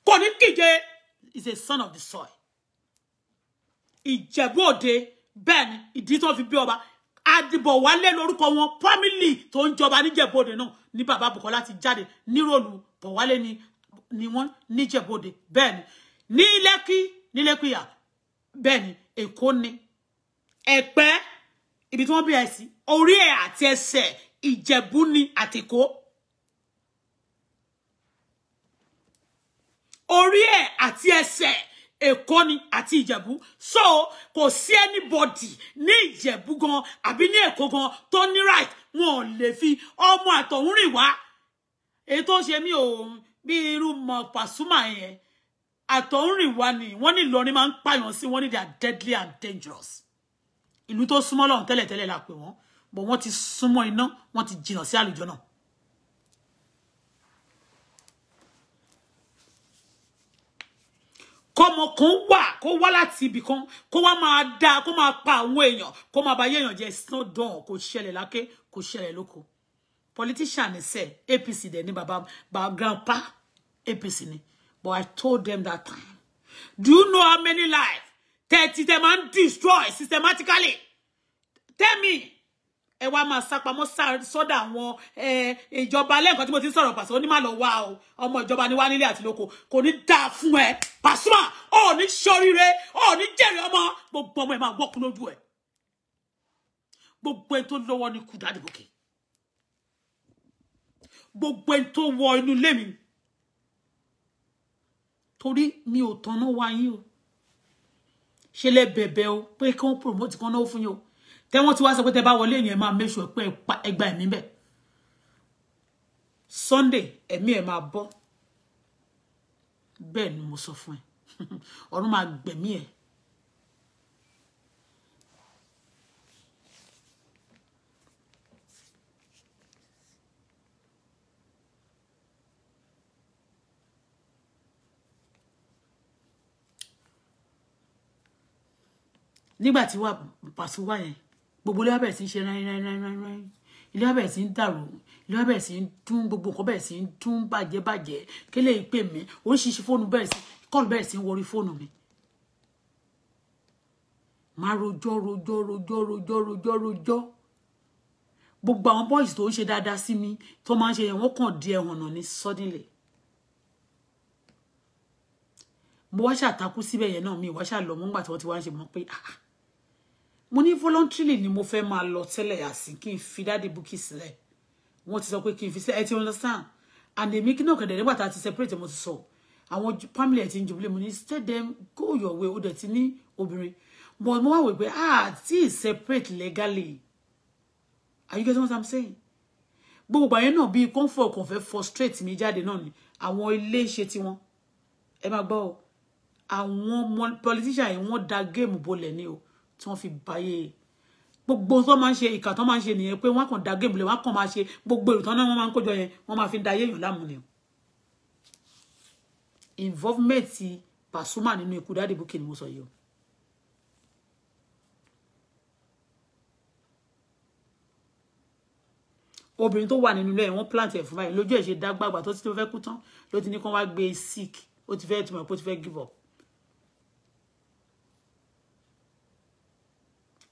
kò ní kíje is a son of the soil ìjẹ̀bú òde bẹ́ẹ̀ ni ìdí tó fi bí ọba adìbọ̀wálé lórúkọ wọn fámìlì tó ń jọba níjẹ̀bú òde náà ní bàbá bukola ti jáde níròlù bọ̀wálé ni ni wọ́n níjẹ̀bú òde bẹ́ẹ̀ ni ní lẹ́kì ní lẹ́kìyà bẹ́ẹ̀ ni èkó ẹ̀pẹ́ ibi tí wọ́n bí ẹ sí orí ẹ̀ àti ẹsẹ̀ ìjẹ̀bú ni àtìkó orí ẹ̀ àti ẹsẹ̀ èkó ni àti ìjẹ̀bú so kò sí anybody ní ìjẹ̀bú gan àbí ní èkó gan tó ní right wọn ò lè fi ọmọ àtọ̀hún rìn wá èyí tó ṣe mí ò bí irú mọ pàṣúmà yẹn àtọ̀hún rìn wá ni wọ́n ní Ìlọrin máa ń pààyàn sí wọ́n ní they are deadly and dangerous ìlú tó súnmọ́ lọ́hùn tẹ́lẹ̀tẹ́lẹ̀ la pè wọ́n bọ̀ wọ́n ti súnmọ́ iná wọ́n ti jìnnà sí àlùjọ náà. kọ́mọ kan wà kó wá láti ibì kan kó wá máa dá kó máa pa àwọn èèyàn kó máa bà yéèyàn jẹ́ snowdon kò ṣẹlẹ̀ lákè kò ṣẹlẹ̀ lóko politician ni sẹ APC dẹ ni baba baba grandpa APC ni but I told them that time do you know how many lives tẹ́tí tẹ́ máa destroy systematically tẹ́mi ẹ wá máa sápamọ́ sọ́dà àwọn ìjọba lẹ́ẹ̀kan tí mo ti ń sọ̀rọ̀ pàṣẹ ó ní má lọ wá o ọmọ ìjọba ni wá nílé àti lóko kò ní dáa fún ẹ Pasuma ò ní ṣoríire ò ní jèrè ọmọ gbogbo ọmọ ẹ máa wọ́kú lójú ẹ gbogbo ẹ tó lọ́wọ́ ní kú dáàdì bòkè gbogbo ẹ tó wọ inú ilé mi torí mi ò tanná wá yín o ṣe lè bẹ̀bẹ̀ o pé kí wọ́n promote kan náà fún yín o tẹ́ wọ́n ti wá sọ pé tẹ́ bá wọlé yẹn máa make sure pé ẹ gba ẹ̀mí bẹ̀ Sunday ẹ̀mí ẹ̀ máa bọ́ bẹ́ẹ̀ ni mo sọ fún ẹ ọ̀run máa gbẹ̀mí ẹ̀ nígbà tí wà pàṣẹ wà yẹn gbogbo ilé wa bẹ̀rẹ̀ sí í ṣe ráyìn ráyìn ráyìn ráyìn ilé wa bẹ̀rẹ̀ sí í dàrú ilé wa bẹ̀rẹ̀ sí í tún gbogbo nǹkan bẹ̀rẹ̀ sí í tún bàjẹ́ bàjẹ́ kélé ìpè mí oríṣiríṣi fóònù bẹ̀rẹ̀ sí kọ́ọ̀lù bẹ̀rẹ̀ sí í wọrí fóònù mi máa rojọ́ rojọ́ rojọ́ rojọ́ rojọ́ rojọ́ gbogbo àwọn boys tó ń ṣe dáadáa sí mi tó máa ń ṣe yẹn wọ́n kàn di ẹ̀wọ̀n náà ní suddenly mo wá ṣàtakú síbẹ̀ yẹn náà mi ìwá ṣàlọ́ mọ́ngbà tí wọ́n ti wá ń ṣe mọ́ pé ah, ah mo ní voluntarily ni mo fẹ́ máa lọ tẹ́lẹ̀ àsìn kí n fi dáàdì búkì sílẹ̀ wọ́n ti sọ pé kí n fi sílẹ̀ ẹ ti understand and èmi kí náà kẹ̀dẹ̀ nígbà tá a ti separate mo ti sọ àwọn family ẹ̀ ti ń jubilé mo ní stay dem go your way ó dẹ̀ ti ní obìnrin but mo wá wò pé ah ti separate legally are you getting what i'm saying gbogbo àyẹn náà bíi comfort kò fẹ́ frustrate mi jáde náà ni àwọn ilé ṣe tiwọn ẹ máa gbọ́ àwọn politician yìí wọ́n da géèmù bolẹ̀ ni o tí wọ́n fi báyé gbogbo tó máa ń ṣe ìkà tó máa ń ṣe nìyẹn pé wọ́n kàn dá géèmù lé wọ́n kàn máa ṣe gbogbo èrò tó náà wọ́n máa ń kójọ yẹn wọ́n máa fi ń da ayé èèyàn láàmú ni. involvement Pasuma nínú ikú Daddy Bukky ni mo sọ yìí o. obìnrin tó wà nínú ilé wọn plant ẹ fún báyìí lójú ẹ ṣe dá gbàgbà tó ti fẹ́ kú tán ló ti ní kán wá gbé sick ó ti fẹ́ tìmọ̀ pé ó ti fẹ́ give up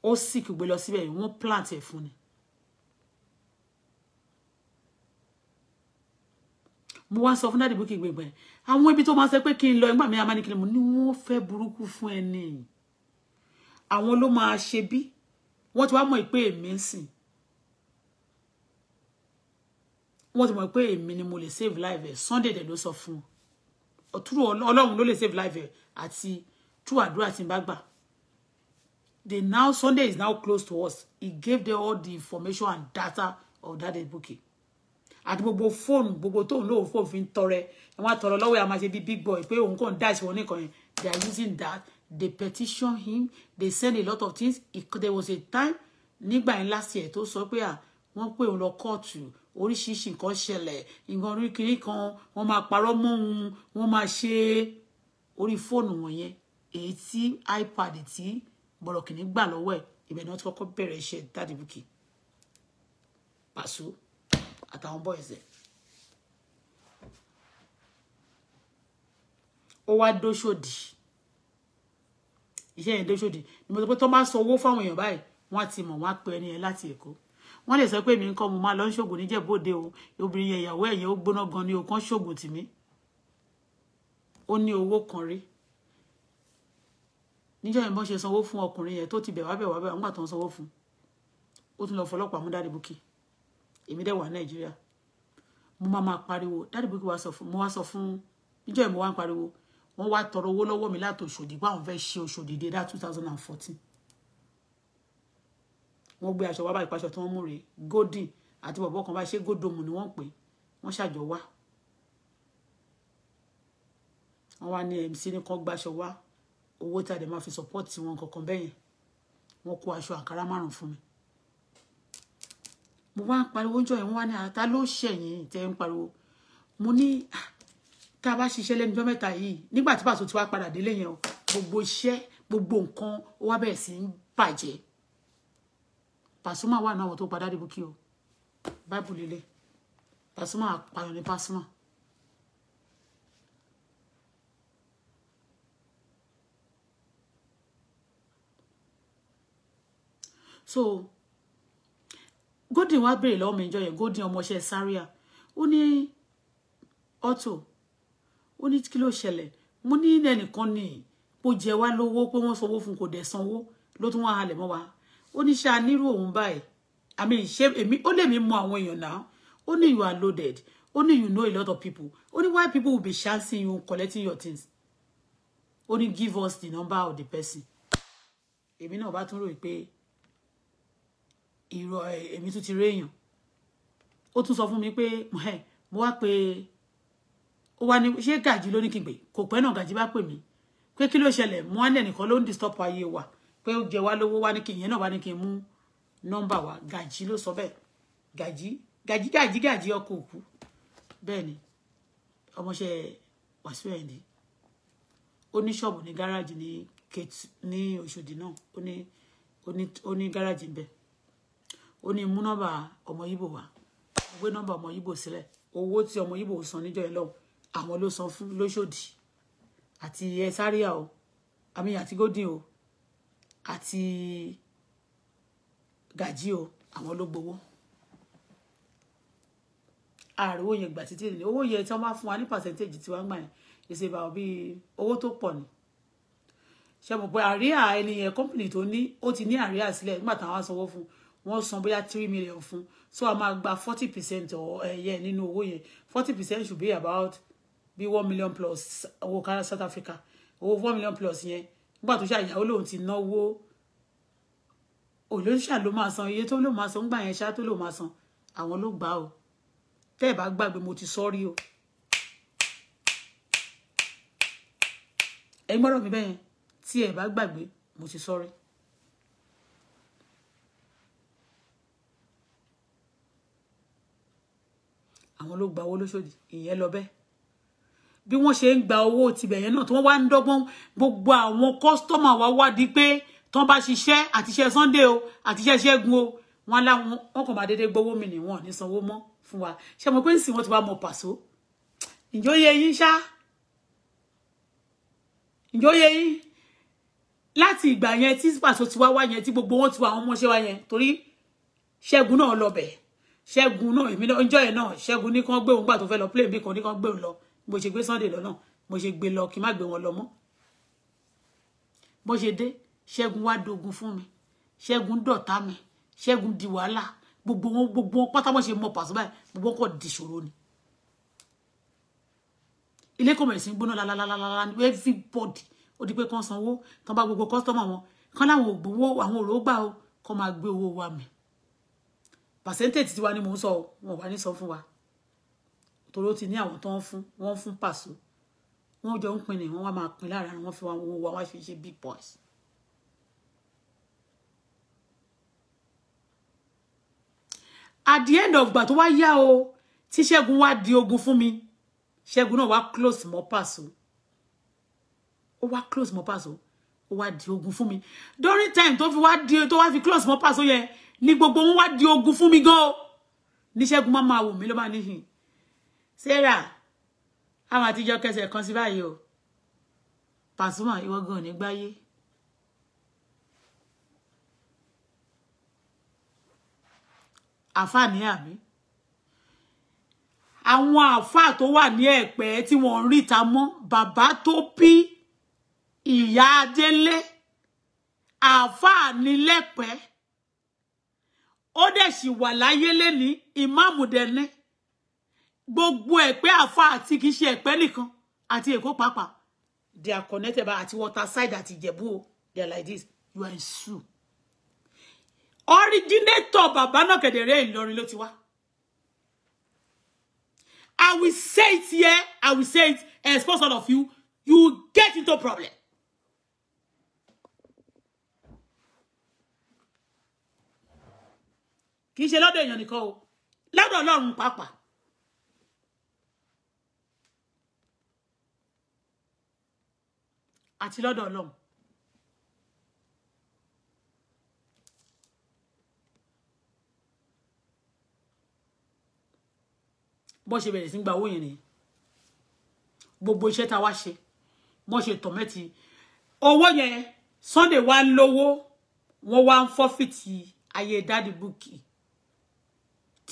O si kì gbé lọ síbẹ̀ wọ́n plant ẹ̀ fún ni. mo wá sọ fún dáàdì bókì gbẹgbẹ àwọn ibi tó máa sọ pé kí n lọ nígbà mi amánìkìlẹ mo ní wọ́n fẹ́ burúkú fún ẹni àwọn ló máa ṣe bí wọ́n ti wá mọ̀ pé èmi ń sìn ti mọ̀ pé èmi ni mo lè save life Sunday dẹ̀ ló sọ fun. ọ ọ̀túrò ọlọ́run ló lè save life ẹ̀ àti tú àdúrà tí n bá gbà. They now Sunday is now close to us. He gave them all the information and data of that Ebuki. At gbogbo phone gbogbo tó ń lò phone fi tọrẹ. Wọ́n tọrọ lọ́wọ́ a máa ṣe bí big boy pé òun kàn dash wọn nìkan yẹn. They are using that. They petition him. They send a lot of things. there was a time nígbà yẹn last year tó sọ pé à wọ́n pè òun lọ kóòtù oríṣiríṣi nǹkan ṣẹlẹ̀ nǹkan oríkiri kan wọ́n máa parọ́ mọ́ òun wọ́n máa ṣe orí fóònù wọ̀nyẹn èyí tí ipad tí bọ̀rọ̀ kìíní gbà lọ́wọ́ ẹ̀ ibẹ̀ ni wọ́n ti kọ́kọ́ bẹ̀rẹ̀ iṣẹ́ dáàdì Bukky pàṣọ àtàwọn boys ẹ̀. ó wá dóṣòdì iṣẹ́ yẹn dóṣòdì ni mo sọ pé tó bá sọ owó fáwọn èèyàn báyìí wọ́n ti mọ̀ wọ́n á pe ẹni yẹn láti Èkó wọ́n lè sọ pé èmi ń kọ́ mo máa lọ ń ṣògùn níjẹ̀bọ́dé o obìnrin yẹn ìyàwó ẹ̀yẹ ó gbóná gan ni o kàn ṣògùn tì mí ó ní owó kan rí níjọ́ yẹn bọ́ ṣe sanwó fún ọkùnrin yẹn tó ti bẹ̀ wábẹ̀ wábẹ̀ àwọn gbà tó ń sanwó fún ó tún lọ fọlọ́pàá mú dáàdì bùkì èmi dẹ̀ wà nàìjíríà mo máa máa pariwo dáàdì bùkì mo wá sọ fún níjọ́ yẹn mo wá ń pariwo wọ́n wá tọrọ owó lọ́wọ́ mi láti Òṣòdì pé àwọn fẹ́ ṣe Òṣòdì dé dá two thousand and fourteen wọ́n gbé aṣọ wá bá ìpàṣọ tí wọ́n mú rèé golden àti bọ̀bọ̀ kan bá ṣe gódòmù ni wọ́n pè wọ́n ṣàjọ wá wọ́n wá ní MC ní kan gbàṣọ wá owó tá a dẹ̀ máa fi support wọn kankan bẹ́yẹn wọn kó aṣọ àǹkárá márùn fún mi mo wá ń pariwo jọ yẹn wọn wá ní ata ló ṣẹ̀yìn tẹ́ ń pariwo mo ní tá a bá ṣiṣẹ́ lẹ́nu ọjọ́ mẹ́ta yìí nígbà tí pàṣẹ ti wá padà délé yẹn o gbogbo iṣẹ́ gbogbo nǹkan ó wá bẹ̀rẹ̀ sí ń bàjẹ́ Pasuma wà náà wọn tó padà dìbò kí o báìbù líle Pasuma àpàyàn ní Pasuma so Golden wá béèrè lọ́wọ́ mi ìjọ yẹn Golden ọmọọṣẹ́ Zaria ó ní Auto ó ní kí ló ṣẹlẹ̀ mo ní ẹnìkan ní kó jẹ wá lówó pé wọ́n sanwó fún kò dẹ̀ sanwó ló tún wá halẹ̀ mọ́ wa ó ní ṣe anírú òun báyìí àmì ìṣe èmi ó lè mi mọ àwọn èèyàn náà ó ní you are loaded only you know a lot of people only why people will be chancing you collecting your things Only give us the number of the person èmi náà bá tún rò pé irọ́ èmi tún ti réèyàn ó tún sọ fún mi pé mo wá pé ó wá ní ṣé gàjí ló ní kí n pè kò pẹ́ náà gàjí bá pè mí pé kí ló ṣẹlẹ̀ mo wá lẹ́nìkan ló ń disturb ayé wa pé ó jẹ wá lówó wá ní kí ìyẹn náà wá ní kí n mú nọ́mbà wa gàjí ló sọ bẹ́ẹ̀ gàjí gàjí gàjí gàjí ọkọ òkú bẹ́ẹ̀ ni ọmọọṣẹ́ wàṣíù ẹ̀ndì ó ní ṣọ́ọ̀bù ní gáràjì ní Òṣòdì náà ó ní gáràjì bẹ́ẹ̀ ó ní mú nọ́mbà ọmọ Yíbò wá mo gbé nọ́mbà ọmọ Yíbò sílẹ̀ owó tí ọmọ Yíbò san níjọ́ yẹn lọ́hùn àwọn ló san fún lóṣòdì àti ẹsáríà o àmì àti gódìn o àti gàjí o àwọn ló gbowó ààrùn owó yẹn gbà títí ní owó yẹn tí wọn bá fún wa ní percentage tí wọn gbà yẹn ìṣe ìbàwọ bíi owó tó pọ̀ ni ṣe mọ̀ pé àríà ẹni yẹn company tó ní ó ti ní àríà sílẹ̀ nígbà táwọn sanwó fún un wọ́n san bóyá three million fun, so a máa gba forty percent ẹ̀yẹ eh, nínú owó yẹn forty percent should be about be one million plus owó kára South Africa owó one million plus yẹn nígbà tó ṣe àyàwó lòun ti náwó olóṣà ló máa san iye tó ló máa san ńgbà yẹn ṣá tó ló máa san àwọn ló gbà o tẹ́ ẹ̀ bá gbàgbé mo ti sọ́rí o ẹ gbọ́dọ̀ mi bẹ́yẹn tí ẹ̀ bá gbàgbé mo ti sọ́rí. àwọn ló gba owó lóṣòdì ìyẹn lọ bẹ́ẹ̀ bí wọ́n ṣe ń gba owó tibẹ̀ yẹn náà tí wọ́n wá ń dọ́gbọ́n gbogbo àwọn kọ́sítọ́mà wa wádìí pé tí wọ́n bá ṣiṣẹ́ àtiṣẹ́ Sunday o àtiṣẹ́ Ṣẹ́gun o wọn láwọn wọn kàn máa déédéé gbowó mi nìwọ̀n ní sanwó mọ́ fún wa ṣé mo pé ń sìn wọ́n ti wá mọ pàṣọ ǹjọ́ yẹ yín ṣá ǹjọ́ yẹ yín láti ìgbà yẹn tí pàṣọ ti wá wá yẹn tí gbogbo wọn ti wá àwọn ọmọọṣẹ́ wa yẹn torí Ṣẹ́gun náà lọ bẹ̀ẹ́ ṣẹ́gun náà èmi náà ọjọ́ yẹn náà ṣẹ́gun ní kán gbé òun gbà tó fẹ́ lọ plane bí kan ní kán gbé òun lọ mo ṣe gbé sunday lọ náà mo ṣe gbé lọ kí n má gbé wọn lọ mọ́ bó ṣe dé ṣẹ́gun wá dogun fún mi ṣẹ́gun dọ̀tá mi ṣẹ́gun di wàhálà gbogbo wọn gbogbo wọn pátá wọn ṣe mọ pàṣẹ báyìí gbogbo wọn kò di ṣòro ni ilé kò mẹ̀sìn gbóná lálálálálá everybody ó di pé kán sanwó tán bá gbogbo kọ́sítọ́mà wọn kán láwọn ògbówó àwọn òrógbà o kán máa gbé owó wa mẹ́ percentage tiwa ni mò ń sọ wọn ò wá ní wa torí ti ní àwọn tó ń fún wọn ń fún pàṣọ wọn jọ ń pin ní pin lára wọn fi wọn wá wá fi ṣe big boys. at the end of gbà tó wá yá o tí ṣẹ́gun wa di ogun fún mi ṣẹ́gun náà wá close mọ́ pàṣọ ó Wa close mọ́ pàṣọ ó wá di ogun fún mi during time tó fi wá di tó wá fi close mọ́ pàṣọ yẹn ni gbogbo wọn wá di ogun fún mi gan o níṣẹ́gun máa máa wò mí ló máa níhìn sarah àwọn àtijọ́ kẹsẹ̀ kan sí báyìí o pàṣùmọ̀ ìwọ gan ní gbáyé. àfáà ní àmì àwọn àfáà tó wà ní ẹ̀pẹ́ tí wọ́n ń ríta mọ́ bàbá tó bí ìyá adélé àfáà ní lẹ́pẹ́ẹ́ ó dẹ̀ sì wà láyé lẹ́ni ìmáàmù dẹ̀ni gbogbo ẹ̀pẹ́ àfa àti kìí ṣe ẹ̀pẹ́ nìkan àti èkó pàápàá they are connected by àti water side àti ìjẹ̀bú o they are like this you are in soup. originator bàbá náà kẹ̀dẹ̀rẹ́ ìlọrin ló ti wá i will say it here i will say it expose all of you you get into problem kì í ṣe lọ́dọ̀ èèyàn nìkan o lọ́dọ̀ Ọlọ́run pàápàá àti lọ́dọ̀ Ọlọ́run bó ṣe bẹ̀rẹ̀ sí gba owó yẹn ni gbogbo iṣẹ́ tá a wá ṣe bó ṣe tọ̀ mẹ́ti owó yẹn Sunday wá ń lówó wọ́n wá ń fọ́fìtì ayé dádì búkì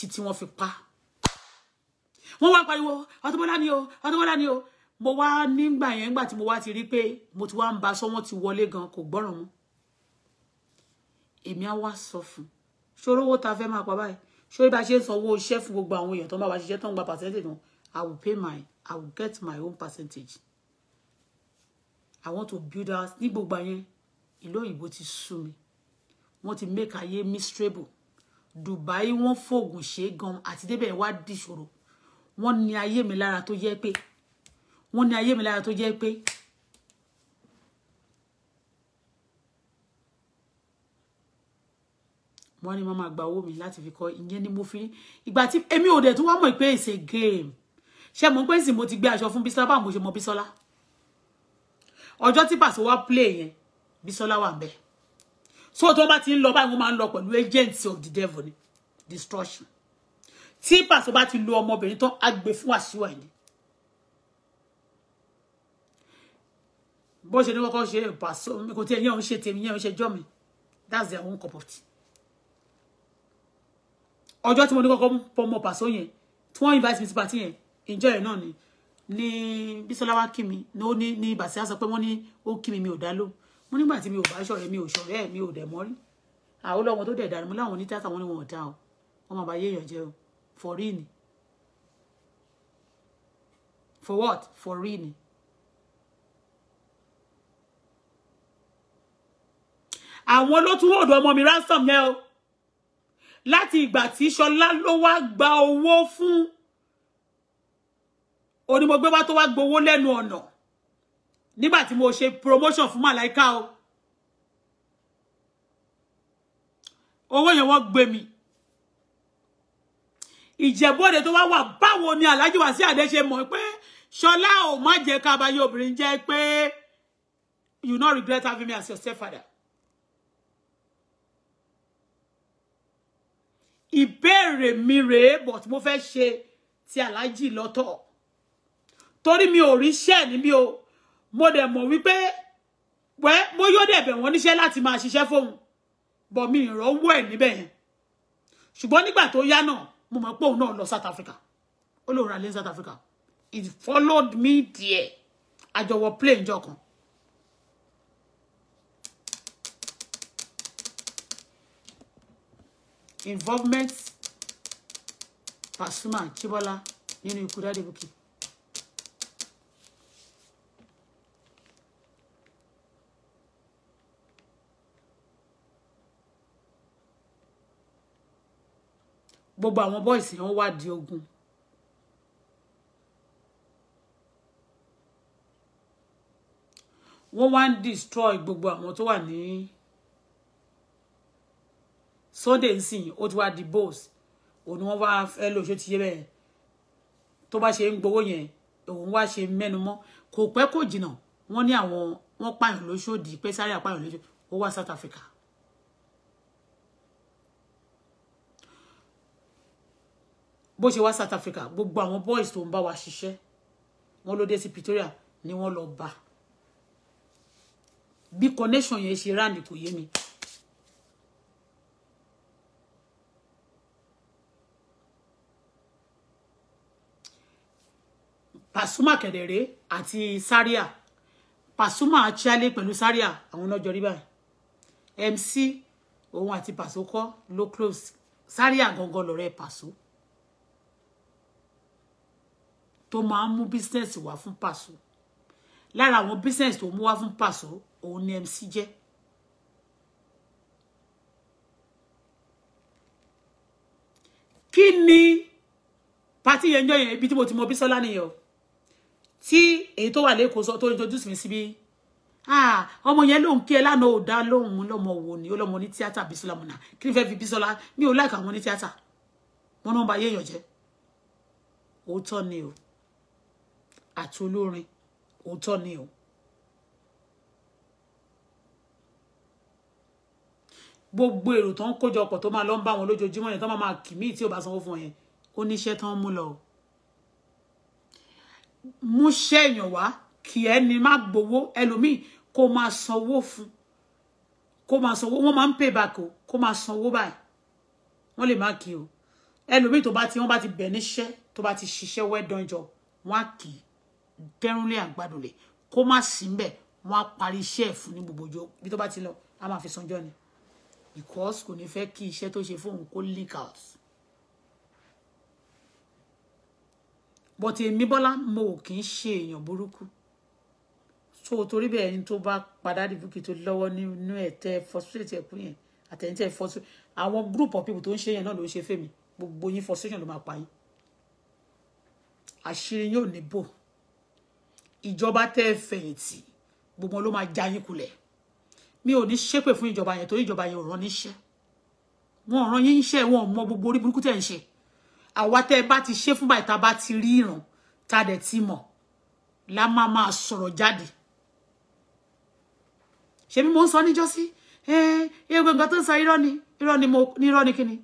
títí tí wọ́n fi pa wọ́n wá pariwo auto ni o auto ni o mo wá nígbà yẹn nígbà tí mo wá ti rí pé mo ti wá ń ba sọ ti wọlé gan kò gbọ́ràn mọ́ èmi á wá sọ fún ṣorówó ta fẹ́ máa pa báyìí ṣorí bá ṣe ń sanwó iṣẹ́ fún gbogbo àwọn èèyàn tó ń bá wa ṣiṣẹ́ tó ń gba percentage wọn I will pay my I will get my own percentage I want to build house ní gbogbo yẹn ìlú òyìnbó ti sú mi wọ́n ti make ayé miserable Dubai wọ́n fògùn ṣe gan àti débẹ̀ wá dìṣòro wọ́n ní ayé mi lára tó jẹ́ pé wọ́n ní ayé mi lára tó jẹ́ pé wọ́n ní wọ́n máa gba owó mi láti fi kọ́ ìyẹn ni mo fi ìgbà tí èmi ò dẹ̀ tún wá mọ̀ pé it's a game ṣé mo pé sì mo ti gbé aṣọ fún Bísọ́lá báwo mo ṣe mọ̀ Bísọ́lá ọjọ́ tí pàṣẹ wá play yẹn Bísọ́lá wà bẹ́ẹ̀ so tó bá ti ń lọ báyìí wọ́n máa ń lọ agents of the devil ni destruction tí pàṣẹ bá ti lu ọmọbìnrin tán á gbé fún Wàsíù Àyìndé bó ṣe ní kọ́kọ́ ṣe pàṣọ kò tí ẹ̀yẹ́ òun ṣe tèmi yẹn òun ṣe jọ́ mi that's their own cup of tea ọjọ́ tí mo ní kọ́kọ́ pọmọ pàṣọ yẹn tí wọ́n invite me sí party yẹn ìjọ yẹn náà ni ní Bísọ́lá wá kí mi ní ní Bàṣẹ́ á sọ pé wọ́n ní ó kí mi mi ò dá mo nígbà tí mi ò bá ṣọ̀rẹ́ mi ò ṣọ̀rẹ́ mi ò dẹ̀ mọ́ àwọn ọlọ́mọ tó dẹ̀ dàrú mi láwọn onítàkà wọn ni wọn ò dá o wọn máa bá yé èèyàn jẹ o for real ni for what for real ni. àwọn ló tún wọ́ọ̀dù ọmọ mi ransom yẹn o láti ìgbà tí ṣọlá ló wá gba owó fún onímọ̀gbẹ́wá tó wá gbowó lẹ́nu ọ̀nà. No nígbà tí mo ṣe promotion fún màláìka o owó yẹn wọ́n gbé mi ìjẹ́bọ́dẹ tó wá wà báwo ni aláàjì wá sí àdé ṣe mọ̀ pé ṣọlá ò má jẹ́ ká abayé obìnrin jẹ́ pé you no regret having me as your stepfather. ìbéèrè mi rèé but mo fẹ́ ṣe ti aláàjì lọ́tọ̀ torí mi ò rí ṣẹ́ẹ̀ níbí o mo dẹ̀ mọ̀ wípé wẹ́ mo yóò dẹ̀ bẹ̀ wọ́n níṣẹ́ láti máa ṣiṣẹ́ fóun bọ̀ mi ìrànwọ́ ẹ̀ níbẹ̀ yẹn ṣùgbọ́n nígbà tó yá náà mo mọ̀ pé òun náà lọ South Africa ó lóun ra lé South Africa it followed me there àjọwọ̀ plane jọ kan involvement Pasuma Chibola nínú ikú Daddy Bùkì. gbogbo àwọn bọ́ìsì wọn wá di ogun wọ́n wá ń destroy gbogbo àwọn tó wà ní Sunday nsìn ó ti wá di boss òun ni wọ́n wá fẹ́ lò ṣó ti yé bẹ́ẹ̀ tó bá ṣe ń gbowó yẹn òun wá ṣe mẹ́nu mọ́ kò pẹ́ kò jìnnà wọ́n ní àwọn wọ́n pààyàn lóṣòdì pé sáré àpààyàn lóṣòdì ó wá South Africa bó ṣe wá South Africa gbogbo àwọn boys tó ń bá wa ṣiṣẹ́ wọ́n ló dé sí Pretoria ni wọ́n lọ bá bí connection yẹn ṣe rà ní kò yé mi. Pasuma kẹ̀dẹ̀rẹ́ àti saria Pasuma achiale pẹ̀lú Zaria àwọn náà jọrí báyìí MC òun àti Paso kọ́ ló close Zaria gangan lọ́rẹ́ Paso. tó máa ń mú business wá fún pàṣọ lára àwọn business tó mú wá fún pàṣọ òun ni MC jẹ́ kí ni pati yẹn jọ yẹn ibi tí mo ti mọ Bísọ́lá nìyẹn tí èyí tó wà lẹ́kọ̀ọ́ sọ tó introduce mi síbí ah, ọmọ yẹn lòun kí ẹ lánàá ò dá lóhùn lọmọ wò ni ó lọmọ ní tíátà Bísọ́lá mọ̀nà kí ni fẹ́ fi Bísọ́lá mi ò láìka àwọn ní tíátà wọn náà bá yéèyàn jẹ́ òótọ́ ni o àti olórin òótọ́ ni o. gbogbo èrò tó ń kójọpọ̀ tó máa lọ ń bá wọn lójoojúmọ́ yẹn tó máa máa kì mí tí ò bá sanwó fún ọ yẹn ó níṣẹ́ tó ń mú lọ. mú ṣẹ́yàn wá kì ẹni má gbowó ẹlòmíì kó máa sanwó fún kó máa sanwó wọ́n máa ń pè báko kó máa sanwó báyìí wọ́n lè má kí o ẹlòmíì tó bá ti wọ́n bá ti bẹ̀ níṣẹ́ tó bá ti ṣiṣẹ́ wẹ́dánjọ wọ́n á kì í bẹ́rúnlé àgbàdùnlé kó má sí ń bẹ̀ wọ́n á parí iṣẹ́ ẹ̀ fún ní gbogbo ọjọ́ bí tó bá ti lọ a máa fi sanjọ́ ni because kò ní fẹ́ kí iṣẹ́ tó ṣe fóun kó leak out. but èmi bọ́lá mo ò kì í ṣe èèyàn burúkú so torí bẹ́ẹ̀ ẹni tó bá padà dì búkì tó lọ́wọ́ nínú ẹ̀ tẹ́ frustrate ẹ̀kú yẹn àtẹ̀yìn tẹ́ frustrate àwọn group of people tó ń ṣe yẹn náà ló ń ṣe fèmí gbogbo yín frustration ló máa pa yín àṣírí yóò ní bò ìjọba tẹ́ ẹ fẹ̀yìntì gbogbo ló máa já yín kulẹ̀ mi ò ní ṣépè fún ìjọba yẹn torí ìjọba yẹn ò rán níṣẹ́ wọn ò rán yín níṣẹ́ wọn ò mọ gbogbo orí burúkú tẹ̀ ń ṣe àwa tẹ́ bá ti ṣe fún báyìí tá bá ti rí ìràn tá a ti mọ̀ la máa máa sọ̀rọ̀ jáde ṣèmi mo ń sọ níjọ́sí ẹ ẹ gbọ̀ngàn tó ń sọ irọ́ ni irọ́ ni mo irọ́ ni kíni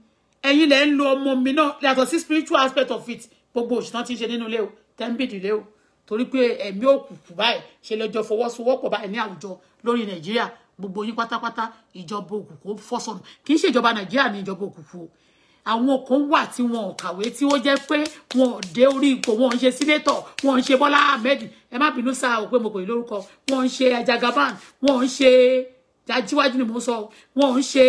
ẹ̀yin lẹ ń lo ọmọ mi náà yàtọ̀ sí spiritual aspect of it gbogbo òṣìṣẹ́ ti ń ṣe nínú ilé o tẹ́ ń bìdì ilé o torí pé ẹ̀mí òkùnkùn báyìí ṣe lọ́jọ́ fọwọ́sowọ́pọ̀ báyìí ní àwùjọ lórí nàìjíríà gbogbo yín pátápátá ìjọba òkùnkùn fọ́sọ̀nù kì í ṣèjọba nàìjíríà ní ìjọba òkùnkùn o àwọn kan wà tí wọn ò kàwé tí ó jẹ́ pé wọn ò dé orí ipò wọn ò ń ṣe sínétọ̀ wọn ò ń ṣe bọ́lá ahmed ẹ má bínú sáà ò pé mo kò yí lórúkọ wọn ò ṣe ajagaban wọn ò ṣe Ajíwájú ni mo ń sọ wọn ò ń ṣe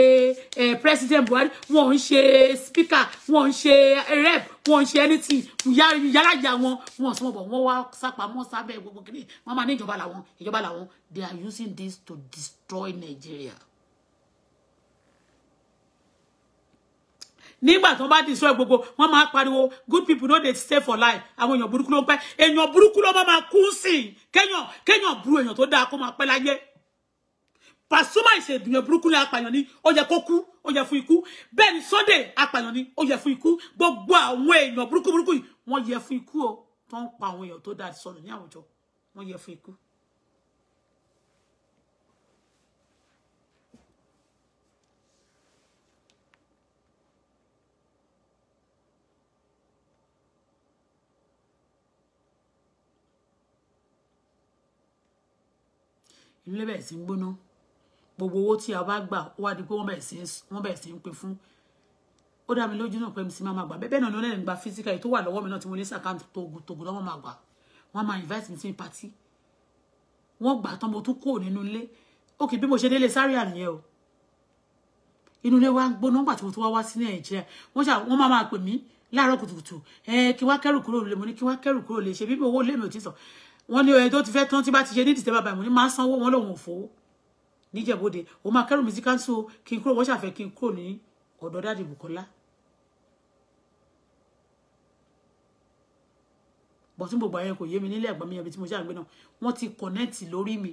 president Buhari wọn ò ń ṣe speaker wọn ò ń ṣe rep wọn ò ń ṣe anything yálàjà wọn wọn sọ bọ wọn wá sápamọ́ sábẹ́ gbogbo kìnìún wọn máa ní ìjọba làwọn ìjọba làwọn they are using this to destroy Nigeria. nígbà tó bá destroy gbogbo wọn máa pariwo good people no dey stay for life àwọn èèyàn burúkú ló ń pẹ́ èèyàn burúkú ló máa kú sí kéèyàn kéèyàn burú èèyàn tó dáa kó máa pẹ́ láyé. Pasuma ise ìdùnnú burúkú ní apàyàn ni ó yẹ kó kú ó yẹ fún ikú Sunday apàyàn ni ó yẹ fún ikú gbogbo àwọn èèyàn burúkú burúkú yìí wọ́n yẹ fún ikú o tó ń pa àwọn èèyàn tó dáa sọnù ní àwùjọ wọ́n yẹ fún ikú. ìlú lẹ́bẹ̀ẹ́ sí gbóná gbogbo owó tí a bá gbà ó wá di pé wọ́n bẹ̀rẹ̀ sí wọ́n bẹ̀rẹ̀ sí ń pè fún ó dá mi lójú náà pé mi sì máa ma gbà bẹ́ẹ̀ náà ni wọ́n lè gba physical èyí tó wà lọ́wọ́ mi náà tí mo ní sàkáǹtì tògùn tògùn lọ́wọ́ máa gbà wọ́n máa invite mi sí party wọ́n gbà tán mo tún kúrò nínú ilé òkè bí mo ṣe délé sáré àníyẹ o inú ilé wa ń gbóná nígbà tí mo tún wá wá sí nàìjíríà wọ́n ṣà wọ́n máa máa pè mí láàárọ̀ kùtùkùtù ẹ kí wá kẹ́rù kúrò lè mo ní kí wá kẹ́rù kúrò lè ṣe bí owó lè mi ò ti sọ wọ́n ní ọ̀yẹ́ tó ti fẹ́ tán tí bá ti ṣe ní ìdìtẹ́ bàbá ìmọ̀ ní máa sanwó wọn lòun ò fowó níjẹ̀bọ́dẹ ó máa kẹ́rù mi sí káńsù kí n kúrò wọ́n ṣàfẹ́ kí n kúrò ní ọ̀dọ̀ dáàdì Bùkọ́lá bọ̀ tí gbogbo àyẹn kò yé mi nílé ẹ̀gbọ́n mi ẹ̀bí tí mo ṣàgbé náà wọ́n ti kọ̀nẹ́ẹ̀tì lórí mi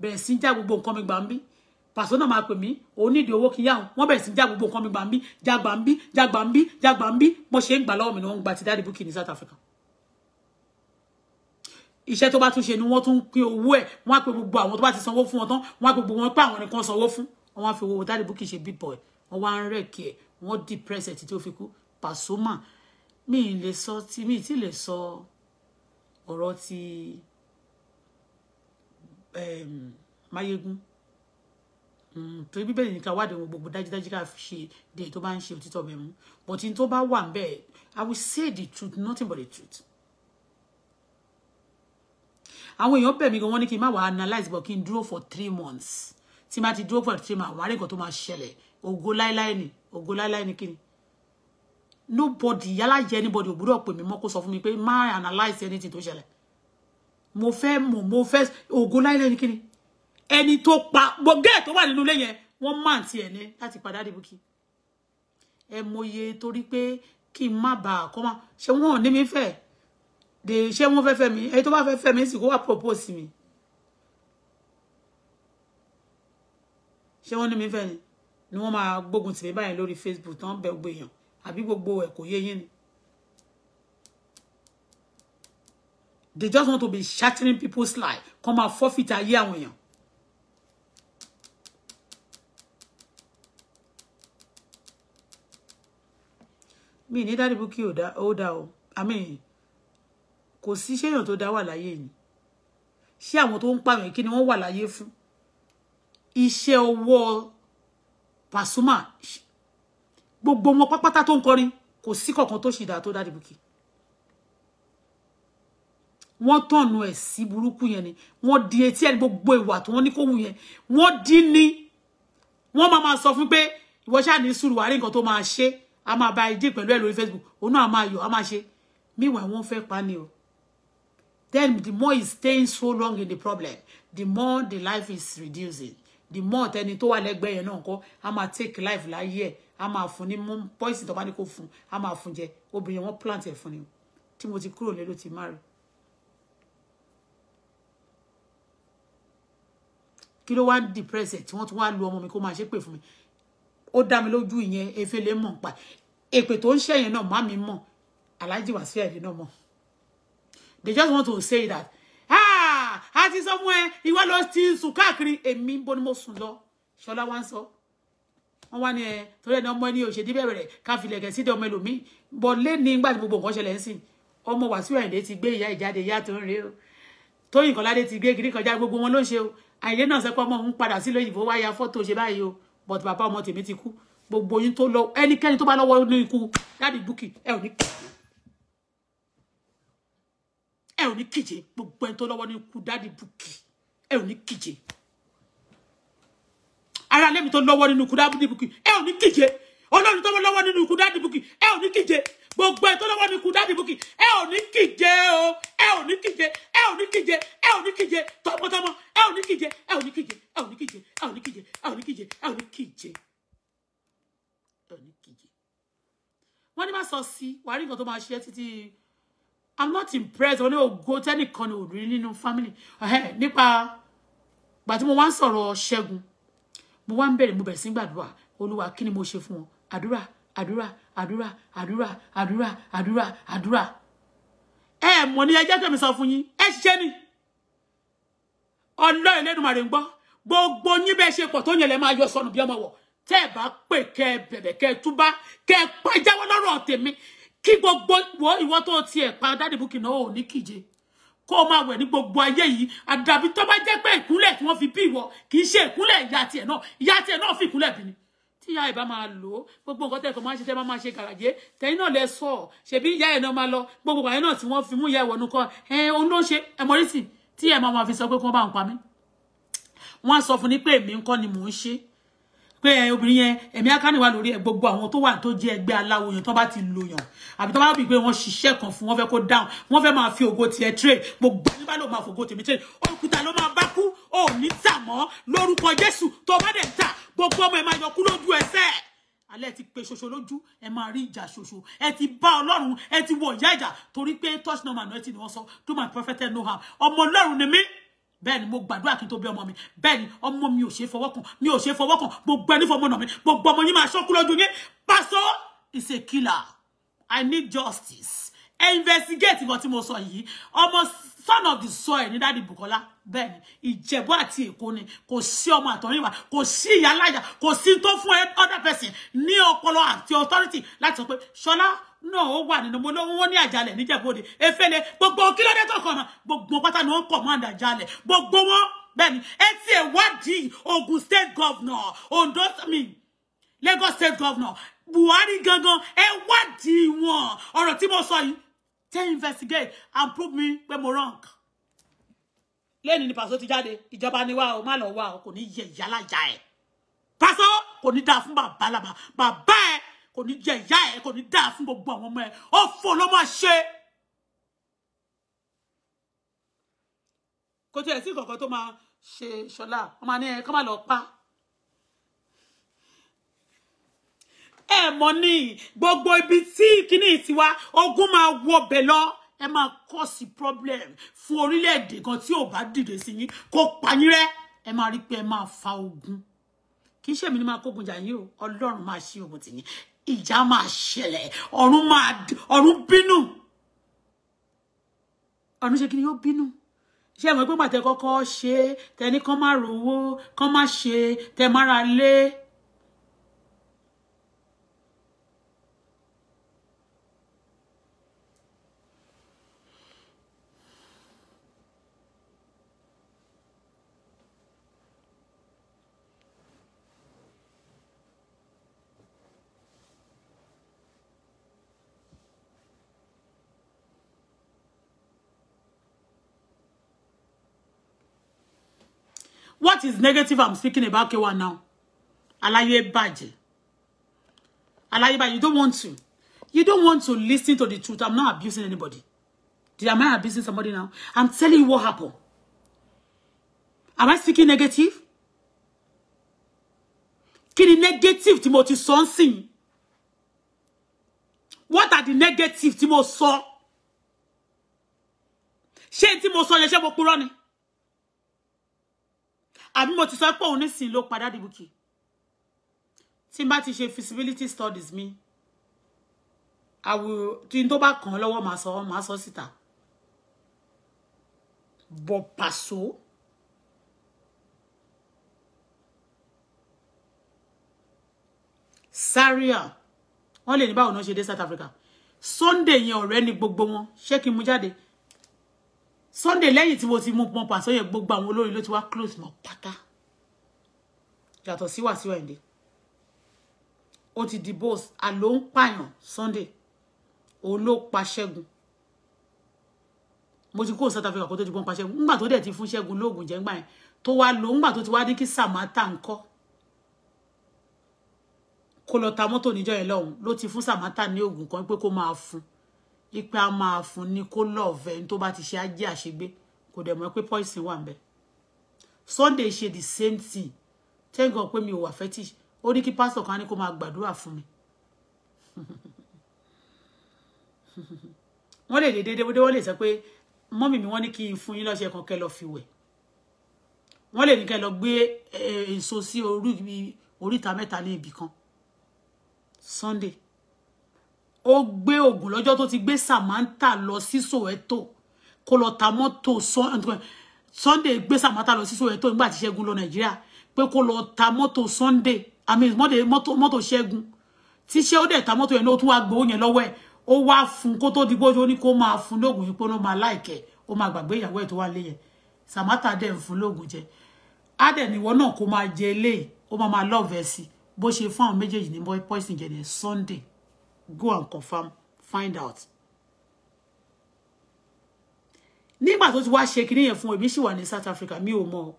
bẹ̀rẹ̀ sí já gbogbo nǹkan mi gbà ń bí pàṣọ náà máa pè mí òun nídìí owó kí n yá gbogbo nǹkan mi gbà ń bí já gbà ń bí já gbà ń bí mo ṣe ń gbà lọ́wọ́ mi ni wọ́n gba ti dáàdì Bùkì South Africa iṣẹ́ tó bá tún ṣe ni wọ́n tún pín owó ẹ̀ wọ́n á pe gbogbo àwọn tó bá ti sanwó fún wọn tán wọ́n á pe gbogbo wọn pé àwọn nìkan sanwó fún wọn á fi owó Daddy Bukky ṣe big boy wọn wá ń rẹ̀kì ẹ̀ wọ́n depress ẹ̀ títí ó fi kú Pasuma mi ì lè sọ ti mi ì tí lè sọ ọ̀rọ̀ ti ehm, Máyégún hmm, torí bíbélì ní ká wádìí ohun gbogbo dájúdájú ká fi ṣe dé tó bá ń ṣe òtítọ́ bẹ̀ mú but in tó bá wà ń bẹ́ẹ̀ I will say the truth nothing but the truth àwọn èèyàn bẹ̀ mí gan wọ́n ní kí n má wà analyze but kí n dúró for three months tí n bá ti dúró for three months àwọn arìnkan tó máa ṣẹlẹ̀ ògo láíláí ni ògo láíláí ni kí ni nobody yálà jẹ́ anybody ò gbúdọ̀ pè mí mọ́ kó sọ fún mi pé má analyze anything tó ṣẹlẹ̀ mo fẹ́ mọ̀ mo fẹ́ ògo láíláí ni kí ni ẹni tó pa gbọ̀gẹ́ tó wà nínú ilé yẹn wọ́n máa ti ẹ̀ ní láti padà dìbò kí ẹ mọye torí pé kí n má bàa kọ́ máa ṣe wọ́n ò ní mi fẹ́ẹ́ dè ṣé wọ́n fẹ́ fẹ́ mi ẹni tó bá fẹ́ fẹ́ mi sì kó wá propose mi ṣé wọ́n ní mi fẹ́ ni ni wọ́n máa gbógun tì mí báyìí lórí Facebook tán bẹ gbogbo èèyàn àbí gbogbo ẹ̀ kò yé yín ni. they just want to be shattering people's life kọ́ máa forfeit ayé àwọn èèyàn. mi ní dáàdì bú kí ó dá o i mean kò sí ṣéyàn tó dá wà láyé yìí ṣé àwọn tó ń pààyàn kí ni wọ́n wà láyé fún iṣẹ́ ọwọ́ Pasuma gbogbo wọn pápátá tó ń kọrin kò sí kankan tó ṣìdá tó dáàdì bùkì wọ́n tọ̀nù ẹ̀ sí burúkú yẹn ni wọ́n di etí ẹni gbogbo ìwà tí wọ́n ní kó wù yẹn wọ́n dín ní wọ́n máa máa sọ fún pé ìwọ ṣáà ní sùúrù wàá rí nǹkan tó máa ṣe a máa ba ìdí pẹ̀lú ẹ̀ lórí Facebook òun náà a máa yọ̀ a máa ṣe míwàá wọ́n fẹ́ pa ni o then the more he's staying so long in the problem the more the life is reducing the more tẹni tó wà lẹ́gbẹ̀ẹ́ yẹn náà kọ́ a take life láyé ẹ̀ a máa fún ní poison tó bá ní kó fún a máa fún jẹ obìnrin plant ẹ̀ fún ni tí mo ti kúrò lé ló ti marry. kí ló wá ń depress ẹ̀ tí wọ́n tún wá lu ọmọ mi kó máa ṣépè fún mi ó dá mi lójú ìyẹn efele mọ̀ pa èpè tó ń ṣẹ̀yìn náà má mi mọ̀ aláàjì they just want to say that ah àti sọ fún ẹ ìwọ lọ ti sùn káàkiri èmi bó ni mo sùn lọ ṣọlá wá ń sọ wọn wá ní ẹ torí ẹni ọmọ ẹni òṣèdí bẹ̀rẹ̀ rẹ̀ ká filẹ̀kẹ̀ sídẹ̀ ọmọ ẹlòmíì bọ̀ lé ní nígbà tí gbogbo nǹkan ṣẹlẹ̀ ń sìn ọmọ wàsíù àyìndé ti gbé ìyá ìjáde ìyá tó ń rè o tóyìn kọ́ládé ti gbé kiri kọjá gbogbo wọn ló ń ṣe o àyìndé náà sọ pé ọmọ òun padà sílé òyìnbó wá ya fọ́tò ṣe báyìí o but bàbá ọmọ tèmi ti kú gbogbo yín tó lọ ẹnikẹ́ni tó bá lọ́wọ́ nínú ikú dáàdì búkì ẹ ò ní ẹ ò ní kíje gbogbo ẹni tó lọ́wọ́ ní ikú dáàdì bùkì ẹ ò ní kíje ara lẹ́mi tó lọ́wọ́ nínú ikú dáàdì bùkì ẹ ò ní kíje olórí tó lọ́wọ́ nínú ikú dáàdì bùkì ẹ ò ní kíje gbogbo ẹni tó lọ́wọ́ nínú ikú dáàdì bùkì ẹ ò ní kíje o ẹ ò ní kíje ẹ ò ní kíje ẹ ò ní kíje tọmọtọmọ ẹ ò ní kíje ẹ ò ní kíje ẹ ò ní kíje ẹ ò ní kíje ẹ ò ní kíje ẹ ò ní kíje ẹ ò ní kíje wọ́n ní má sọ sí wàá rí nǹkan tó máa ṣe títí i'm not impressed Only go to any ni ò really no family nípa gbà tí mo wá ń sọ̀rọ̀ ṣẹ́gun mo wá ń bẹ̀rẹ̀ mo bẹ̀rẹ̀ sí gbàdúrà olúwa kí ni mo ṣe fún wọn àdúrà àdúrà àdúrà àdúrà àdúrà àdúrà àdúrà ẹ mọ̀ ní ẹjẹ́ tèmi sọ fún yín ẹ ṣiṣẹ́ ni ọlọ́run lẹ́nu màrè ń gbọ́ gbogbo yín bẹ́ẹ̀ ṣe pọ̀ tó yẹn lẹ́ máa yọ sọnù bí ọmọ wọ̀ tẹ́ ẹ bá pè kẹ́ ẹ bẹ̀bẹ̀ kẹ́ ẹ túbá kẹ́ ẹ pa jáwọ́ lọ́rọ̀ tèmi kí gbogbo ìwọ ìwọ tó tiẹ̀ pa dáàdì bùkì náà ò ní kìje kó o máa wẹ̀ ní gbogbo ayé yìí àdàbí tó bá jẹ́ pé ìkúnlẹ̀ tí wọ́n fi bí ìwọ kì í ṣe ìkúnlẹ̀ ìyá tiẹ̀ náà ìyá tiẹ̀ náà fi ìkúnlẹ̀ bí ni tí ìyá ìbá máa lò ó gbogbo nǹkan tẹ̀kọ̀ máa ń ṣe tẹ́ máa ṣe gàràjé tẹ̀yìn náà lẹ sọ ọ́ ṣebí ìyá ẹ̀ náà máa lọ gbogbo àyẹ̀ náà tí wọ́n fi mú ìyá ìwọ̀nù kan ẹ̀ òun ló ṣe ẹ̀mọ́rìsì tí ẹ̀ máa máa fi sọ pé kí wọ́n bá ń pa mí wọ́n sọ fún ni pé èmi ńkọ́ ni mò ń ṣe pé eh, obìnrin yẹn ẹ̀mí akáni wà lórí ẹ̀ gbogbo àwọn tó wà tó jẹ́ ẹgbẹ́ aláwo yẹn tó bá ti lo yàn àbí tó bá bí pé wọ́n ṣiṣẹ́ kan fún wọn fẹ́ kó dáhùn wọ́n fẹ́ máa fi ògo tiẹ̀ trade gbogbo ẹni bá lò máa fògo tèmi trade òkúta ló máa bá kú ò ní tà mọ́ lórúkọ Jésù tó bá dẹ̀ tà gbogbo ọmọ ẹ̀ máa yọkú lójú ẹsẹ̀ alẹ́ ti pe ṣoṣo lójú ẹ máa rí ìjà ṣoṣo ẹ ti bá ọlọ́run ẹ ti wọ ìyá ìjà torí pé touch number náà ti ni wọ́n sọ do my prophet no harm ọmọ ọlọ́run ni mí Ben, mo gbàdúrà kí n tó bí ọmọ mi bẹ́ẹ̀ ni ọmọ mi ò ṣe fọwọ́ kàn mi ò ṣe fọwọ́ kàn gbogbo ẹni fọmọ nà mi gbogbo ọmọ yín máa ṣọ́kú lójú yín pásọ is a killer i need justice investigate what tí mo sọ yìí ọmọ son of the soil ní dáàdi Bukola Ben, ni Ìjẹ̀bú àti Èkó ni kò sí ọmọ àtọ̀rìnwá kò sí ìyá láyà kò sí tó fún other person Ni ọpọlọ àti authority láti sọ pé Ṣọlá náà ó wà nínú mo lówó wọn ní àjálẹ̀ níjẹ̀bọ́dẹ efele gbogbo kílódé kọ̀ọ̀kan gbogbo pátá ni wọ́n command àjálẹ̀ gbogbo wọn bẹ́ẹ̀ ni etí ìwádìí Ogun state governor Ondo mi Lagos state governor Buhari gangan ẹ wádìí wọn ọ̀rọ̀ tí mo sọ yìí tẹ́ investigate and prove me pé mo wrong lẹ́ni ni pàṣọ ti jáde ìjọba ni wá o má lọ wá o kò ní yẹ ìyálàjà ẹ̀ pàṣọ kò ní dáa fún bàbá làbà bàbá kò ní jẹ ìyá ẹ kò ní dáa fún gbogbo àwọn ọmọ ẹ ó fò ló máa ṣe. kò tiẹ̀ sí kankan tó máa ṣe ṣọlá ọmọ ní ẹ kọ́ máa lọ pa. ẹ mọ̀ ní gbogbo ibi tí kíní tiwa ogun máa wọ bẹ̀ lọ ẹ máa kọ́ọ̀sì problem fún orílẹ̀-èdè kan tí ò bá dìde sí yín kó pa yín rẹ́ ẹ máa rí pé ẹ máa fa ogun kì í ṣèmi ni máa kógun jà yín o ọlọ́run máa ṣí ogun tì yín ìjà máa ṣẹlẹ̀ ọ̀run máa ọ̀run bínú ọ̀run ṣe kí ni yóò bínú ṣé ẹ̀mọ́ pé pàtẹ kọ́kọ́ ṣe tẹni kán má rówó kán má ṣe tẹ mára lé. What is negative I'm speaking about K1 now? Alaye bàjẹ́. Alaye bàjẹ́, you don't want to. You don't want to listen to the truth. I'm not abusing anybody. Did am I abusing somebody now? I'm telling you what happened. Am I speaking negative? Kí ni negative tí mo What are the negative tí saw? sọ? Ṣé tí mo sọ yẹn ṣé àbí mo ti sọ pé òun nísìnyí ló padà di Bukky tí n bá ti ṣe feasibility studies mi àwò tí n tó bá kàn án lọ́wọ́ màá sọ màá sọ síta bọ̀ pàṣọ. Zaria wọn lè ní báwo náà ṣe dé South Africa Sunday yẹn ọ̀rẹ́ ni gbogbo wọn ṣé kí n mú jáde Sunday lẹ́yìn tí mo ti mú pọn pàṣẹ yẹn gbogbo àwọn olórin ló ti wá close mọ́ pátá yàtọ̀ sí Wàsíù Àyìndé ó ti di boss àló ń pààyàn Sunday òun ló pa Ṣẹ́gun mo ti kó South Africa kó tó ti pọn pa Ṣẹ́gun ńgbà tó dẹ̀ ti fún Ṣẹ́gun lóògùn jẹ́ ńgbà yẹn tó wá lò ńgbà tó ti wá ní kí Samantha ńkọ́ kó lọ ta mọ́tò níjọ́ yẹn lọ́hùn ló ti fún Samantha ní oògùn kan pé kó máa fún un ipe a máa fún ni kó love ẹni tó bá ti ṣe ajé àṣegbé kò dẹ̀ mọ̀ pé poison wà ńbẹ̀ Sunday ṣe the same thing thank God pé mi ò wà fetish ó ní kí pastor kan ní kó máa gbàdúrà fún mi wọ́n lè dédé dédé wọ́n lè sọ pé mọ́mì mi wọ́n ní kí n fún yín lọ́sẹ̀ kan kẹ́ lọ fi wẹ̀ wọ́n lè ní kẹ́ lọ gbé eh, èso sí orí oríta mẹ́ta ní ibì kan Sunday ó gbé ògùn lọ́jọ́ tó ti gbé Samantha lọ sí Soweto kó lọ ta mọ́tò Sunday gbé Samantha lọ sí Soweto nígbà tí Ṣẹ́gun lọ Nàìjíríà pé kó lọ ta mọ́tò Sunday I mean mọ́tò mọ́tò Ṣẹ́gun tí ṣé ó dẹ̀ ta mọ́tò yẹn ló tún wá gbowó yẹn lọ́wọ́ ẹ̀ ó wá fún kó tó di bójú ó ní kó máa fún lóògùn yìí pé ó máa láìkẹ́ ó máa gbàgbé ìyàwó ẹ̀ tó wá lé yẹn Samantha dẹ̀ ń fún lóògùn jẹ á dẹ̀ níwọ náà kó máa jẹ eléyìí ó máa máa lọ́ọ̀vẹ̀ sí bó ṣe fún àwọn méjèèjì ní poison jẹ ní Sunday go and confirm find out nígbà tó ti wá ṣe kinní yẹn fún èmi ṣì wà ní South Africa mi ò mọ̀ ọ́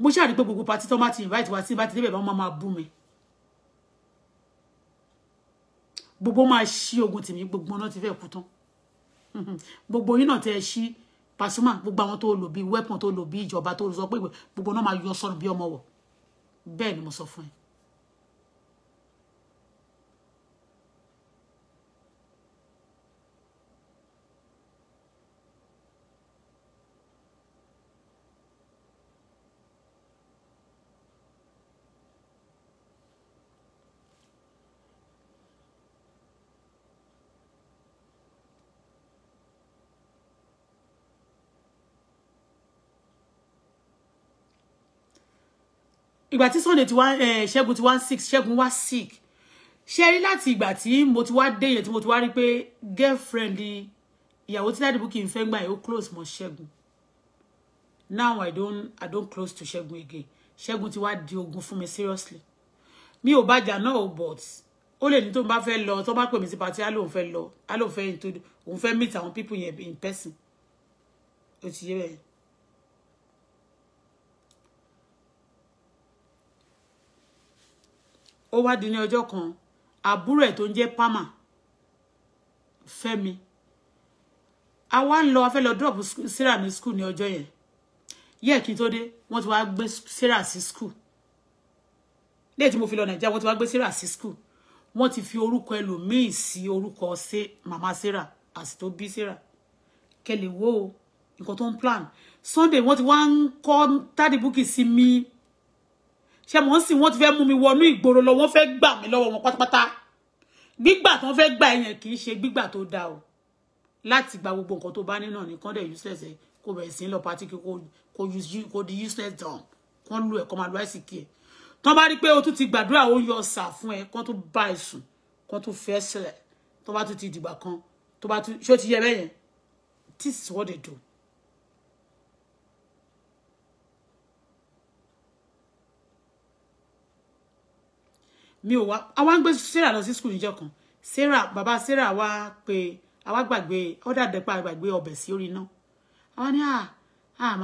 mo ṣáà rí pé gbogbo pati tó má ti invite wá sí bá ti débẹ̀ bá wọn máa bú mi gbogbo máa ṣí ogun tèmi gbogbo náà ti fẹ́ kú tán gbogbo yín náà tẹ ẹ ṣí Pasuma gbogbo àwọn tó lò bíi weapon tó lò bíi ìjọba tó sọ pé gbogbo náà máa yọ sọnù bí ọmọ wọ bẹ́ẹ̀ ni mo sọ fún ẹ. ìgbà tí Sunday ti wá ṣẹ́gun ti wá sick ṣẹ́gun wá sick ṣe rí láti ìgbà tí mo ti wá dé yẹn tí mo ti wa rí pé girlfriend ìyàwó tí dáàdì Bukky ń fẹ́ o close mo ṣẹ́gun now i don't i don't close to ṣẹ́gun again ṣẹ́gun ti wa di ogun fún mi seriously mi ò bàjá náà o but O le ní tó ń bá fẹ́ lọ tó bá pè mí sí party á lóun fẹ́ lọ á lóun fẹ́ into òun fẹ́ meet àwọn people yẹn in person ó ti yé bẹ́ẹ̀ ó wá di ní ọjọ́ kan àbúrò ẹ̀ tó ń jẹ́ pama fẹ́mi a wá ń lọ a fẹ́ lọ drop sarah ní school ní ọjọ́ yẹn yẹ́ kí n tó dé wọ́n ti wá gbé sarah sí school lẹ́yìn tí mo fi lọ nàìjíríà wọ́n ti wá gbé sarah sí school wọ́n ti fi orúkọ ẹlòmíì sí orúkọ ṣe mama sarah àti tó bí sarah kẹlẹ̀ wo nǹkan tó ń plan sunday wọ́n ti wá ń kọ́ tádìbùkì sí mi ṣé mo ń sìn wọ́n ti fẹ́ mú mi wọnú ìgboro lọ wọ́n fẹ́ gbà mí lọ́wọ́ wọn pátápátá gbígbà tó fẹ́ gbà yẹn kì í ṣe gbígbà tó dáa o láti gba gbogbo nǹkan tó bá nínà ní kán dẹ̀ useless ẹ̀ kó bẹ̀rẹ̀ sí lọ pàtí kó di useless down kán lu ẹ̀ kán máa lu àìsíkì ẹ̀ tán bá rí pé o tún ti gbàdúrà ó yọ ọ̀sà fún ẹ kán tún bá ẹ sùn kán tún fẹ́ sílẹ̀ tó bá tún ti dìgbà kan tó bá tún ṣé ó ti yẹ bẹ́yẹn this is what they do mi ò wá àwa ń gbé sarah lọ sí school níjọ́ kan sarah bàbá sarah wá pé àwa gbàgbé ó dàdé pa gbàgbé a sí orí iná àwa ní àmà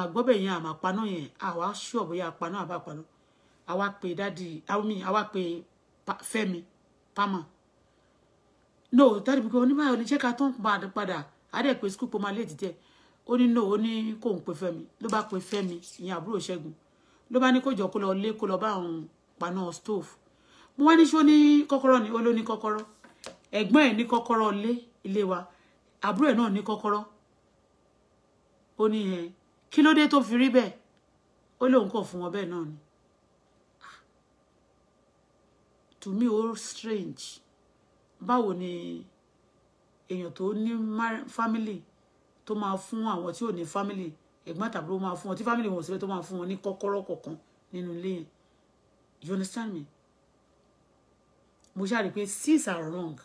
ah, gbọ́bẹ̀ yẹn àmà paná yẹn àwa ṣùọ̀ bóyá paná àbá paná àwa pé dádì àwa pé fẹ́mi pamọ́ no tẹ́lẹ̀ bí kò ní báyọ̀ ní jẹ́ ká tó ń padà padà àdé pé skul pọ́nmá lè dìde ó ní no oni ní kò ń pe fẹ́mi ló bá pe fẹ́mi ìyẹn àbúrò ṣẹ́gun ló bá ní kó jọ kó lọ lé kó lọ bá òun paná stove mo wá ní ṣó ní kọ́kọ́rọ́ ni ó ló ní kọ́kọ́rọ́ ẹ̀gbọ́n ẹ̀ ní kọ́kọ́rọ́ ilé ilé wa àbúrò ẹ̀ náà ní kọ́kọ́rọ́ ó ní ẹ kí ló dé tó fi rí bẹ́ẹ̀ ó lóun kọ̀ fún wọn bẹ́ẹ̀ náà ni to me all strange báwo ni èèyàn tó ní family tó máa fún àwọn tí ò ní family ẹ̀gbọ́n tàbí ó máa fún wọn tí family wọn ò síbẹ̀ tó máa fún wọn ní kọ́kọ́rọ́ kọ̀ọ̀kan nínú ilé yẹn you understand me mo ṣáà pé sis are wrong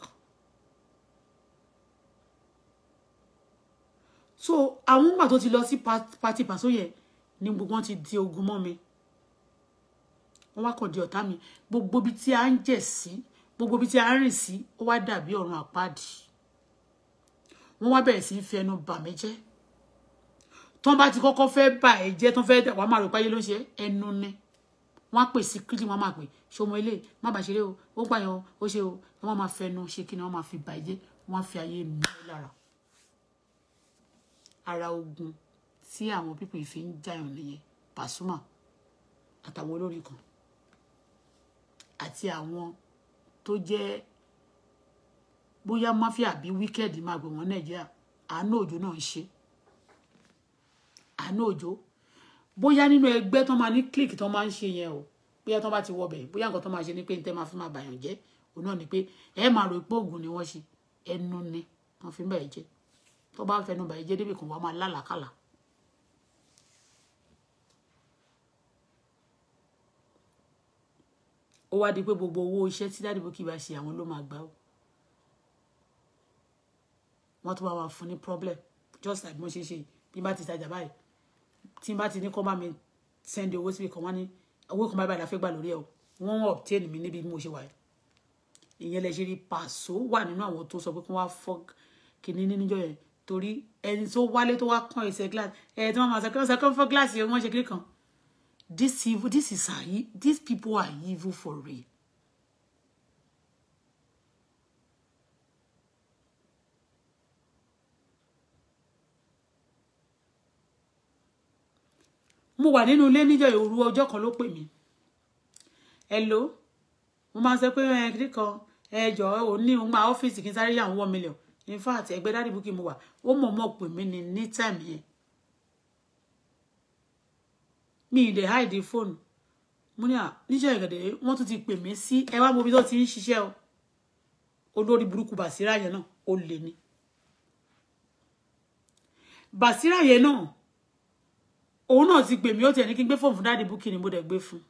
so àwọn gbà tó ti lọ sí pati pàṣọ yẹn ni gbogbo wọn ti di ogun mọ́ mi wọn wá kàn di ọ̀tá mi gbogbo ibi tí a ń jẹ̀ sí gbogbo ibi tí a ń rìn sí ó wá dàbí ọ̀run àpáàdì wọn wá bẹ̀rẹ̀ sí í fi ẹnu bà mí jẹ́ tọ́n bá ti kọ́kọ́ fẹ́ bà ẹ́ jẹ́ tọ́n fẹ́ wàá máa rò páyé ló ń ṣe ẹnu ni wọ́n á pè sí kílì wọ́n á máa pè ṣé ọmọ ilé má bàa ṣeré o ó gbàyàn ó ṣe o wọ́n máa fẹnu ṣe kí ni wọ́n máa fi bàjẹ́ wọ́n á fi ayé mi lára ara ogun tí àwọn pípọ̀ ìfi ń jàyàn nìyẹn Pasuma àtàwọn olórin kan àti àwọn tó jẹ́ bóyá mafia àbí wíkẹ́ẹ̀dì máa gbé wọn Nàìjíríà àánú òjò náà ń ṣe àánú òjò bóyá nínú ẹgbẹ́ tó máa ní click tó máa ń ṣe yẹn o bóyá tó bá ti wọbẹ̀ bóyá nǹkan tó máa ṣe ni pé n tẹ́ máa fi máa bàyàn jẹ́ òun náà ni pé ẹ máa rò pé oògùn ni wọ́n ṣe ẹnu ni wọ́n fi ń bàyẹ̀ jẹ́ tó bá ń fẹnu bàyẹ̀ jẹ́ débi kan wọ́n máa lálàkàlà. ó wá di pé gbogbo owó iṣẹ́ tí dáàdìbò kì í bá ṣe àwọn ló máa gbà ó wọ́n tún wá wà fún ní problem just like mo ṣe ṣe bí bá ti tajà báyìí tí n bá ti ní kọ́ bá mi send owó síbi kan wọ́n ní owó kan báyìí la gbà lórí ẹ̀ wọ́n wọ́n obtain mi níbi bí mo ṣe wà yìí ìyẹn lẹ ṣe rí pàṣọ wà nínú àwọn tó sọ pé kí wọ́n fọ́ kìíní níjọ yẹn torí ẹni tó wálé tó wá kàn ẹsẹ̀ glass ẹ̀ tí wọ́n máa sọ pé ọ̀sẹ̀ kan fọ́ glass yẹn wọ́n ṣe kiri kan this evil this is our e, this people are evil for real mo wà nínú ilé níjọ́ òru ọjọ́ kan ló pè mí hello mo máa ń sọ pé kiri kan ẹjọ òun ní òun máa ọ́fíìsì kí n sáré yà one million in fact ẹgbẹ́ dáàdì bukki mo wà ó mọ̀ mọ̀ pè mí ní ní time yẹn mi ì dẹ̀ hide fóònù mo ní à níjọ́ ìgàdẹ̀ wọ́n tún ti pè mí sí ẹ wá mobi tó ti ń ṣiṣẹ́ o olórí burúkú bàṣírà yẹn náà ó lè ní bàṣírà yẹn náà òun náà ti pè mí ó tiẹ̀ ní kí n gbé fóònù fún dáàdì búkì ni mo dẹ̀ gbé fún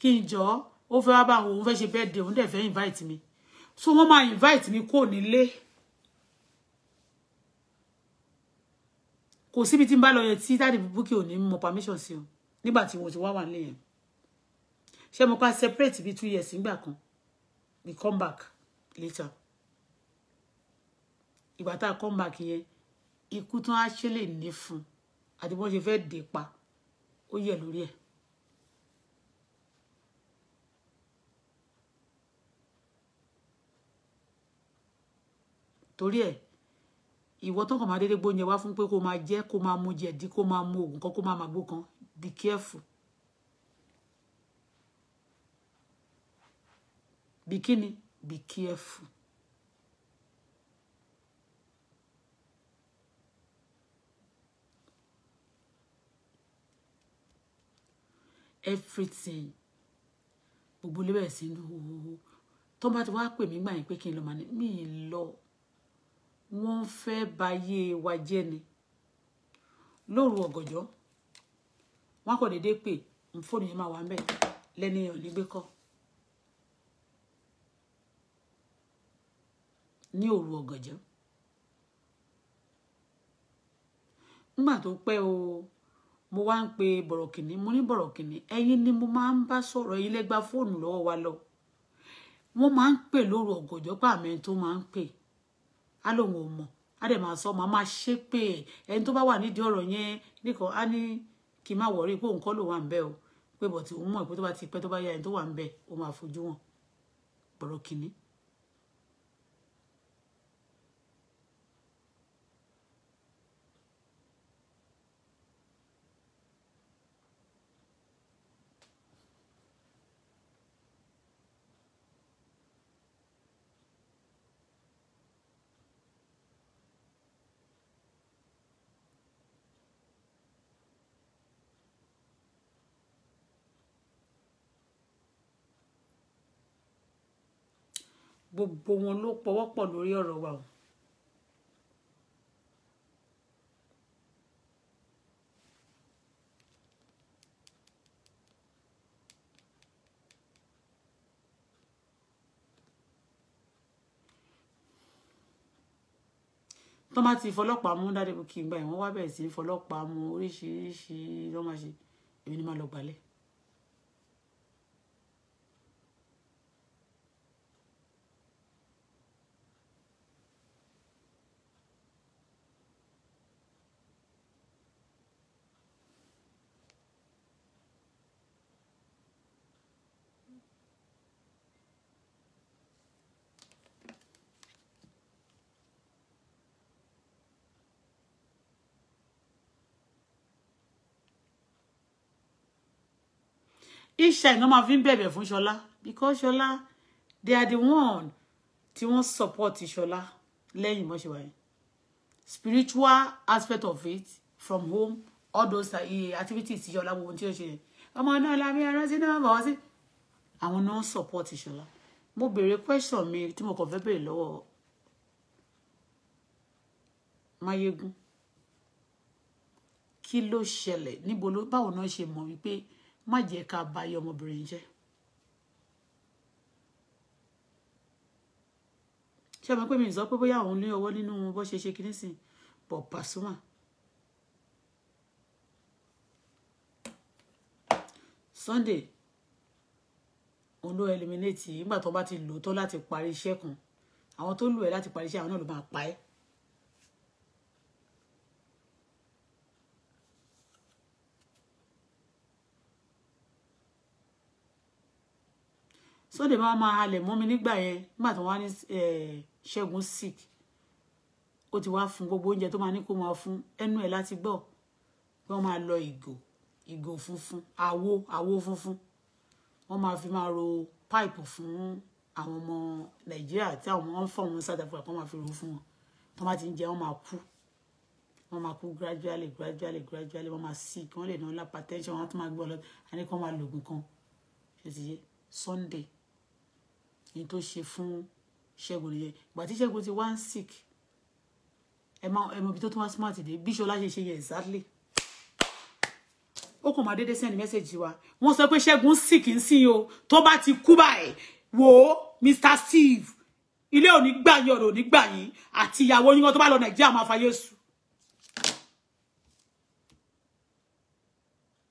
kí n jọ ó fẹ́ wá bá òun fẹ́ ṣe birthday òun dẹ̀ fẹ́ invite mi so wọ́n máa invite mi kó nílé kò síbi tí n bá lọ yẹn tí dáàdì búkì ò ní mọ permission sí o nígbà tí wọ́n ti wá wà nílé yẹn ṣé mo pa separate bíi two years nígbà kan we come back later ìgbà tá a come back yẹn ikú tán á ṣe lè ní fún un àti bọ́n ṣe fẹ́ẹ́ dè pa ó yẹ lórí ẹ̀. torí ẹ̀ ìwọ tó kàn máa dédé gbóúnjẹ wá fún pé kó máa jẹ kó máa mu jẹ̀dí kó máa mu oògùn kan kó máa máa gbó kan be careful. bikini be careful. everything gbogbo ilé bẹ̀rẹ̀ sí ń hohoho tó bá ti wá pè mí gbà yín pé kí n lọ màá ní mí lọ wọ́n fẹ́ bayé wa jẹ́ ni lóru ọ̀gànjọ́ wọn kò déédéé pè fóònù yẹn máa wà ń lẹ́ni ò ní kọ́ ní òru ọ̀gànjọ́ nígbà tó pẹ́ o mo wá ń pe bọ̀rọ̀kìnní mo ní bọ̀rọ̀kìnní ẹ̀yin ni mo máa ń bá sọ̀rọ̀ ẹ̀yin lẹ gba fóònù lọ́wọ́ wa lọ wọ́n máa ń pè lóru ọ̀gọ̀jọ́ pàmẹ́ tó máa ń pè á lóun ò mọ̀ á dẹ̀ máa sọ màá máa ṣe pé ẹni tó bá wà nídìí ọ̀rọ̀ yẹn nìkan á ní kí n má wọ̀rí pé òun kọ́ ló wà ń bẹ́ o pé bọ̀tì òun mọ̀ pé tó bá ti pẹ́ tó bá yá ẹni tó wà ń bẹ́ ó máa fojú wọn bọ̀rọ̀kìnní gbogbo wọn ló pọwọ́pọ̀ lórí ọ̀rọ̀ wa o. tọ́ bá ti fọlọ́pàá mú dáadé kí n gbà ẹ̀ wọ́n wá bẹ̀rẹ̀ sí fọlọ́pàá mú oríṣiríṣi lọ́mọ ṣe èmi ni màá lọ gbalẹ̀. ìṣà no ma fi ń bẹ̀bẹ̀ fún because shola they are the one tí wọ́n support shola lẹ́yìn mọ́ṣẹ́ wáyé spiritual aspect of it from home all those eh, activities shola ṣọlá gbogbo tí ó ṣe yẹn ọmọ náà lámì ẹran sí náà bọ̀ wá sí àwọn support shola mo béèrè question mi tí mo kàn fẹ́ béèrè lọ́wọ́ Máyégún kí ló ṣẹlẹ̀ níbo ló báwo náà ṣe mọ̀ wípé má jẹ́ ká ba ayé ọmọbìnrin jẹ́ ṣé ọmọ pé mi sọ pé bóyá òun ní ọwọ́ nínú bó ṣe ṣe kinní sìn bọ̀ Pasuma Sunday òun ló eliminate nígbà tó bá ti lò tó láti parí iṣẹ́ kan àwọn tó lù ẹ́ láti parí iṣẹ́ àwọn náà ló máa pa ẹ́ so dè máa máa halẹ̀ mọ́ mi nígbà yẹn nígbà tó wá ní ṣẹ́gun sick ó ti wá fún gbogbo oúnjẹ tó máa ní kó máa fún ẹnu ẹ̀ láti gbọ́ pé wọ́n máa lọ ìgò ìgò funfun àwo àwo funfun wọ́n máa fi máa ro pipe fún àwọn ọmọ nàìjíríà tí àwọn ọmọ ń fọ wọn south africa kó máa fi ro fún wọn tó máa ti ń jẹ wọ́n máa kú wọ́n máa gradually gradually gradually wọ́n ma sick wọ́n le no la lápá tension wọ́n tún máa gbọ́ lọ àníkàn máa lògùn kan sunday ní tó ṣe fún ṣẹ́gun nìyẹn ìgbà tí ṣẹ́gun ti wá sick ẹ mọ ẹ mọ ibi tó tún wá smart dé bí ṣọlá ṣe ṣe yẹ exactly ó kàn máa dédé send message wa wọ́n sọ pé ṣẹ́gun sick ń sìn o tó bá ti kú báyìí Wo, Mr Steve ilé ò ní gbà yín ọ̀rọ̀ ò ní gbà yín àti ìyàwó yín kan tó bá lọ nàìjíríà máa fa yéṣu.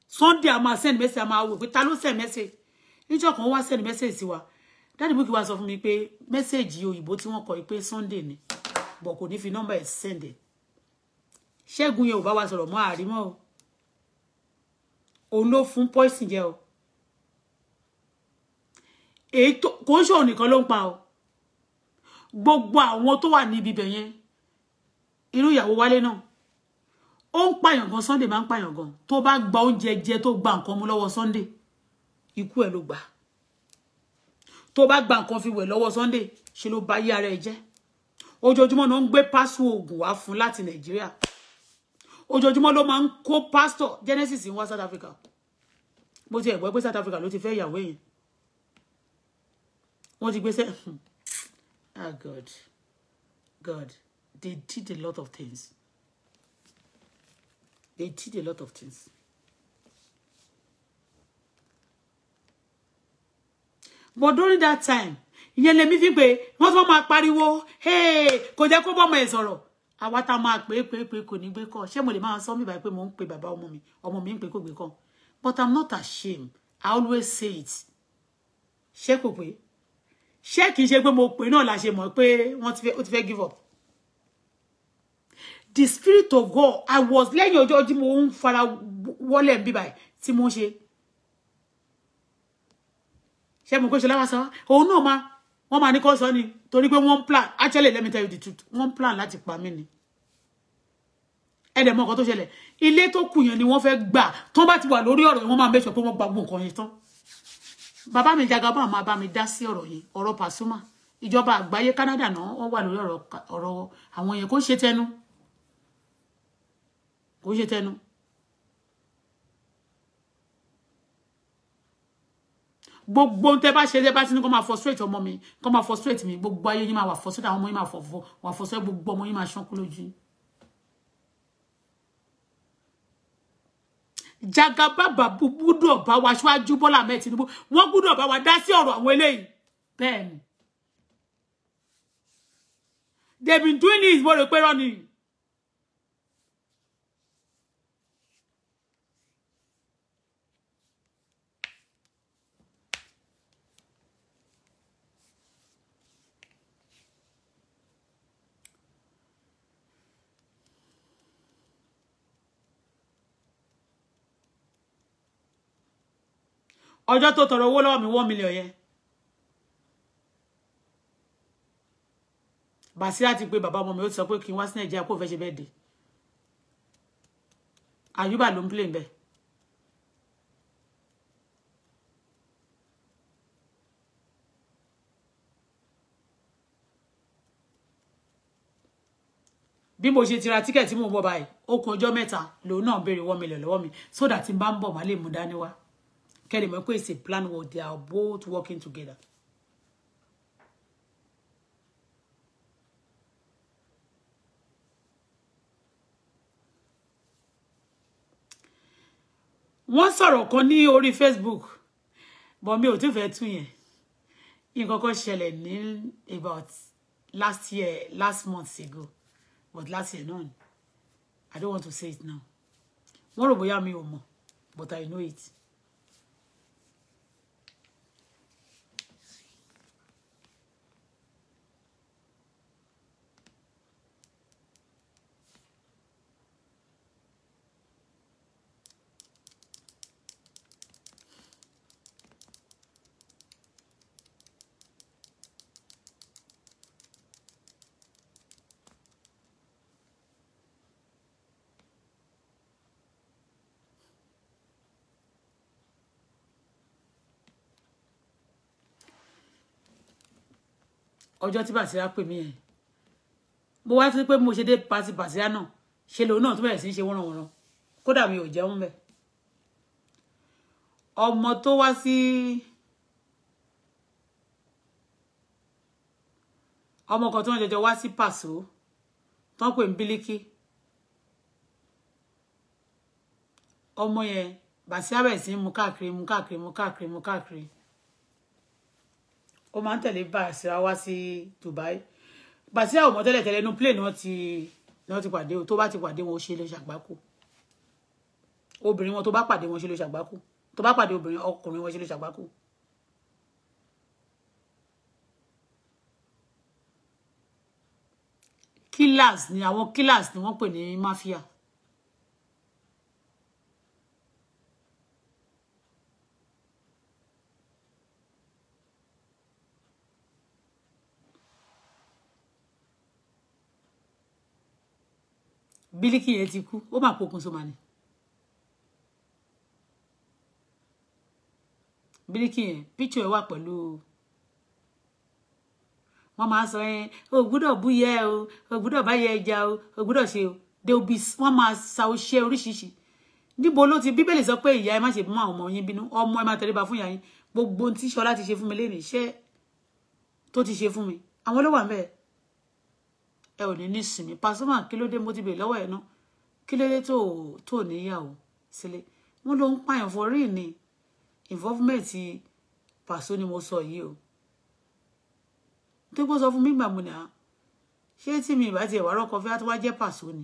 Sunday a máa send message a máa wò pé ta ló send message níjọ́ kan wá send message sí wa dáàdì búkì wá sọ fún mi pé mẹ́sẹ̀gì òyìnbó tí wọ́n kọ pé Sunday ni bọ̀ kò ní fi nọ́mbà ẹ̀ sẹ́ndẹ̀ ṣẹ́gun yẹn ò bá wa sọ̀rọ̀ mọ́ àrímọ́ o òun ló fún poison jẹ o èyí tó kò ń ṣòro nìkan ló ń pa o gbogbo àwọn tó wà níbi ibẹ̀ yẹn irú ìyàwó wálé náà ó ń pààyàn gan Sunday máa ń pààyàn gan tó bá gba oúnjẹ jẹ tó gba nǹkan mú lọ́wọ́ Sunday ikú ẹ̀ ló gbà á tó bá gba nǹkan fi wẹ̀ lọ́wọ́ Sunday ṣe ló bá yé ara ẹ jẹ́ ojoojúmọ́ ló ń gbé pásù oògùn wá fún láti Nàìjíríà ojoojúmọ́ ló máa ń kó pásítọ̀ Genesis ń wá South Africa mo ti ẹ̀gbọ́ pé South Africa ló ti fẹ́ ìyàwó yẹn wọ́n ti gbéṣẹ́ ah God God they did a lot of things they did a lot of things. but during that time ìyẹn lèmi fi pé wọ́n tún máa pariwo kò jẹ́ kó bọ́mọ ẹ̀ sọ̀rọ̀ àwa tá a máa pè é pé pé kò ní gbé kọ́ ṣé mo lè máa sọ mí báyìí pé mo ń pe bàbá ọmọ mi ọmọ mi ń pe kò gbé kọ́ but i'm not ashamed i always say it ṣé kò pé ṣé kì í ṣe pé mo pè náà la ṣe mọ̀ pé wọ́n ti fẹ́ give up the spirit of God i was lẹ́yìn ọjọ́ tí mo ń fara wọlé bíbáyìí tí mo ń ṣe ṣé mo kó ṣe láwa sọ òun ma. máa wọ́n máa ní kó sọ ni torí pé wọ́n plan actually let me tell you the truth One plan láti pa mí ni ẹ̀dẹ̀ mọ́ nǹkan to ṣẹlẹ̀ ilé tó kù yẹn ni wọ́n fẹ́ gbà tán bá ti wà lórí ọ̀rọ̀ yẹn wọ́n máa mẹ́sọ̀ pé wọ́n gba gbogbo nǹkan yẹn tán bàbá mi Jagaba máa bá mi dá sí ọ̀rọ̀ yẹn ọ̀rọ̀ Pasuma ìjọba àgbáyé Canada náà wọ́n wà lórí ọ̀rọ̀ àwọn yẹn kò ṣe tẹnu kò ṣe tẹnu gbogbo tẹ́ bá ṣe tẹ́ bá tinú kó máa frustrate ọmọ mi kó máa frustrate mi gbogbo ayé yín máa wà frustrate àwọn ọmọ yín máa fọ̀fọ̀ wà frustrate gbogbo ọmọ yín máa ṣánkú lójú. jagababa gbúdọ̀ bá wa ṣíwájú Bọ́lá Ahmed Tinubu wọ́n gbúdọ̀ bá wa dá sí ọ̀rọ̀ àwọn eléyìí bẹ́ẹ̀ ni they been doing this bó rè pé rọ́ọ̀nì. ọjọ́ tó tọrọ owó lọ́wọ́ mi one million yẹn Basira ti pé bàbá ọmọ mi ó ti sọ pé kí n wá sí Nàìjíríà kó fẹ́ ṣe bẹ́ẹ̀ dé Àyùbá ló ń play bẹ́ẹ̀. bí mo ṣe ti ra tíkẹ̀tì mò ń bọ̀ báyìí ó kù ọjọ́ mẹ́ta lòun náà béèrè one million lọ́wọ́ mi sódà tí n bá ń bọ̀ má lè mú dání wá kẹ́lẹ̀ mọ̀ pé it's a plan where they are both working together. One sorrow, kan ní orí Facebook but me, ò tún fẹ́ tún yẹn nǹkan kan ṣẹlẹ̀ ní about last year last month ago but last year náà i don't want to say it now One of bóyá mi but i know it. ọjọ́ tí bàṣírà pè mí yẹn mo wá sí pé mo ṣe dé pati bàṣírà náà ṣe lòun náà tó bẹ̀rẹ̀ sí í ṣe wọ́nranwọ́nran kódà mi ò jẹun bẹ́ẹ̀ ọmọ tó wá sí ọmọ kan tó wọ́n jọjọ wá sí pàṣọ tó ń pè ní bílíkì ọmọ yẹn bàṣírà bẹ̀rẹ̀ sí í mú káàkiri mú káàkiri mú káàkiri mú káàkiri ó máa ń tẹ̀lé Basira wá sí Dubai Basira ò mọ̀ tẹ́lẹ̀ tẹ́lẹ̀ inú plane náà ti náà ti pàdé o tó bá ti pàdé wọn ó ṣe lè ṣàgbákò obìnrin wọn tó bá pàdé wọn ṣe lè ṣàgbákò tó bá pàdé obìnrin ọkùnrin wọn ṣe lè ṣàgbákò. killers ni àwọn killers ni wọ́n pè ní mafia bílíkì yẹn ti kú ó mà pokùn so mà ní. bílíkì yẹn píchọ ẹ wà pẹ̀lú wọn máa sọ yẹn o gbúdọ̀ bú yẹ o o gbúdọ̀ bá yẹ ẹja o o gbúdọ̀ ṣe o déobi wọn máa sa oṣẹ oríṣiríṣi níbo ló ti bíbélì sọ pé ìyá ẹ má ṣe mú àwọn ọmọ yín bínú ọmọ ẹ má tẹríba fún ìyá gbogbo ohun tí ti ṣe fún mi lẹ́nu iṣẹ́ tó ti ṣe fún mi àwọn ló wà ń ẹ ò ní ní sinmi Pasuma kí ló dé mo ti bè lọ́wọ́ ẹ̀ ná kí ló dé tó tó níyàwó sílé wọn ló ń pààyàn fún ni involvement Paso ni mo sọ yìí o tó gbọ́ sọ fún mi gbàgbọ́n ni à ṣé tí mi ìbá ti ẹ̀wà rọ́kọ fẹ́ wá tó wá jẹ́ Paso ni.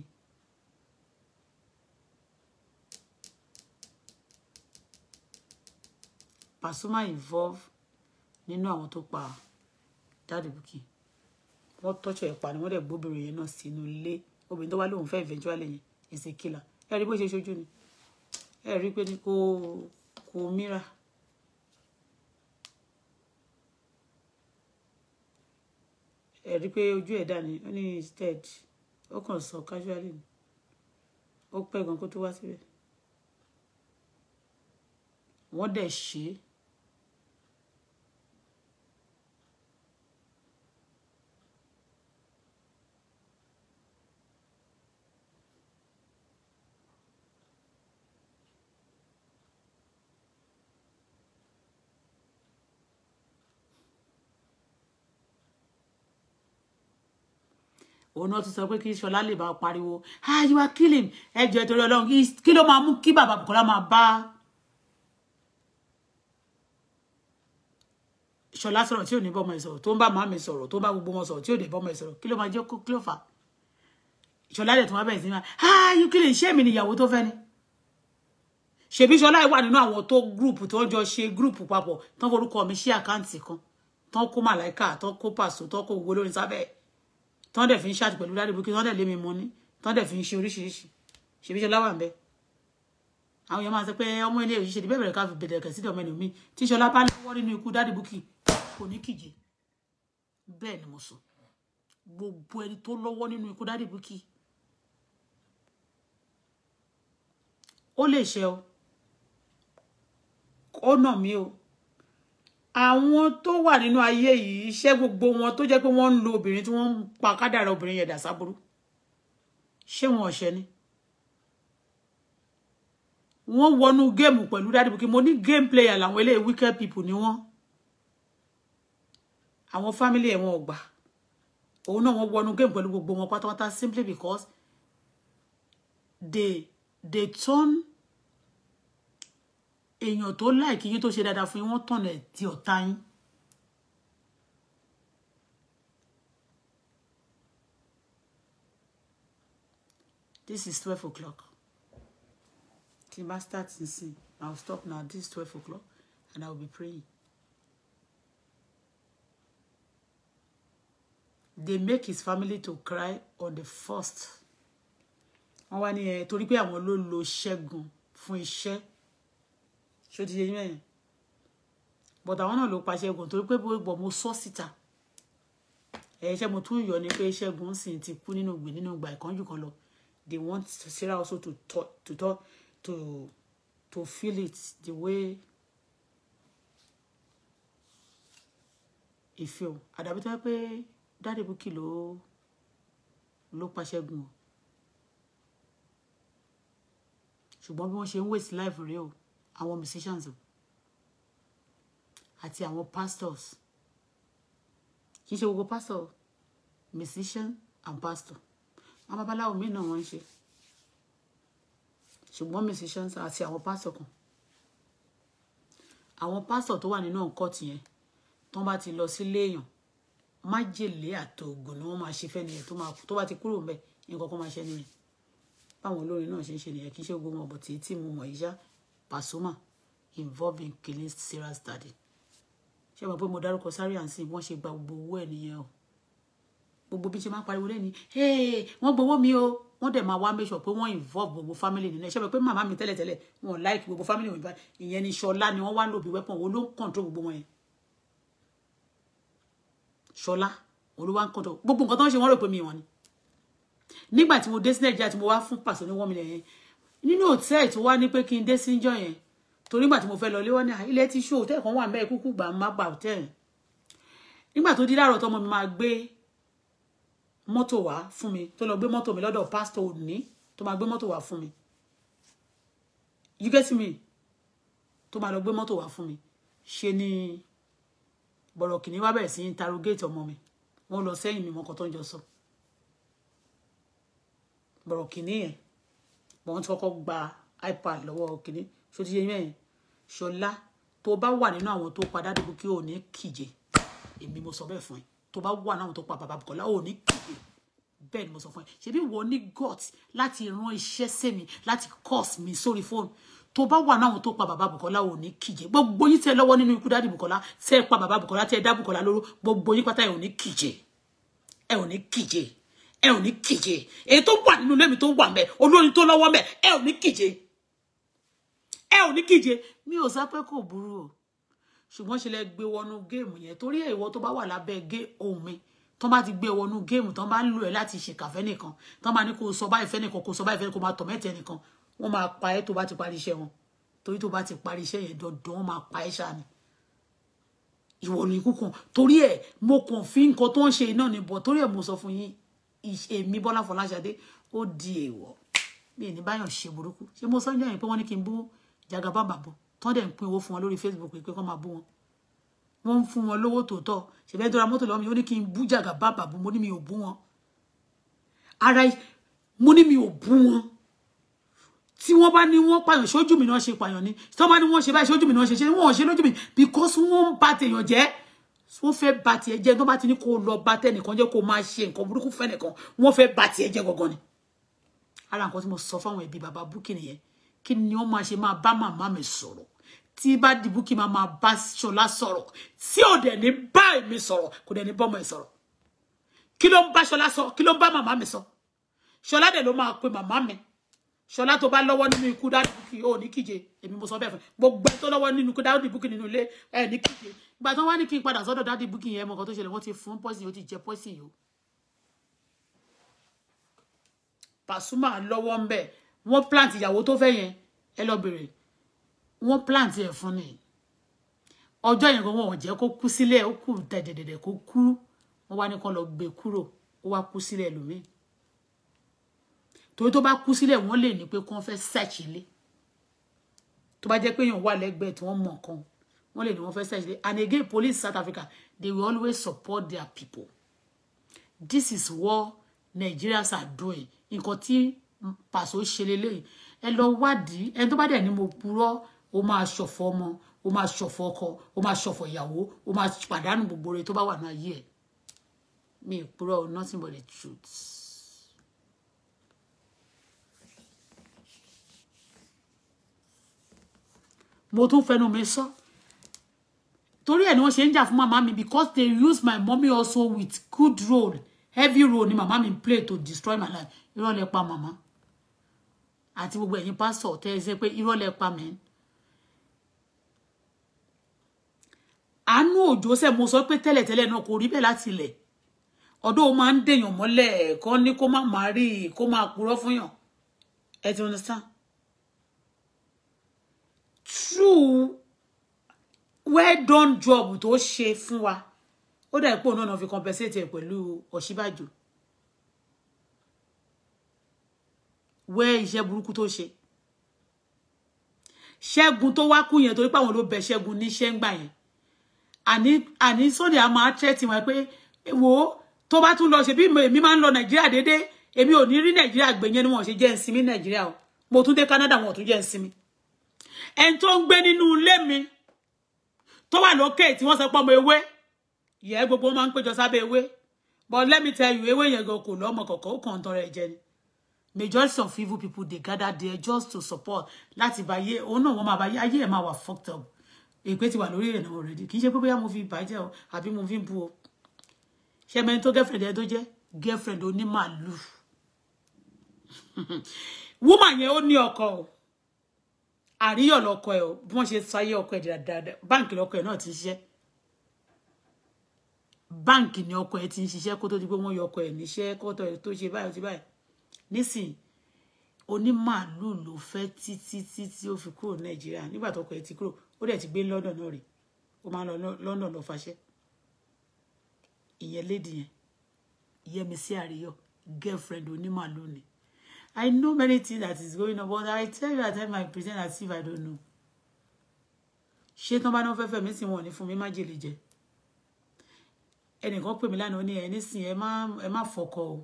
Pasuma involve nínú àwọn tó pa Daddy wọ́n tọ́jú ẹ̀ pa ni wọ́n dẹ̀ gbóbìnrin yẹn náà sínú ilé obìnrin tó wá lóun fẹ́ eventually yẹn èsì kìlà ẹ rí bó ṣe ṣojú ni ẹ rí pé ní kò kò mìíràn. ẹ rí pé ojú ẹ̀ dà ní ó ní instead ó kàn sọ casually ni ó pẹ́ gan kó tó wá síbẹ̀ wọ́n dẹ̀ ṣe é òun náà tún sọ pé kí Ṣọlá lè bá pariwo ah you are killing ẹjọ ìtorí Ọlọ́run kí ló máa mú kí bàbá Bùkọ́lá máa bá Ṣọlá sọ̀rọ̀ tí ò ní bọmọ ẹ sọ̀rọ̀ tó ń bá màmí sọ̀rọ̀ tó ń bá gbogbo wọn sọ̀rọ̀ tí ò ní bọmọ ẹ sọ̀rọ̀ kí ló máa jẹ kí ló fà Ṣọlá dẹ̀ tó wá bẹ̀rẹ̀ sí máa ah you killing ṣé èmi ni ìyàwó tó fẹ́ ni ṣèbí Ṣọlá wà nínú àwọn tó gúrùpù tó jọ ṣe gúrùpù papọ̀ tán forúkọ mi ṣí àkáǹtì kan tán kó màláìkà tán kó pàṣọ tán kó gbogbo lórí sábẹ́ ẹ̀ tán dẹ̀ fi ń ṣáàtì pẹ̀lú dáàdì bukki tán dẹ̀ lé mi mọ́ ní tán dẹ̀ fi ń ṣe oríṣiríṣi ṣèbí ṣọlá wà ń bẹ àwọn èèyàn máa sọ pé ọmọ ilé òṣìṣẹ́ ìdíbẹ̀ bẹ̀rẹ̀ ká fi bẹ̀rẹ̀ kẹ̀ sídọ̀ mẹ́nu mi tí ṣọlá bá lọ́wọ́ nínú ikú dáàdì bukki kò ní kìje bẹ́ẹ̀ ni mo sọ gbogbo ẹni tó lọ́wọ́ nínú ikú dáàdì bukki ó lè ṣe o ó nà mí o àwọn tó wà nínú ayé yìí iṣẹ́ gbogbo wọn tó jẹ́ pé wọ́n ń lo obìnrin tí wọ́n ń pa kádàrà obìnrin yẹn dà sábúrú ṣé wọn ọ̀ṣẹ́ ni wọ́n wọnú géèmù pẹ̀lú Daddy mo ní game player làwọn eléyìí wicked people ni wọ́n àwọn family ẹ̀ wọn ò gbà òun náà wọ́n wọnú géèmù pẹ̀lú gbogbo wọn pátápátá simply because they they turn èèyàn tó láìkí yín tó ṣe dáadáa fún yín wọ́n tọ̀nà ti ọ̀tá yín. This is twelve o'clock. Tí n bá start nsìn, I will stop now. This is twelve o'clock and I will be praying. They make his family to cry on the first. Wọ́n wá ní ẹ torí pé àwọn ló lo ṣẹ́gun fún iṣẹ́ ṣó ti yẹ yín ẹ̀yìn but àwọn náà ló pa ṣẹ́gun torí pé gbogbo mo sọ síta ẹ̀yẹ ṣẹ́gun tún yọ ni pé ṣẹ́gun sì ti kú nínú gbè nínú gbà ìkánjú kan lọ they want Sarah also to talk to talk to to feel it the way ìfẹ́ o àdàbí tó yẹ pé dáàdì bukki ló ló pa ṣẹ́gun o ṣùgbọ́n bí wọ́n ṣe ń wèsì life rèé o àwọn musicians àti àwọn pastors kì í ṣe gbogbo pastor musician and pastor àwọn babaláwo míì náà wọ́n ń ṣe ṣùgbọ́n musicians àti àwọn pastor kan àwọn pastor tó wà nínú ọ̀nkọ́ tìyẹn tó bá ti lọ sílé èèyàn májèlé àtògùn ni wọ́n máa ṣe fẹ́ni yẹn tó bá ti kúrò ńbẹ̀ nǹkan kan máa ṣe nìyẹn báwọn olórin náà ṣe ń ṣe nìyẹn kì ṣe gbogbo ọ̀bọ̀ tí tí mo mọ̀ yíṣá Pasuma involved in killing Sarah's daddy ṣé wàá pé mo dárúkọ sáré àǹsí wọn ṣe gba gbogbo owó ẹ nìyẹn o gbogbo bí ṣe máa ń pariwo lẹ́ni wọ́n gbowó mi o wọ́n dẹ̀ máa wá make sure pé wọ́n involve gbogbo family nínú ẹ ṣé wàá pé màmá mi tẹ́lẹ̀tẹ́lẹ̀ wọn like gbogbo family wọn ìyẹn ni shola. ni wọ́n wá no bí weapon wo ló ń control gbogbo wọn yẹn ṣọlá olúwa ń control gbogbo nǹkan tó ń ṣe wọ́n rò pé mi wọn ni nígbà tí mo dé sí nàìjíríà tí mo wá fún pàṣẹ ní wọ́n mi lẹ́yìn nínú hòtẹ́ẹ̀lì tó wá ní pé kí n dé síjọ́ yẹn torí nígbà tí mo fẹ́ lọ léwọ́ ní ilé tí ṣó hòtẹ́ẹ̀lì kan wà mẹ́ẹ̀ kúkú gbà má gbà hòtẹ́ẹ̀lì nígbà tó dí láàárọ̀ tọmọ mi máa gbé mọ́tò wá fún mi tó lọ gbé mọ́tò mi lọ́dọ̀ pásítọ̀ òní tó máa gbé mọ́tò wá fún mi you get me tó máa lọ gbé mọ́tò wá fún mi ṣe ni bọ̀rọ̀ kìnìún wá bẹ̀rẹ̀ sí interrogate ọmọ mi wọ́n lọ sẹ́yìn mi mọ́kàn tó ń jọ sọ bọ̀rọ̀ kìnìún yẹn but wọ́n ti kọ́kọ́ gba ipad lọ́wọ́ kìíní ṣó ti yé mẹ́yìn ṣọlá tó bá wà nínú àwọn tó padà dùkú kí ò ní kìje èmi mo sọ bẹ́ẹ̀ fún ẹ tó bá wà náà tó pa bàbá Bùkọ́lá ò ní kìje bẹ́ẹ̀ ni mo sọ fún ẹ ṣebí wọ ní gut láti rán iṣẹ́ sẹ́mi láti curse mi sórí fóònù tó bá wà náà tó pa bàbá Bùkọ́lá ò ní kìje gbogbo yín tẹ lọ́wọ́ nínú ikú dádì Bùkọ́lá tẹ pa bàbá Bùkọ́lá tẹ dá Bùkọ́lá lóró gbogbo yín pátá ẹ ò ní kìje ẹ ò ní kìje ẹ ò ní kìje èyí tó wà nínú ilé mi tó wà mẹ́ olórin tó lọ́wọ́ mẹ́ ẹ ò ní kìje ẹ ò ní kìje mi ò sápẹ́ kò burú o ṣùgbọ́n ṣe lẹ gbé wọnú géèmù yẹn torí ìwọ tó bá wà lábẹ́ gé ohun mi tán bá ti gbé wọnú géèmù tán bá ń lò ẹ láti ṣèkàfẹ́ nìkan tán bá ní kó sọ báyìí fẹ́ nìkan kó sọ báyìí fẹ́ kó máa tọ̀ mẹ́tẹ̀ nìkan wọ́n máa pa ẹ́ tó bá ti parí iṣẹ́ wọn torí tó bá ti parí iṣẹ́ yẹn dandan wọ́n máa pa ẹ́ ṣáà ni ìwọ ni ikú kan torí ẹ̀ mo kàn fi nǹkan tó ń ṣe iná ni bọ̀ torí ẹ̀ mo sọ fún yín èmi Bọ́lá Fọláṣadé ó di èèwọ̀ bí ẹni báyọ̀ ṣe burúkú ṣé mo sọ́njọ́ yẹn pé wọ́n ní kí n bú jagaba bàbọ̀ tán dẹ̀ ń pín owó fún wọn lórí Facebook pé kán máa bú wọn wọ́n ń fún wọn lówó tòótọ́ ṣèbẹ́ tó ra mọ́tò lọ́wọ́ mi ó ní kí n bú jagaba bàbọ̀ mo ní mi ò bú wọn ara mo ní mi ò bú wọn tí wọ́n bá ní wọ́n pààyàn ṣojú mi náà ṣe pààyàn ni tí wọ́n bá ní wọ́n ṣe báyìí ṣojú mi náà ṣe ṣe wọ́n ṣe lójú mi because wọ́n ń bà tèèyàn jẹ́ wọ́n fẹ́ bà tiẹ̀ jẹ́ tó bá ti ní kó lọ bá tẹnìkan jẹ́ kó máa ṣe nǹkan burúkú fẹ́nìkan wọ́n fẹ́ bà tiẹ̀ jẹ́ gangan ni ara nǹkan tí mo sọ fáwọn ẹbí bàbá Bukky nìyẹn kí ni wọ́n máa ṣe máa bá màmá mi sọ̀rọ̀ tí bá di Bukky máa máa bá Ṣọlá sọ̀rọ̀ tí ò dẹ̀ ní bá èmi sọ̀rọ̀ kò dẹ̀ ní bọ́mọ ẹ̀ sọ̀rọ̀ kí ló ń bá Ṣọlá sọ kí ló ń bá màmá mi sọ Ṣọlá dẹ̀ ló máa pe màmá mi Ṣọlá tó bá lọ́wọ́ nínú ikú Daddy Bukky ó ní kíje èmi mo sọ bẹ́ẹ̀ fún gbogbo ẹ tó lọ́wọ́ nínú ikú Daddy Bukky nínú ilé ẹ ní kíje ìgbà tí wọ́n wá ní kí n padà sọ́dọ̀ dáàdi búkì yẹn mọ̀ kan tó ṣẹlẹ̀ wọ́n ti fún pọ́sìn yóò ti jẹ pọ́sìn yóò Pasuma lọ́wọ́ ń bẹ̀ wọ́n plant ìyàwó tó fẹ́ yẹn ẹ lọ bèrè wọ́n plant ẹ̀ fún ni ọjọ́ yẹn gan wọn ò jẹ́ kó kú sílẹ̀ ó kù dẹ̀dẹ̀dẹ̀ kó kú wọ́n wá ní kán lọ gbé kúrò ó wá kú sílẹ̀ lómi torí tó bá kú sílẹ̀ wọ́n lè ní pé kán fẹ́ search tó bá jẹ́ pé èèyàn wà lẹ́gbẹ̀ẹ́ tí wọ́n mọ̀ kan wọ́n lè ní wọ́n fẹ́ search and again police South Africa they will always support their people this is what Nigerians are doing nǹkan tí pàṣẹ ṣe lélẹ́yìn ẹ lọ wádìí ẹni tó bá dẹ̀ ní mo purọ́ o máa ṣọ̀fọ̀ ọmọ o máa ṣọ̀fọ̀ ọkọ o máa ṣọ̀fọ̀ ìyàwó o máa pàdánù gbogbo rẹ tó bá wà ní ayé ẹ̀ mi ì nothing but the truth. mo tún fẹnu mi sọ. So Tori, ẹ̀ ni wọ́n ṣe ń jà fún mi because they use my mommy also with good role heavy role ni màmá mi play to destroy my life irọ́ lẹ pa màmá àti gbogbo ẹ̀yin pásítọ̀ tẹ́ ẹ ṣe pé irọ́ lẹ pa mẹ́rin. àánú òjò ṣe mo sọ pé tẹ́lẹ̀tẹ́lẹ̀ náà kò rí bẹ́ẹ̀ láti ilẹ̀ ọ̀dọ́ ó máa ń dèèyàn mọ́lẹ̀ kan ní kó má máa rí i kó máa purọ́ fún yàn ti understand true well done job tó ṣe fún wa ó dà pé náà fi compensate ẹ̀ pẹ̀lú Ọ̀ṣínbàjò wẹ́ iṣẹ́ burúkú tó ṣe ṣẹ́gun tó wá kú yẹn torí pé àwọn ló bẹ ṣẹ́gun níṣẹ́ ń gbà yẹn àní àní Sunday a máa tẹ́tì wọn pé wò ó tó bá tún lọ ṣe bí èmi máa ń lọ Nàìjíríà déédéé èmi ò ní rí Nàìjíríà gbé yẹn ni wọn ṣe jẹ́ ń sinmi Nàìjíríà o mo tún dé Canada wọn ò tún jẹ́ ń sinmi ẹni tó ń gbé nínú ilé mi tó wà lókè tí wọ́n sọ pé ọmọ ewé ìyẹn gbogbo wọn máa ń péjọ sábẹ́ ewé but let me tell you ewé yẹn go kò lọ́mọ kọ̀ọ̀kan ó kàn ń tọrọ ẹ̀jẹ̀ ni majority of evil people they gather there just to support láti bá yé òun náà wọ́n máa bá yé ayé ẹ̀ fucked up èpè ti wà lórí rẹ̀ náà already kì í ṣe pé bóyá mo fi bàjẹ́ o àbí mo fi bu o ṣe mẹ́ni tó girlfriend ẹ tó jẹ́ girlfriend onímàlúù woman yẹn ó ní ọkọ o àríyọ̀ lọ́kọ ẹ̀ o bí wọ́n ṣe sọ ayé ọkọ ẹ̀ dáadáa báǹkì lọ́kọ ẹ̀ náà ti ń ṣiṣẹ́ báǹkì ni ọkọ ẹ̀ ti ń ṣiṣẹ́ kó tó di pé wọ́n yọ ọkọ ẹ̀ níṣẹ́ kó tó ẹ̀ tó ṣe báyìí ti báyìí nísìn onímàálù ló fẹ́ títí títí ó fi kúrò nàìjíríà nígbà tọkọ ẹ̀ ti kúrò ó dẹ̀ ti gbé london náà rè ó máa ń lọ london lọ faṣẹ́ ìyẹn lédi yẹn yẹmi sí girlfriend onímàálù ni I know many things that is going on, but I tell you at time I present as if I don't know. She tán bá náà fẹ́fẹ́ missing sì wọ̀n ní fún mi má jèlè jẹ. Ẹnìkan pè mí lánàá ní ẹ Anything ẹ má ẹ má fọkọ̀ o.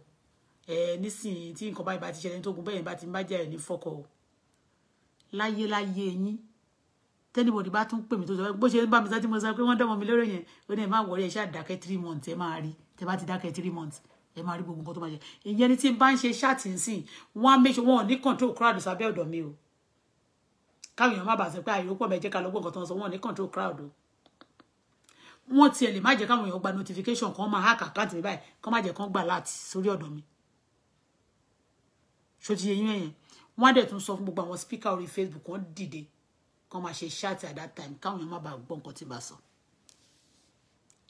Ẹ nísìn tí nǹkan báyìí bá ti ṣẹlẹ̀ tó gun bẹ́yẹn bá ti ń Tell anybody about ní fọkọ̀ me to láyé yín. Tẹ́nibọ̀dì bá tún pè mí I sọ bó ṣe bá When sá tí mo sọ pé wọ́n three months ẹ máa rí tẹ bá ti three months ẹ máa rí gbogbo nǹkan tó máa jẹ ìyẹn ni tí n bá ń ṣe ṣáàtì nsìn wọn méṣe wọn ò ní control crowd sábẹ́ ọ̀dọ̀ mi o káwọn èèyàn má bàa sọ pé àìrópọ̀ mẹ́jẹ́ ká lọ́gbọ̀n nǹkan tó ń sọ wọn ò ní control crowd o wọn tiẹ̀ lè má jẹ́ káwọn èèyàn gba notification kan máa hack àkáǹtì mi báyìí kán má jẹ́ kán gbà láti sórí ọ̀dọ̀ mi ṣó ti yẹ yín yẹn wọn á dẹ̀ tún sọ fún gbogbo àwọn speaker orí Facebook wọn dìde kán máa ṣe ṣáàtì at that time káwọn èèyàn má bàa gbọ́ nǹkan tí bá sọ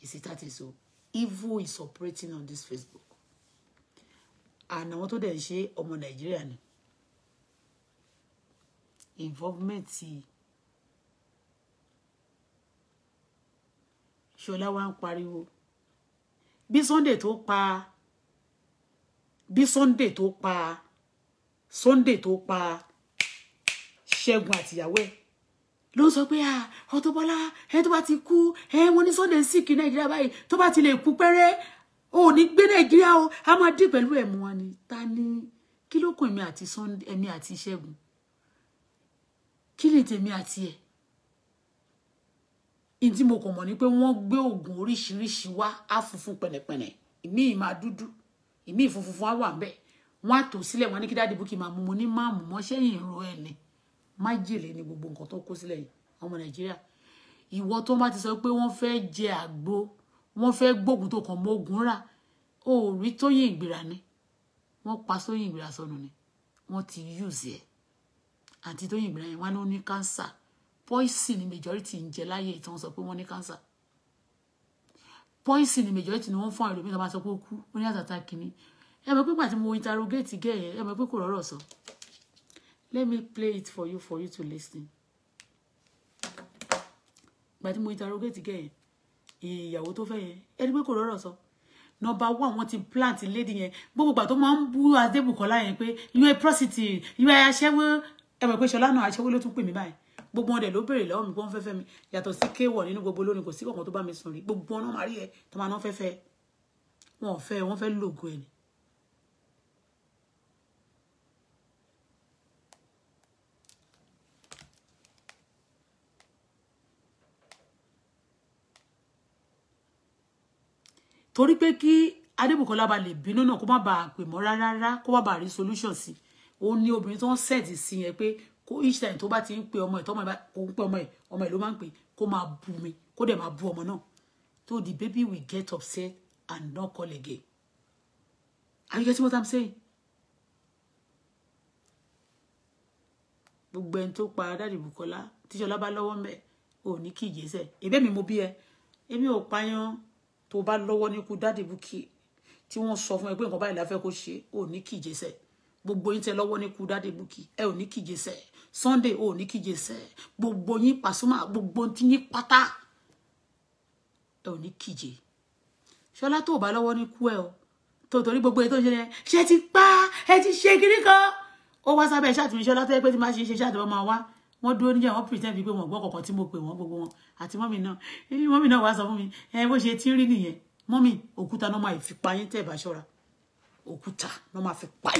ìsítàtì so evil is operating on this Facebook àná wọn tó dẹ̀ ń ṣe ọmọ nàìjíríà ni involvement ṣọlá wa ń pariwo bí sunday tó pa bí sunday tó pa sunday tó pa ṣẹ́gun àtìyàwó ẹ̀ ló sọ pé à ah, Auto Bola ẹ tó bá ti kú ẹ wọn ní sunday ń sìnkì nàìjíríà báyìí tó bá ti lè kú pẹ́rẹ́ o ní gbé nàìjíríà o a máa dé pẹ̀lú ẹ̀mú wọn ni ta ni kí ló kún èmi àti Sunday èmi àti Ṣẹ́gun kí ni tèmi àti ẹ̀ in mo kàn mọ̀ ni pé wọ́n gbé oògùn oríṣiríṣi wá á funfun pẹ̀nẹ̀pẹ̀nẹ̀ ìmí ìmá dúdú ìmí ìfunfunfun á wà ń bẹ̀ wọ́n á tò sílẹ̀ wọ́n ní kí dáàdì bókì máa mú mo ní má mú ni májèlé ni gbogbo nǹkan tó kó sílẹ̀ yìí ọmọ nàìjíríà ìwọ tó bá ti sọ pé wọ́n fẹ́ jẹ àgbo wọ́n fẹ́ gbógun tó kàn mọ́ ogun rà ó Tóyìn Ìgbìrà ni wọ́n pa Tóyìn Ìgbìrà sọnù ni wọ́n ti use ẹ̀ àti Tóyìn Ìgbìrà yẹn wá ní kánsà poison ni majority ń jẹ láyé ìtàn sọ pé wọ́n ní kánsà poison ni majority ni wọ́n fún àwọn ìlòmíràn bá sọ kú ó ní àtàtà kìíní ẹ mọ̀ pé pàtí mo interrogate gẹ̀ ẹ mọ̀ pé kò rọrọ̀ sọ let me play it for you for you to listen pàtí mo interrogate gẹ̀ ìyàwó tó fẹ́ yẹn ẹni pé kò rọrọ sọ nọ́mbà wà wọ́n ti plant lady yẹn gbogbo ìgbà tó máa ń bú adébùkọ́lá yẹn pé you a prostitute you a aṣẹ́wó ẹ mọ̀ pé ṣọlá náà aṣẹ́wó ló tún pè mí báyìí gbogbo wọn dẹ̀ ló béèrè lọ́wọ́ mi pé wọ́n fẹ́fẹ́ mi yàtọ̀ sí kéwọ̀ nínú gbogbo lónìí kò sí kankan tó bá mi sùn rí gbogbo wọn náà máa rí ẹ tó máa náà fẹ́fẹ́ wọn ò fẹ́ wọn fẹ́ lògùn ẹ̀ torí pé kí adébùkọ́lá ba lè bínú náà kó má bàa pè mọ́ rárá kó má bàa rí solution sí ó ní obìnrin tó ń set sí yẹn pé kó each time tó bá ti ń pe ọmọ ẹ̀ tọ́mọ ẹ̀ bá kó ń pe ọmọ ẹ̀ ọmọ ẹ̀ ló máa ń pè kó máa bu mi kó dẹ̀ máa bu ọmọ náà so the baby will get upset and not call again are you getting what i'm saying. gbogbo ẹni tó pa dáàdì Bùkọ́lá tíṣọlá bá lọ́wọ́ mẹ ò ní kí ìjẹsẹ èbẹ mi mo bí ẹ èmi ò pààyàn tó bá lọ́wọ́ ní ikú dáàdì Bukky tí wọ́n sọ fún ẹ pé nǹkan báyìí la fẹ́ kó ṣe ò ní kìjẹsẹ̀ gbogbo yín tẹ lọ́wọ́ ní ikú dáàdì Bukky ẹ ò ní kìjẹsẹ̀ Sunday ò ní kìjẹsẹ̀ gbogbo yín Pasuma gbogbo tí yín pátá ẹ ò ní kìje ṣọlá tó bá lọ́wọ́ ní ikú ẹ o tó torí gbogbo yín tó ń ṣe yẹn ṣe ti pa ẹ ti ṣe kiri kan ó wá sábẹ́ ṣàtúnṣe ṣọlá tó yẹ pé ti máa ṣe ṣe ṣàtúnṣe ọmọ wa wọ́n dúró níjà wọ́n pretend bíi pé wọ́n gbọ́ kọ̀ọ̀kan tí mo pè wọ́n gbogbo wọn àti mọ́mì náà èyí mọ́mì náà wàá sọ fún mi ẹ bó ṣe tí ń rí nìyẹn mọ́mì òkúta náà máa fi pa yín bá ṣọ́ra òkúta náà máa fi pa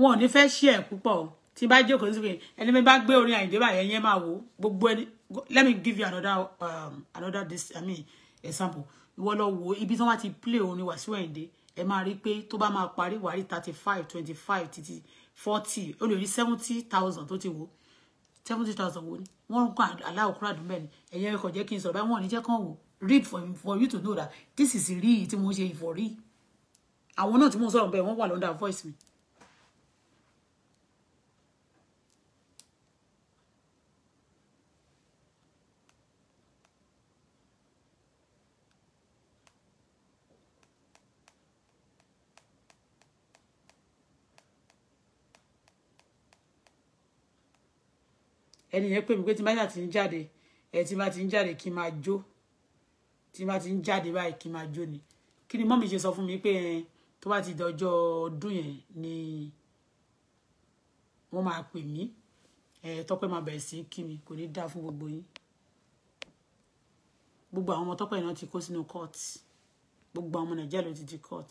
wọn ò ní fẹ́ ṣí ẹ̀ púpọ̀ tí bá jókòó nísìnyí ẹni mi bá gbé orin àyìndé báyẹn yẹn máa wò gbogbo ẹni let me give you another um, another this i mean example ìwọ lọ wo ibi tí wọn ti play orin Wàsíù Àyìndé ẹ máa rí pé tó bá máa parí wàá rí thirty five twenty five títí forty ó lè rí seventy thousand tó ti wò seventy thousand wo ni wọn ń kọ aláwọ kúrò àdúgbò ẹni ẹyẹ ẹkọ jẹ kí n sọ̀rọ̀ báyìí wọn ò ní jẹ kàn wò read for, for you to know that this is real tí mo ń ṣe ìfọ̀rí àwọn náà tí mo ń sọ̀rọ̀ bẹ́ẹ̀ wọ́n wà lọ́ndà voice mi. ẹni yẹn pè mí pé tí bá ti ń jáde ẹ tí bá ti ń jáde kí n máa jó tí bá ti ń jáde báyìí kí n máa jó ni kí ni mọ́mí ṣe sọ fún mi pé tó bá ti dọjọ́ ọdún yẹn ni wọ́n máa pè mí tọ́pẹ́ máa bẹ̀rẹ̀ sí kí mi kò ní dáa fún gbogbo yín gbogbo àwọn ọmọ tọ́pẹ́ náà ti kó sínú court gbogbo àwọn ọmọ nàìjíríà ló ti di court.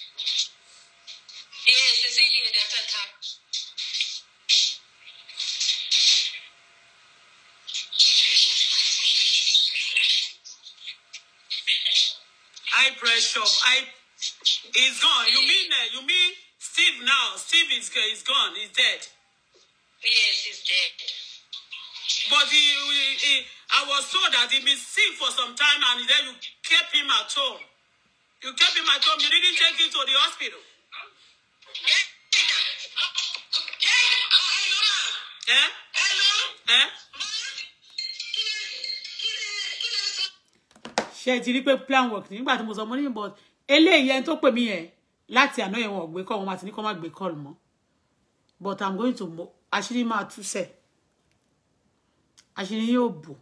años. High pressure. I is gone. You mean uh, you mean Steve now? Steve is eh, is gone. He's dead. Yes, he's dead. But he, he, he, I was told that he'd been sick for some time, and then you kept him at home. You kept him at home. You didn't take him to the hospital. ẹ ẹ. ṣe ti rí pé plan work nígbà tí mo sọ mo ní but eléyìí ẹni tó pè mí yẹn láti àná yẹn wọn ò gbé kọ́ wọn àti ní kọ́ má gbé kọ́ọ̀lù mọ́ but i'm going to mo àṣírí máa tú sẹ̀ àṣírí yóò bò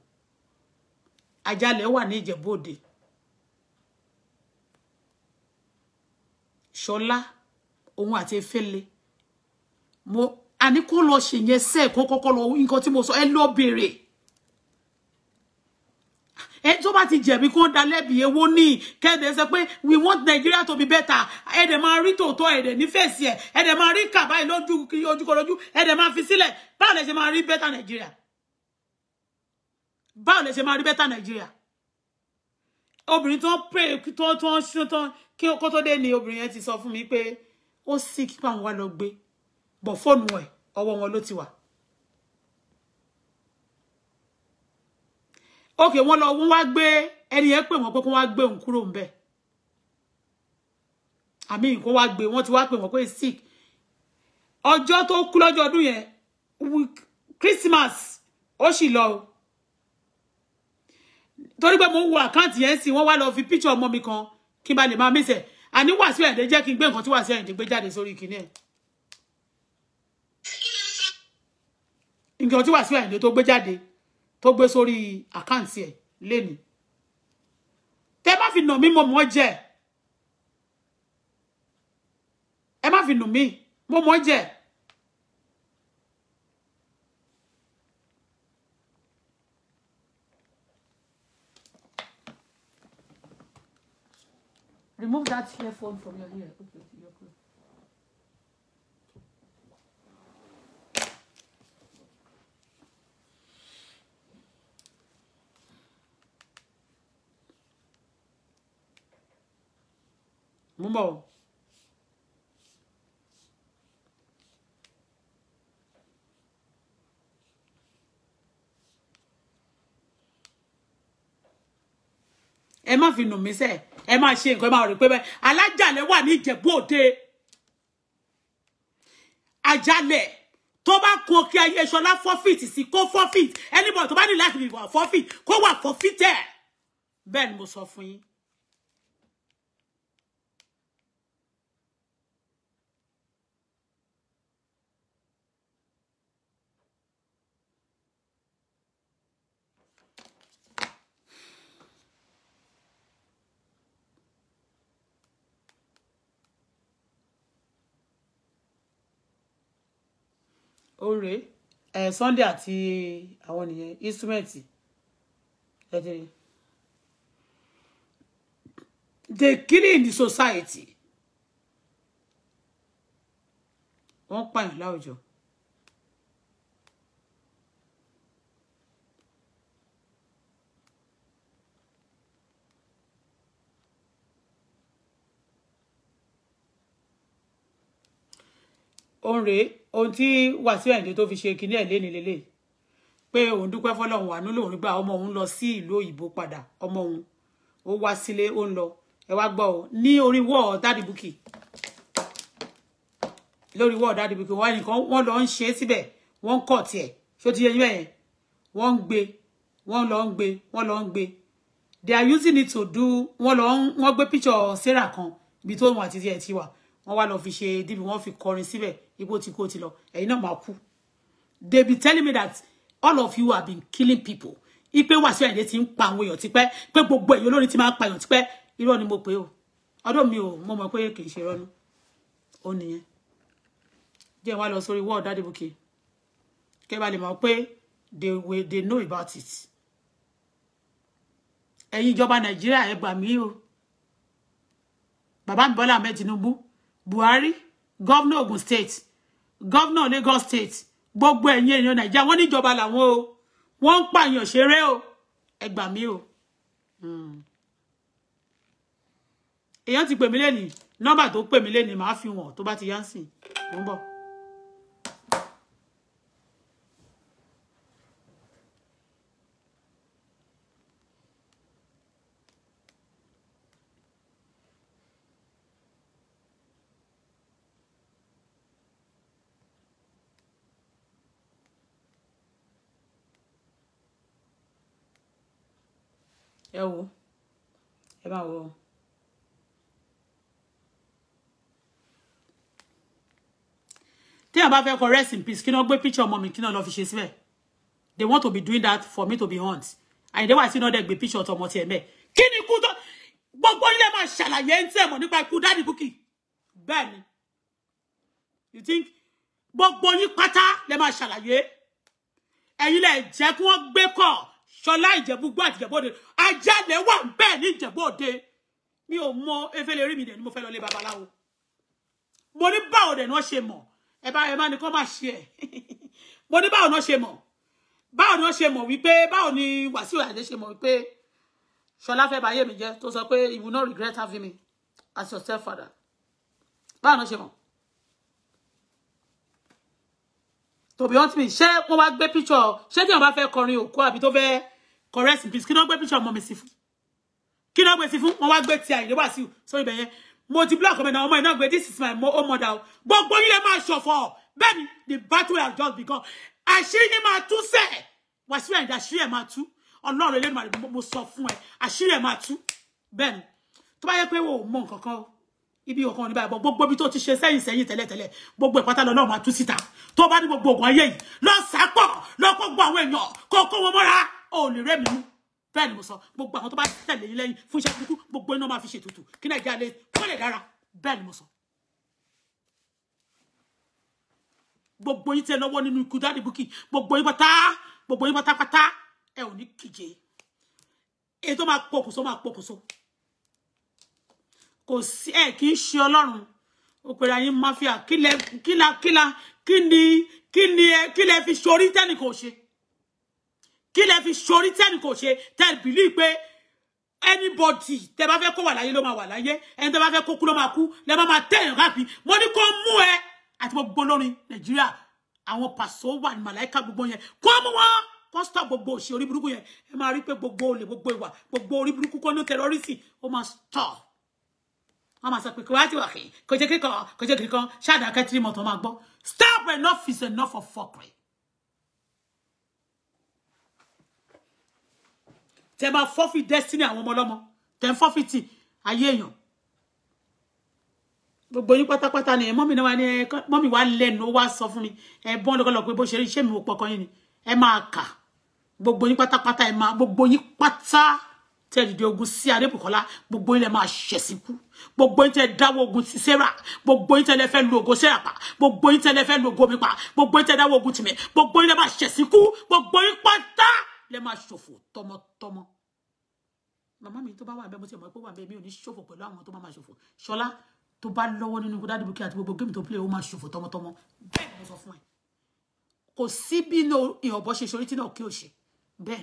àjálẹ̀ wà ní Ìjẹ̀bú Òde ṣọlá òun àti efele mo àní kó lọ ṣèyẹn sẹ́ẹ̀ kó kọ́kọ́ lọ nǹkan tí mo sọ ẹ lọ béèrè ẹ tó bá ti jẹ̀bi kó da lẹ́bi ewo ní kẹ́ẹ̀dẹ̀ sọ pé we want Nigeria to be better ẹ̀dẹ̀ máa rí tòótọ́ ẹ̀dẹ̀ nífẹ̀ẹ́sì ẹ̀ ẹ̀dẹ̀ máa rí kàbá ìlójú ojúkọlójú ẹ̀dẹ̀ máa fi sílẹ̀ báwo lẹ ṣe máa rí better Nigeria báwo lẹ ṣe máa rí better Nigeria obìnrin tó ń pè tó ń tó ń kí kó tó dé ni obìnrin yẹn ti sọ fún mi pé ó sì kí pàwọn wá lọ gbé bọ̀ fóònù ẹ̀ ọwọ́ wọn ló ti wà. òkè wọn lọ wọn wá gbé ẹni yẹn pè wọn pé kó wá gbé òun kúrò ń bẹ̀ àmì kó wá gbé wọn ti wá pè wọn pé sick ọjọ́ tó kú lọ́jọ́ ọdún yẹn Christmas ó sì lọ o torí pé mo ń wo àkáǹtì yẹn sí wọ́n wá lọ fi píṣọ ọmọ mi kan kí n ba lè máa mí sẹ̀ àní wàásù jẹ́ kí n gbé nǹkan tí wàásù ẹ̀dẹ́ gbé jáde sórí kìnìún. nǹkan tí Wàsíù Àyìndé tó gbé jáde tó gbé sórí àkáǹtì ẹ̀ lénìí tẹ má fi nà mí mo mọ̀ jẹ ẹ má fi nà mí mo mọ̀ jẹ. Remove that earphone from your ear. Okay. mú bọ̀ o. ẹ má fi nù mí sẹ ẹ má ṣe nǹkan ẹ má rí pé bẹ́ẹ̀ alájàlẹ̀ wà ní Ìjẹ̀bú Òde àjàlẹ̀ tó bá kun òkè ayé ṣọlá forfeit sí kó forfeit anybody tó bá ní láti wà forfeit kó wà forfeit ẹ bẹ́ẹ̀ ni mo sọ fún yín oore ẹ eh, Sunday àti àwọn nìyẹn instrument ẹdínní The killing the society wọ́n pààyàn láwùjọ. òǹrè ohun tí Wàsíù Àyìndé tó fi ṣe kinní ẹ̀ léni lélẹ̀ pé òun dúpẹ́ fọlọ́run àánú lòun gbà ọmọ òun lọ sí ìlú òyìnbó padà ọmọ òun ó wá sílé ó ń lọ ẹ wá gbọ́ ọ ní orí wọ́ọ̀ dáàdì búkì lórí wọ́ọ̀ dáàdì búkì wọ́n ẹnìkan wọ́n lọ ń ṣe é síbẹ̀ wọ́n ń kọ̀ tiẹ̀ ṣó ti yẹ yín wọ́n ń gbé wọ́n lọ ń gbé wọ́n lọ ń gbé they are using it to do wọ́n lọ wọ́n gbé picture Sarah kan ibi tó wọn àti tiẹ̀ ti wà wọ́n wá lọ fi ṣe díbi wọ́n fi kọrin síbẹ̀ ibo ti ko ti lo ẹ̀yin náà máa kú they be telling me that all of you have been killing people ipe Wasiu Ayinde ti ń pa àwọn èèyàn tipẹ́ pé gbogbo èèyàn olórin ti máa ń pa èèyàn tipẹ́ irọ́ ni mo pè o ọdún mi ò mo mọ̀ pé kì í ṣe irọ́ nu ó nìyẹn jẹ́ wá lọ sórí wọ́ọ̀ dáàdì bùkì kẹ́ bá lè they will they know about it ẹ̀yin ìjọba Nàìjíríà ẹ gbà mí o bàbá mi Bọ́lá Ahmed Tinubu Buhari gómìnà Ogun State governor Lagos state gbogbo ẹ̀yin èèyàn Nàìjíríà wọ́n níjọba làwọn o wọ́n ń pààyàn ṣeré o ẹ gbà mí o hmm. èèyàn ti pè mí lẹ́nìí nọ́mbà tó pè mí lẹ́nìí màá fi wọ̀n tó bá ti yá ń sìn ló ẹ wo ẹ bá wo. téèyàn bá fẹ́ kọ rest in peace kí náà gbé picture ọmọ mi kí náà lọ fi ṣe síbẹ̀ they want to be doing that for me to be hunt àyìndé wà sí náà dẹ̀ gbé picture ọ̀tọ̀ ọmọ tiẹ̀ mẹ́ kí ni ikú tó gbogbo ilé máa ṣàlàyé ń tẹ̀ mọ̀ nípa ikú dáàdì Bukky bẹ́ẹ̀ ni you think gbogbo yín pátá lè máa ṣàlàyé ẹ̀yin lè jẹ́ kí wọ́n gbé kọ́ ṣọlá ìjẹ̀búgbó àti ìjẹ̀bọ́dé ajálẹ̀ wà bẹ́ẹ̀ ní ìjẹ̀bọ́dé mi ò mọ efele rí mi dẹ̀ ni mo fẹ́ lọ lé babaláwo mo ní báwo dẹ̀ náà ṣe mọ̀ ẹ bá ẹ má ní kọ́ máa ṣe ẹ̀ mo ní báwo náà ṣe mọ̀ báwo náà ṣe mọ̀ wípé báwo ni Wàsíù Àyìndé ṣe mọ̀ wípé ṣọlá fẹ́ báyé mi jẹ́ tó sọ pé you will not regret having me as your stepfather báwo náà ṣe mọ̀ to be honest me ṣé wọ́n wá gbé picture ṣé tí wọ́n bá fẹ́ kọrin òkú àbí tó fẹ́ correct in peace kí ló gbé picture ọmọ mi sí fún kí ló gbé sí fún wọ́n wá gbé ti àyè wá sí sórí ibẹ̀ yẹn mo ti block ọmọ náà ọmọ náà gbé this is my own mother o gbogbo yín lè máa ṣọ̀fọ̀ bẹ́ẹ̀ ni the battle has just begun àṣírí yín máa tú sẹ́ẹ̀ wàṣírí àyìndà àṣírí ẹ̀ máa tú ọlọ́run eléyìí mo sọ fún ẹ àṣírí ẹ̀ máa tú bẹ́ẹ̀ ni tó bá yẹ pé wò ó mọ nǹkan kan ibi ọ̀kan ní báyìí gbogbo ibi tó ti ṣe sẹ́yìn sẹ́yìn tẹ́lẹ̀tẹ́lẹ̀ gbogbo ìpátá lọ náà máa tú síta tó bá ní gbogbo ògùn ayé yìí lọ sápọ̀ lọ kó gbọ́ àwọn èèyàn kó kó wọn mọ́ra ò lè rẹ́ mi mú bẹ́ẹ̀ ni mo sọ gbogbo àwọn tó bá tẹ̀lé yín lẹ́yìn fún iṣẹ́ kúkú gbogbo iná máa fi ṣètùtù kí nàìjíríà lè kó lè dára bẹ́ẹ̀ ni mo sọ. gbogbo yín tẹ lọ́wọ́ nínú ikú dáàdì bukki gbogbo yín pátá gbogbo yín pátápátá ẹ ò ní kíje èyí tó máa pokùnso máa pokùnso kò sí ẹ kì í ṣe ọlọ́run ó pera yín mafia kílẹ̀ kíla kíla kí ni kí ni ẹ kílẹ̀ fi ṣorí tẹ́nì kò ṣe kílẹ̀ fi ṣorí tẹ́nì kò ṣe tẹ́nì bìlí pé anybody tẹ́ bá fẹ́ kó wà láyé ló máa wà láyé ẹni tẹ́ bá fẹ́ kó kú ló máa kú lẹ́ bá máa tẹ̀yìn rápi mo ní kó mú ẹ àti gbogbo olórin nàìjíríà àwọn pàṣọ wà ní màláìka gbogbo yẹn kó mú wọn kọ́sítọ̀ gbogbo òṣì orí burúkú yẹn ẹ máa rí pé gbogbo olè gbogbo ìwà gbogbo orí burúkú kọ́ ní tẹ̀rọ́rìsì ó máa stop wọ́n máa sọ pé kò wá ti wà kí kò jẹ́ kíkan mọ̀tò máa gbọ́ stop enough is enough of fuckery. tẹ máa fọ́fì destiny àwọn ọmọ ọlọ́mọ tẹ ń fọ́fì tì ayé èèyàn gbogbo yín pátápátá ni mọ́mì náà wá ní ẹ mọ́mì wá lẹ́nu ó wá sọ fún mi ẹ bọ́n lọ́kọ́lọ́ pé bó ṣe rí iṣẹ́ mi ò pọ̀ kan yín ni ẹ máa kà gbogbo yín pátápátá ẹ máa gbogbo yín pátá tẹ́ dìde ogun sí Adébùkọ́lá gbogbo yín lẹ máa ṣẹ̀ síkú gbogbo yín tẹ́ dáwọ́ ogun ti Sarah gbogbo yín tẹ́ lẹ fẹ́ lu ogo Sarah pa gbogbo yín tẹ́ lẹ fẹ́ lu ogo mi pa gbogbo yín tẹ́ dáwọ́ ogun tì mí gbogbo yín lẹ máa ṣẹ̀ síkú gbogbo yín pátá lẹ máa ṣòfò tọmọtọmọ màmá mi tó bá wà bẹ́ẹ̀ mo ti mọ̀ pé wà bẹ́ẹ̀ mi ò ní ṣòfò pẹ̀lú àwọn tó máa ṣòfò ṣọlá tó bá lọ́wọ́ nínú Daddy Bukky àti gbogbo géèmù tó play ó máa ṣòfò tọmọtọmọ bẹ́ẹ̀ mo sọ fún ẹ kò sí bí ìhọ̀bọ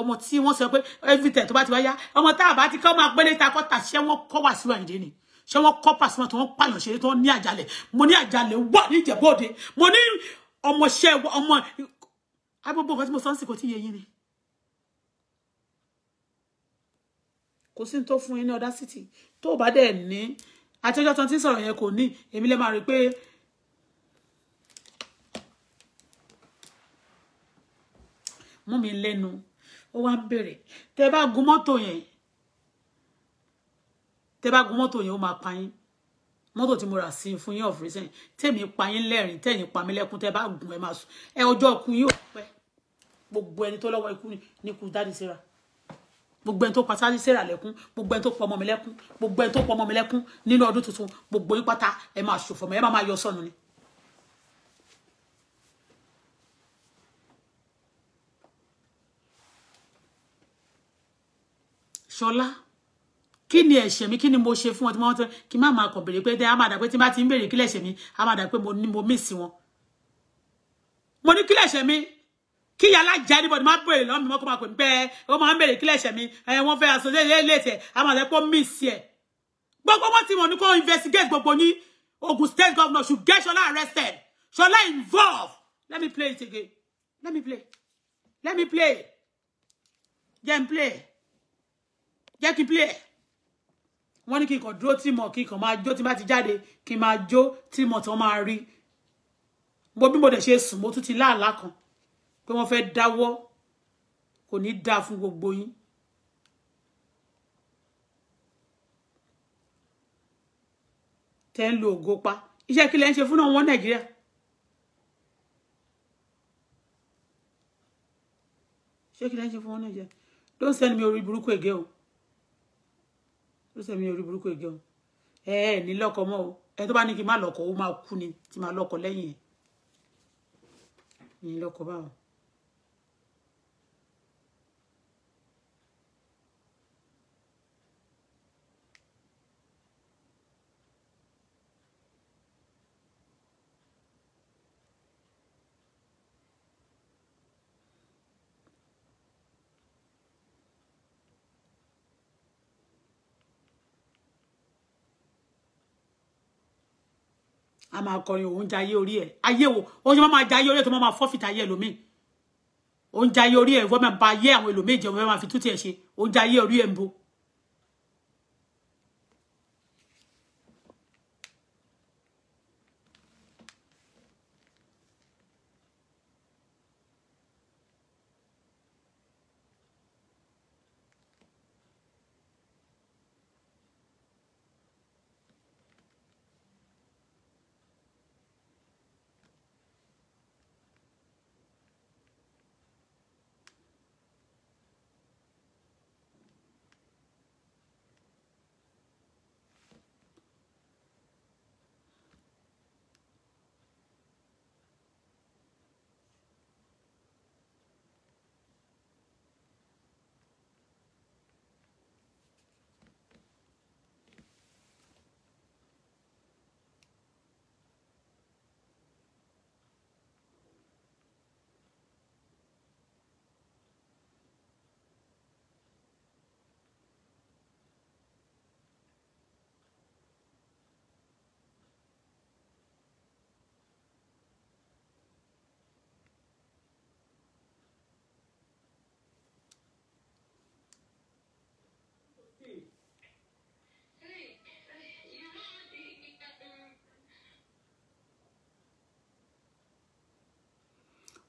ọmọ tí wọ́n sọ pé everything tó bá ti wá yá ọmọ tá a bá ti kọ́ máa gbélé ta kọ́ta ṣé wọ́n kọ́ wá sí wàǹdé ni ṣé wọ́n kọ́ pàṣẹ tó wọ́n pààyàn ṣeré tó ní àjálẹ̀ mo ní àjálẹ̀ wà ní ìjẹ̀bọ́dé mo ní ọmọṣẹ́ ọmọ agbogbo nǹkan tí mo sọ ń sì kò tí yẹ yín ni kò sí tó fún yín ní ọ̀dá city tó bá dẹ̀ ní àtijọ́ tó ti ń sọ̀rọ̀ yẹn kò ní èmi lè máa rí pé mú mi lẹ́nu ó wá ń bèrè tẹ bá gun mọ́tò yẹn tẹ bá gun mọ́tò yẹn ó máa pa yín mọ́tò tí mo rà sí fún yín ọ̀fìn sẹ́yìn tẹ̀mí pa yín lẹ́rìn tẹ̀yìn pa mí lẹ́kún tẹ bá gun ẹ máa sùn ẹ ọjọ́ ku yín ò pẹ́ gbogbo ẹni tó lọ́wọ́ ikú ni kú dáàdì síra gbogbo ẹni tó pa sáájú síra lẹ́kún gbogbo ẹni tó pọ ọmọ mi lẹ́kún gbogbo ẹni tó pọ ọmọ mi lẹ́kún nínú ọdún tuntun gbogbo yín pátá ẹ máa ṣòfò mọ́ ẹ má máa yọ sọnù ni ṣọlá kí ni ẹ̀ṣẹ̀ mi kí ni mo ṣe fún wọn tí wọ́n tọ́ kí má máa kàn béèrè pé dẹ́ a pé tí bá ti ń béèrè kílẹ̀ mi a pé mo ní mo mí sí wọn. mo ní kílẹ̀ ẹ̀ṣẹ̀ mi kí yàrá jẹ́ níbo ni má lọ́mọ mọ́kọ́ máa pè mí pé ó máa ń béèrè kílẹ̀ mi ẹ̀ wọ́n fẹ́ aṣọ ilé ilé tẹ̀ a máa dà pé ó mí sí ẹ̀. gbogbo wọn ti mọ̀ ní kó investigate gbogbo yín Ogun State governor should get Shola arrested Shola involved let me play it again let me play let me play then play jẹ́ kí n play ẹ̀ wọ́n ní kí n kàn dúró tí mọ̀ kí n kàn máa jó tí n bá ti jáde kí n máa jó tí mọ̀ tí wọ́n máa rí mo bí mo dẹ̀ ṣe sùn mo tún ti láàlá kan pé wọ́n fẹ́ dáwọ́ kò ní dáa fún gbogbo yín. tẹ́ ń lo ògo pa iṣẹ́ kí lẹ́ ń ṣe fún náà nàìjíríà. ṣé kí lẹ́ ń ṣe fún wọn nàìjíríà don't send me orí burúkú again. o ló sẹ̀mí orí burúkú ìjọ ẹ ẹ ní lọ́kọ mọ́ o ẹ tó bá ní kí n má lọ́kọ ó máa kú ni tí máa lọ́kọ lẹ́yìn ẹ̀ ní lọ́kọ báwọn. a máa o òun jayé orí ẹ ayé wo ma ṣe máa máa jayé orí ẹ tó máa máa fọ́fìtì ayé ẹlòmíì òun jayé orí ẹ ìwọ́n ma ba ayé àwọn ẹlòmíì jẹun fẹ́ máa fi tútì ẹ ṣe òun jayé orí ẹ ń bo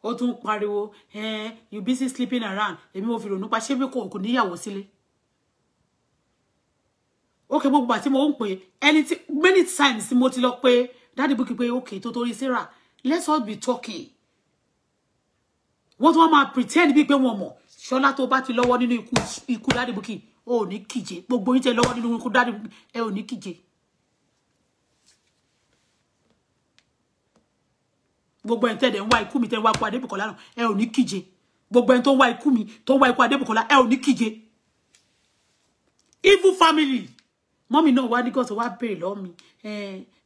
ó tún pariwo eh you busy sleeping around èmi mo fi rònú pa ṣé bí kò kò níyàwó sílé okay gbogbo àti mo ń pè ẹni many times mo ti lọ pé dáàdì bùkì pé okay tó torí sarah let's all be talking wọ́n tún wá máa pretend bíi pé wọ́n mọ̀ ṣọlá tó bá ti lọ́wọ́ nínú ikú dáàdì bùkì ò ní kíje gbogbo yín tẹ lọ́wọ́ nínú ikú dáàdì bùkì ẹ ò ní kíje. gbogbo ẹni tẹ́lẹ̀ ń wá ikú mi tẹ́ ń wá ikú Adébùkọ́lá náà ẹ ò ní kíje gbogbo ẹni tó ń wá ikú mi tó ń wá ikú Adébùkọ́lá ẹ ò ní kíje evil family mọ́mì náà wá ní gọ́ọ̀sọ̀ wá bèrè lọ́ọ́ mi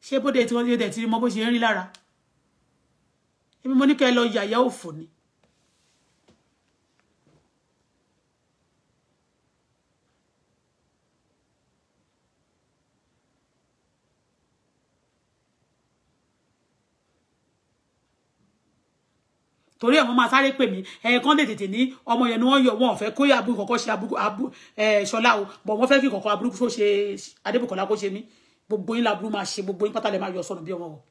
ṣé bóde tí wọ́n ti rí mọ́ bó ṣe ń rí lára èmi mo ní kẹ́ lọ yàyà òfò ni torí ẹ̀ wọ́n máa sáré pè mí ẹ̀ẹ̀kan lè tètè ní ọmọ yẹn ni wọ́n yọ wọn ò fẹ́ kó yà abúrú kọ̀ọ̀kan ṣe abúrú ṣọlá o bọ̀ wọ́n fẹ́ kí kọ̀ọ̀kan abúrú kó ṣe adébùkọ̀lá kó ṣe mí gbogbo yín laburú máa ṣe gbogbo yín pátá lè máa yọ sọnù bí ọmọ wọn.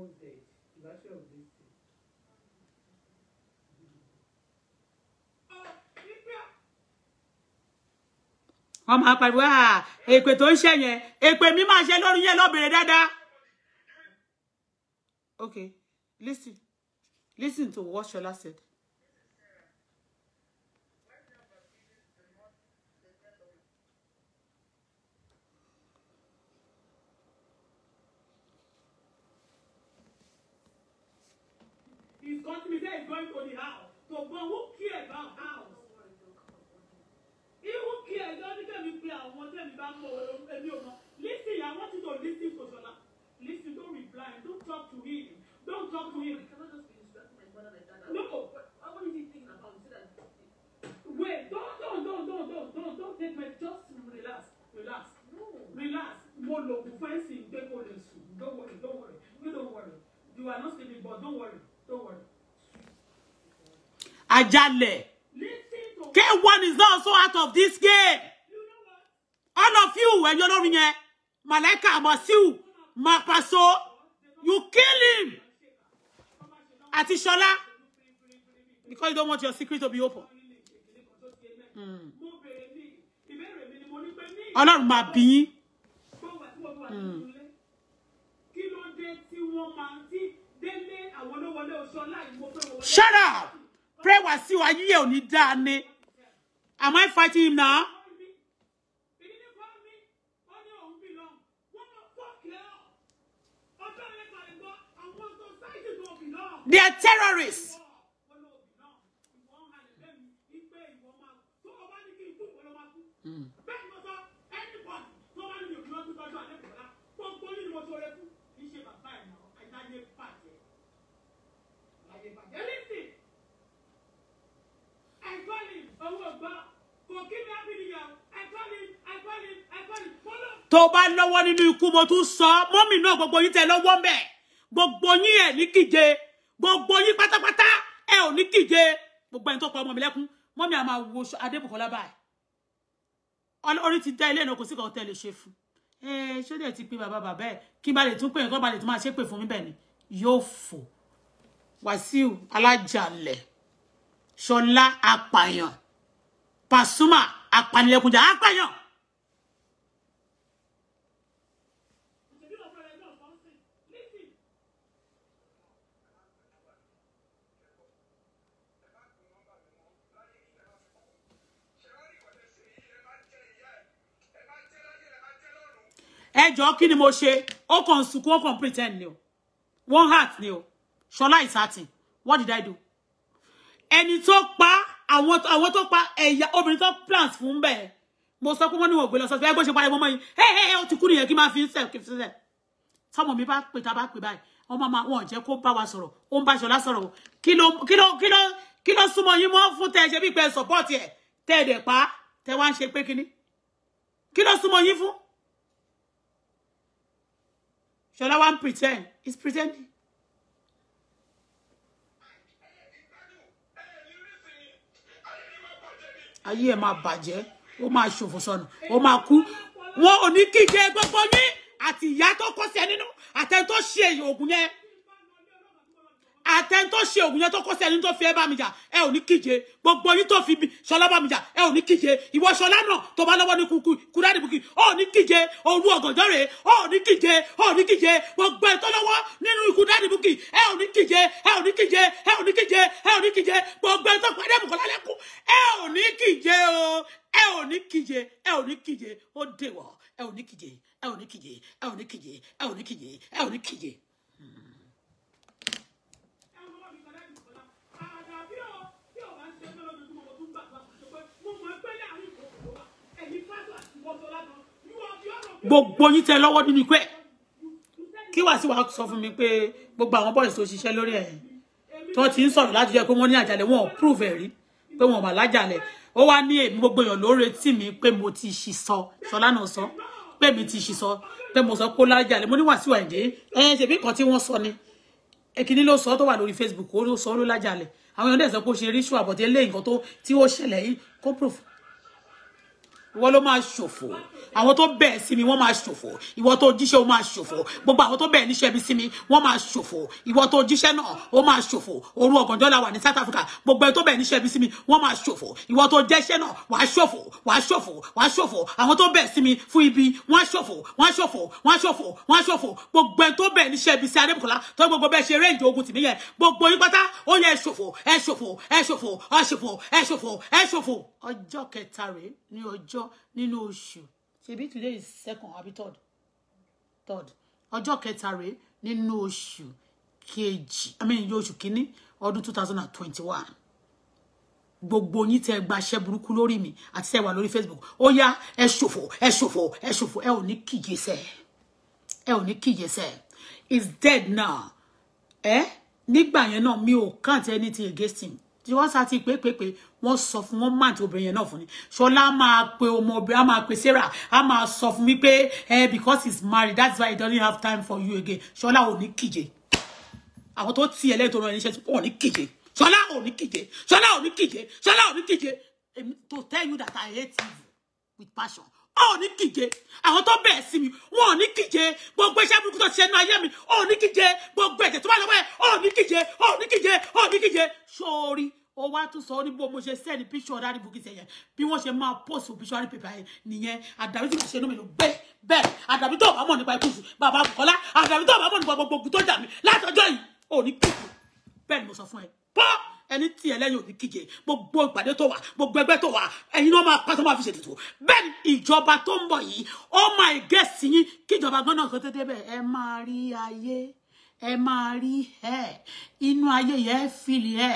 common debt ìbáṣọ òbí sí. wọ́n máa pariwo à èpè tó ń ṣe yẹn èpè mi máa ṣe lórí yẹn lọ́bìnrin dáadáa. okay listen listen to what Shola said talk to him. No. What is he thinking about? Wait, don't, don't, don't, don't, don't, don't, take my, just relax, relax. No. Relax. Mo lo bu fẹ́ǹsì gbé Don't worry, don't worry. You don't worry. You are not sleeping, but don't worry, don't worry. Ajale. K1 is not also out of this game. All of you, when you're not in here, Malaika, Masiu, Mapaso, you kill him. Ati shola because you don't want your secret to be open. Hmm. Ọlọ́run máa bí hmm. Shut up! Pray Wasiu ayé ò ní dáa ni. Am I fighting him now? terrorists. Mm. tó bá lọ́wọ́ nínú ikú mo tún sọ mọ́mì náà gbogbo yín tẹ lọ́wọ́ mbẹ̀ gbogbo yín ẹ̀ ní kíje gbogbo yín pátápátá ẹ ò ní díje gbogbo ẹni tó pa ọmọ mi lẹ́kún mọ́mí àmà wo adébùkọ́lá báyìí orí ti dá ilé ìnáwó kò sí kan tẹ́ lè ṣe fún ẹ ṣé dẹ̀ ti pe bàbá bàbá ẹ̀ kí n bá lè tún pè yín kó bá lè tún máa ṣe pè fún mi bẹ́ẹ̀ ni yóò fò wàsíù alájàlẹ̀ ṣọlá apààyàn pàṣùmà apanilẹ̀kùnjà apààyàn ẹjọ́ kí ni mo ṣe ó kàn sunkún ó kàn pretend ni o one heart ni o ṣọlá is hurting what did i do ẹni tó pa àwọn àwọn tó pa ẹ̀yà obìnrin tó plant fún bẹ́ẹ̀ mo sọ pé wọ́n ní wọ́n gbé lọ sọ́sọ́ ẹgbẹ́ ṣe parí mọ́mọ́ yìí ẹ̀ Hey hey, o ti kú nìyẹn kí máa fi ń kí n fi sẹ̀ tọmọ mi bá pè tá a bá pè báyìí ọmọ máa wọn jẹ́ kó bá wa sọ̀rọ̀ ó ń bá ṣọlá sọ̀rọ̀ kí ló kí ló kí ló kí ló súnmọ́ yín mọ́ fún tẹ́ ẹ ṣe bí pé support ẹ̀ tẹ́ ẹ dẹ̀ pa tẹ́ wá ń ṣe pé kíní kí ló súnmọ́ yín fún Ṣọlá wa ń pretend he's pretending. ayé ẹ̀ máa bàjẹ́ ó máa ṣòfò sọnù ó máa kú wọn ò ní kíje gbogbo ní àti ìyá tó kọ́ sí ẹ nínú àtẹni tó ṣe oògùn yẹn àtẹn tó ṣe ògùn yẹn tó kó sẹni tó fi ẹ bá mi jà ẹ ò ní kíje gbogbo yín tó fi ṣọlá bá mi jà ẹ ò ní kíje ìwọ ṣọlá náà tó bá lọ́wọ́ ní kúkú kúrẹ́ ní bukí ọ ò ní kíje òru ọ̀gànjọ́ rẹ̀ ọ ò ní kíje ọ ò ní kíje gbogbo ẹ tó lọ́wọ́ nínú ikú dáàdì bukí ẹ ò ní kíje ẹ ò ní kíje ẹ ò ní kíje ẹ ò ní kíje gbogbo ẹ tó pàdé bùkọ́lá lẹ́kù ẹ ò ní kíje o ẹ ò ní kíje ẹ ò ní kíje ó dèwọ̀ ẹ ò ní kíje ẹ ò ní kíje ẹ ò ní kíje ẹ ò ní kíje ẹ ò ní kíje gbogbo yín tẹ lọ́wọ́ nínú ikú ẹ̀ kí wàá sì wàá sọ fún mi pé gbogbo àwọn boys tó ṣiṣẹ́ lórí ẹ̀ tó ti ń sọ̀rọ̀ láti jẹ́ pé wọ́n ní àjàlẹ̀ wọn ò prove ẹ̀ rí pé wọn ò bà lájàlẹ̀ ó wá ní èmi gbogbo èèyàn ló retí mi pé mo ti ṣì sọ sọlá náà sọ pé mi ti ṣì sọ pé mo sọ pé ó lájàlẹ̀ mo ní Wàsíù Àyìndé ẹ ṣèbí kan tí wọ́n sọ ni ekini ló sọ tó wà lórí Facebook o ló sọ ló lájàlẹ̀ àwọn èèyàn dẹ̀ sọ pé ó ṣe ríṣù àbọ̀dé lé nǹkan tó tí ó ṣẹlẹ̀ yìí kó ìwọ ló máa ṣòfò àwọn tó bẹ̀ẹ̀ sí mi wọ́n máa ṣòfò ìwọ tó jíṣẹ́ ó máa ṣòfò gbogbo àwọn tó bẹ̀ẹ̀ níṣẹ́ mi sí mi wọ́n máa ṣòfò ìwọ tó jíṣẹ́ náà ó máa ṣòfò òru ọ̀gànjọ́ la wà ní South Africa gbogbo ẹni tó bẹ̀ẹ̀ níṣẹ́ mi sí mi wọ́n máa ṣòfò ìwọ tó jẹ́ṣẹ́ náà wàá ṣòfò wàá ṣòfò wàá ṣòfò àwọn tó bẹ̀ẹ̀ sí mi fún ibi wọ́n ṣòfò wọ́n ṣòfò wọ́n ṣòfò wọ́n ṣòfò gbogbo ẹni tó bẹ̀ẹ̀ níṣẹ́ mi sí Adébùkọ́lá tó gbogbo bẹ́ẹ̀ ṣe rẹ́ǹdì ogun tì níyẹn gbogbo yín pátá ó yẹ ṣòfò ọjọ́ kẹta rèé ní ọjọ́ nínú oṣù ṣebí today is second àbí third third ọjọ́ kẹta rèé nínú oṣù kejì i mean oṣù kínní ọdún two thousand and twenty-one gbogbo yín tẹ gbaṣẹ́ burúkú lórí mi àti tẹ wà lórí facebook ó yá ẹ ṣòfò ẹ ṣòfò ẹ ṣòfò ẹ ò ní kíyèsẹ̀ ẹ ò ní kíyèsẹ̀ is dead now ẹ nígbà yẹn náà mi ò count anything against him tí wọ́n sá ti pé pé pé wọ́n sọ fún wọn máa ti obìnrin yẹn náà fún ni ṣọlá máa pe ọmọ obìnrin á máa pe sarah á máa sọ fún mi pé ẹ eh, because he's married that's why he doesn't have time for you again Shola, ò ní kíje àwọn tó ti ẹlẹ́yìn tó rán ẹni iṣẹ́ tí wọ́n ní kíje ṣọlá ò ní kije. Shola, ò ní kíje ṣọlá ò ní kíje to tell you that i hate you with passion ò ní kíje àwọn tó bẹ̀ẹ̀ sí mi wọn ò ní kíje gbogbo iṣẹ́ burúkú tó ṣe ẹnu ayé mi ò ní kíje gbogbo ẹ̀jẹ̀ tó bá lọ́wọ́ ẹ̀ ò ní kíje ò ní kíje ò ní kíje sórí ó wá tún sọ ní bó mo ṣe picture píṣọ ọ̀dà ní bukisi ẹ̀yẹ bí wọ́n ṣe máa pọ́sù obituary paper yẹn nìyẹn àdàbí tí mo ṣe inú mi ló bẹ́ẹ̀ bẹ́ẹ̀ àdàbí tó bá mọ̀ nípa ikú fún bàbá Bùkọ́lá àdàbí tó bá mọ̀ nípa gbogbo ogun tó jà mí látọjọ́ yìí ò ní kíkù bẹ́ẹ̀ ni mo sọ fún ẹ Pa ẹni tí ẹlẹ́yìn òní kíje gbogbo ìpàdé tó wà gbogbo ẹgbẹ́ tó wà ẹ̀yin náà máa pátá máa fi ṣètùtù bẹ́ẹ̀ ni ìjọba tó ń bọ̀ yìí ó máa gẹ̀ẹ́sì yín kíjọba gbọ́dọ̀ kó tètè bẹ́ẹ̀ ẹ máa rí ayé ẹ máa rí ẹ inú ayé yẹ ẹ fìlì ẹ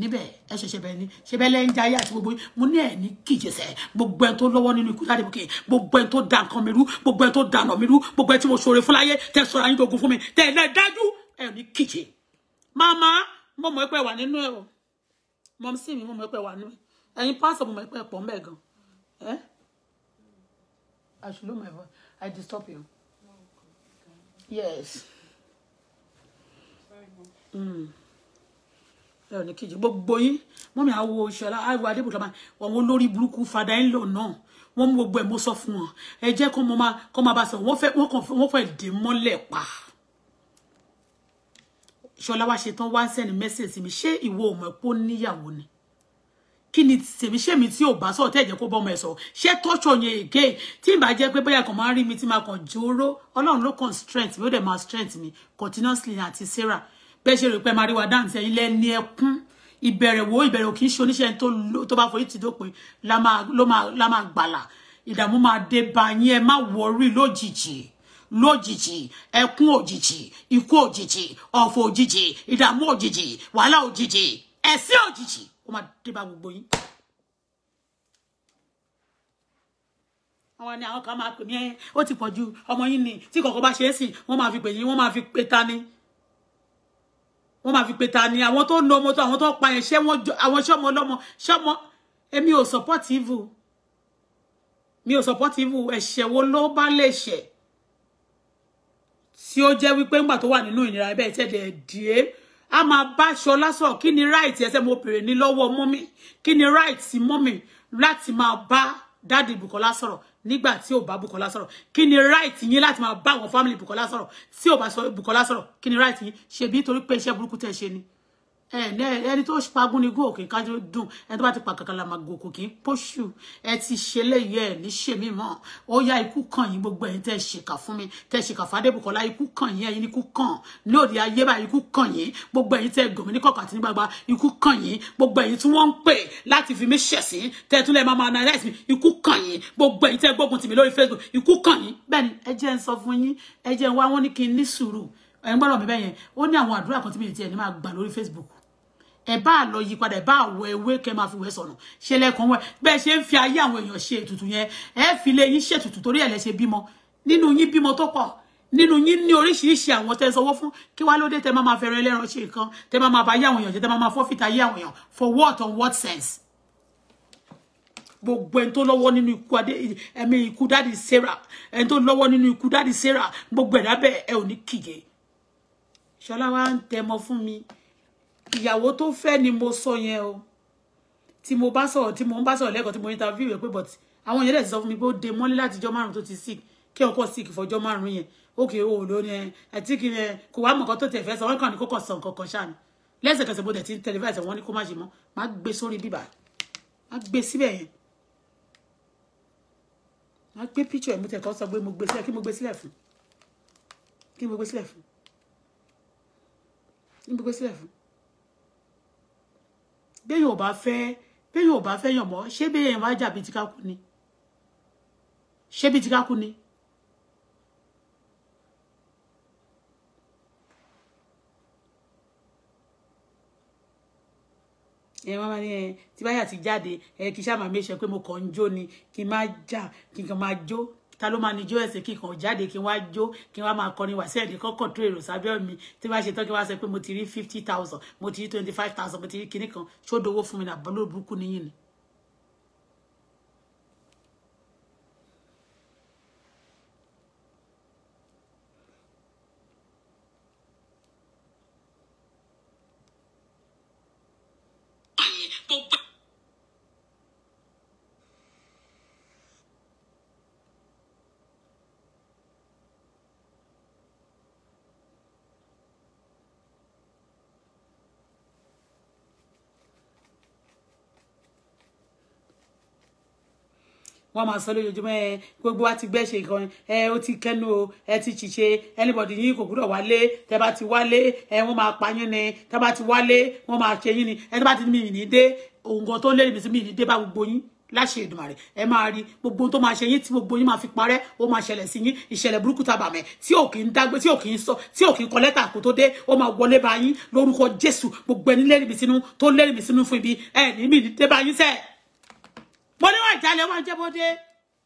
níbẹ̀ ẹ ṣẹ̀ṣẹ̀ bẹ́ẹ̀ ni ṣe bẹ́ẹ̀ lẹ́yìn jayé àti gbogbo mo ní ẹ̀ ní kíje sẹ̀ gbogbo ẹ̀ tó lọ́wọ́ nínú ikú jáde bùkẹ́ gbogbo ẹ̀ tó da nǹkan mi rú gbogbo ẹ̀ tó da ọ̀nà mi rú gbogbo ẹ̀ tí mo ṣoore fún láyé tẹ̀ sọ̀rọ̀ ayé dogun fún mi tẹ̀ ẹ̀ lẹ́ẹ̀ dájú ẹ̀ ní kíje màmá mo mọ̀ pé wà nínú ẹ̀ o Mom sí mi mo mọ̀ pé wà nú ẹ̀ ẹ̀yin pásọ̀ mo mọ̀ pé pọ̀ ń bẹ̀ gan ẹ́ I should lower my voice I disturb you yes hmm. ẹ ò ní kejì gbogbo yín mọ́mí àwo ìṣọ̀lá àwo adébùtàmá àwọn olórí burúkú fada ńlò náà wọ́n mú gbogbo ẹ̀ mo sọ fún wọn ẹ jẹ́ kó mọ́ máa kó máa bá sọ wọ́n fẹ́ wọ́n kàn fẹ́ dé mọ́lẹ̀ pa ṣọlá wá ṣe tán wá ń sẹ́ni mi she iwo ò mọ̀ pé ó níyàwó ni kí ni tèmi ṣé mi tí ò bá sọ̀rọ̀ tẹ́ẹ̀jẹ́ kó bọ́mọ ẹ̀ She ṣé tọ́ṣọ̀ yẹn èké tí ìbá jẹ́ pé bóyá kan máa ń rí mi tí ma kàn jóró ọlọ́run ló kàn strength mi ó dẹ̀ máa strength mi continuously ati sarah bẹ́ẹ̀ ṣe rò pé máa rí wa dáǹtì ẹ̀yin lẹ́ni ẹkún ìbẹ̀rẹ̀ wo ìbẹ̀rẹ̀ ò kì í ṣe oníṣẹ́ tó bá forí ti dópin la máa gbàlà ìdààmú máa dé bá yín ẹ má wọrí lójijì lójijì ẹkún òjijì ikú òjijì ọ̀fọ̀ òjijì ìdààmú òjijì wàhálà òjijì ẹ̀sín òjijì ó máa dé bá gbogbo yín. àwọn ni àwọn kan máa pè ní ó ti pọ̀ ju ọmọ yín ni tí kọ̀ọ̀kan bá ṣe é sìn wọ́n máa fi pè yín wọ́n máa fi pè ta ni wọ́n máa fi pè ta ni àwọn tó na ọmọ tó àwọn tó pa yẹn ṣé wọ́n àwọn ṣọ́mọ ọlọ́mọ ṣọ́mọ èmi ò support mi ò support evil ẹ̀ṣẹ̀ wo ló bá lè ṣẹ̀ Si tí ó jẹ́ wípé ńgbà tó wà nínú ìnira ẹ̀bẹ̀ ìtẹ̀dẹ̀ díẹ̀ a máa bá ṣọlá sọ̀rọ̀ kí ni right ẹsẹ̀ mo bèrè ní lọ́wọ́ mọ́mí kí ni right mọ́mí láti máa bá dáàdì Bùkọ́lá sọ̀rọ̀ nígbà tí ò bá Bùkọ́lá sọ̀rọ̀ kí ni right yín lati ma ba àwọn family Bùkọ́lá sọ̀rọ̀ o ba bá Bùkọ́lá sọ̀rọ̀ kí ni right yín ṣebí torí pé iṣẹ́ burúkú tẹ́ ṣe ni ẹni tó pagún ni gún òkè kájú dùn ẹni tó bá ti pa kàkàlà máa gòkò kì í pọ́ṣù ẹ ti ṣe léyìí ẹ ní ṣe mí mọ́ ó yá ikú kàn yín gbogbo ẹ̀yin tẹ́ ṣèkà fún mi tẹ́ ṣèkà fún Adébùkọ́lá ikú kàn yín ẹ̀yin ikú kàn lóde ayé báyìí ikú kàn yín gbogbo ẹ̀yin tẹ́ gàn mí ní kọ̀kọ̀ àti ní gbagba ikú kàn yín gbogbo ẹ̀yin tí wọ́n ń pè láti fi mí ṣẹ̀sín tẹ́ tún lẹ́ máa máa analyze mi ikú Facebook ikú kàn yín bẹ́ẹ̀ ni ẹ jẹ́ ń sọ fún yín ẹ jẹ́ ń wá wọn ní kí n ní sùúrù ẹ̀ ń gbọ́dọ̀ mi bẹ́ẹ̀ yẹn ó ní àwọn àdúrà kan tí mi ò tiẹ̀ ní máa gbà lórí Facebook ẹ bá lọ yí padà ẹ bá wọ ewé kẹ máa fi wẹ sọnà ṣe lẹkàn wẹ bẹ́ẹ̀ ṣe ń fi ayé àwọn èèyàn ṣe ètùtù yẹn ẹ fi lé yín ṣe ètùtù torí ẹ lẹ ṣe bímọ nínú yín bímọ tó pọ̀ nínú yín ní oríṣiríṣi àwọn tẹ sanwó fún kí wá lóde tẹ máa máa fẹrẹ ẹlẹ́ran ṣe nǹkan tẹ máa máa bá yé àwọn èèyàn jẹ tẹ máa máa fọfìtà yé àwọn èèyàn for what on what sense. gbogbo ẹni tó lọ́wọ́ nínú ikú adé ẹmí ikú dáàdi sarah ẹni tó lọ́wọ́ nínú ikú dáàdi sarah gbogbo ẹ̀dá bẹ́ẹ̀ ẹ ò ní kíje ṣọlá wa ń tẹmọ fún mi ìyàwó tó fẹ́ ni mo sọ yẹn o tí mo bá sọ̀rọ̀ tí mo ń bá sọ̀rọ̀ lẹ́kọ̀ọ́ tí mo interview rẹ̀ pé but àwọn yẹn dẹ̀ sọ fún mi pé ó de mọ́lé láti ọjọ́ márùn-ún tó ti sick kí ọkọ sick fọjọ́ márùn yẹn ókè o ló ní ẹ àti kí ẹ kò wá mọ̀kọ́ tó tẹ̀ fẹ́ sọ wọ́n kàn ní kókò sàn kankan ṣáà ni lẹ́sẹ̀kẹsẹ̀ mo dẹ̀ ti ń tẹlifíṣà wọn ní kó má ṣe mọ́ má gbé sórí bíbà má gbé síbẹ̀ yẹn má gbé picture ẹ̀ mo tẹ̀ kọ́ sọ pé mo gbé sílẹ̀ kí mo gbé sílẹ̀ fún kí mo gbé sílẹ̀ fún kí mo gbé sílẹ̀ fún béèyàn ò bá fẹ́ béèyàn ò bá fẹ́ yàn mọ́ ṣé béèyàn wá jà bíi tíkákú ni ṣé bíi tíkákú ni. ẹ wọn ní ẹ tí báyà ti jáde ẹ kí sáà máa méṣe pé mo kàn ń jó ni kí n máa jà kí n kàn máa jó ta ló máa ní jó ẹ̀sìn kí n kàn jáde kí n wá jó kí n wá máa kọrin wá sí ẹ̀dín kọ́kàn tó èrò sábẹ́ mi tí bá ṣe tán kí n wá sọ pé mo ti rí fifty thousand mo ti rí twenty five thousand mo ti rí kinní kan ṣó dowó fún mi ní àbọ̀lóòbùkún níyìn ni wọ́n máa sọ lójoojúmọ́ ẹ gbogbo wa ti gbẹ́ṣe nǹkan ẹ ó ti kẹ́nu o ẹ ti ṣìṣe anybody yín kò gbúdọ̀ wálé tẹ bá ti wálé ẹ wọ́n máa pa yín ni tẹ bá ti wálé wọ́n máa ṣe yín ni ẹ tẹ bá ti ní mi ní dé òǹkan tó ń lé mi sí mi ní dé bá gbogbo yín láṣẹ Èdùmàrè ẹ máa rí gbogbo tó máa ṣe yín tí gbogbo yín máa fi parẹ́ ó máa ṣẹlẹ̀ sí yín ìṣẹ̀lẹ̀ burúkú tá bàmẹ́ tí ò kì í dágbé tí ò kì í sọ tí ò kì í kọ lẹ́tà kó tó dé ó máa wọlé bá yín lórúkọ Jésù gbogbo ẹni lẹ́rìí mi sínú tó lẹ́rìí mo ní wọ́n ìjálẹ̀ wọ́n jẹ́ bóde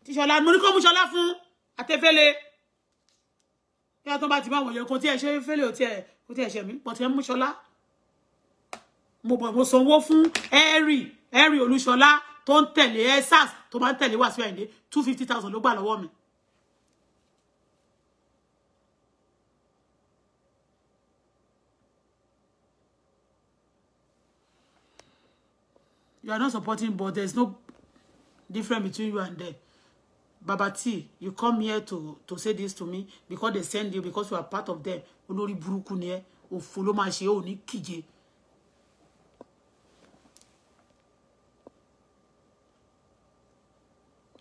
ti ṣọlá mo ní kó mú ṣọlá fún àtẹfẹ́lẹ́ kí wọ́n tó bá ti máa wọ̀nyẹ̀ kò tí ẹ̀ ṣe fẹ́lẹ́ ò tí ẹ̀ kò tí ẹ̀ ṣe mí pọ̀ tí ẹ̀ mú ṣọlá mo bọ̀ mo sanwó fún ẹ̀rì ẹ̀rì olúṣọlá tó ń tẹ̀lé ẹ̀ sars tó máa ń tẹ̀lé wàásù ẹ̀yìndé two fifty thousand ló gbà lọ́wọ́ mi you are not supporting but there is no different between you and them. Baba T, you come here to, to say this to me because they send you, because you are part of them. Olórí burúkú ni ẹ́, òfò ló máa ṣe, ò ní kíje.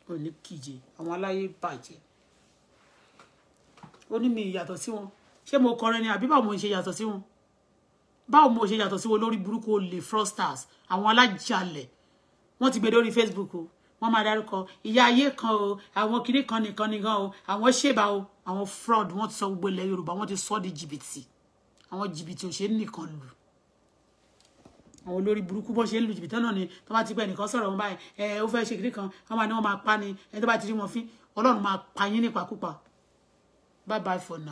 Ò ní kíje, àwọn aláyé bàjẹ́. Ó ní mi yàtọ̀ sí wọn. Ṣé mo kore ni abiba báwo mo ṣe yàtọ̀ sí wọn? Báwo mo ṣe yàtọ̀ sí wọn lórí burúkú olè fraudsters, àwọn alájàlẹ̀. Wọ́n ti gbé dórí Facebook o wọ́n máa dárúkọ ìyá ayé kan o àwọn kinní kan nìkan nìkan o àwọn ṣèbà o àwọn fraud wọ́n ti sọ gbogbo ilẹ̀ yorùbá wọ́n ti sọ di jìbìtì àwọn jìbìtì òṣèlú nìkan lù àwọn olórí burúkú bó ṣe ń lu jìbìtì náà ni tó bá ti gbẹ nìkan sọ̀rọ̀ wọn báyìí ẹ ó fẹ́ ṣe kinní kan wọ́n máa ní wọ́n máa pa ni ẹni tó bá ti rí wọn fín ọlọ́run máa pa yín nípakúpa bye bye for now.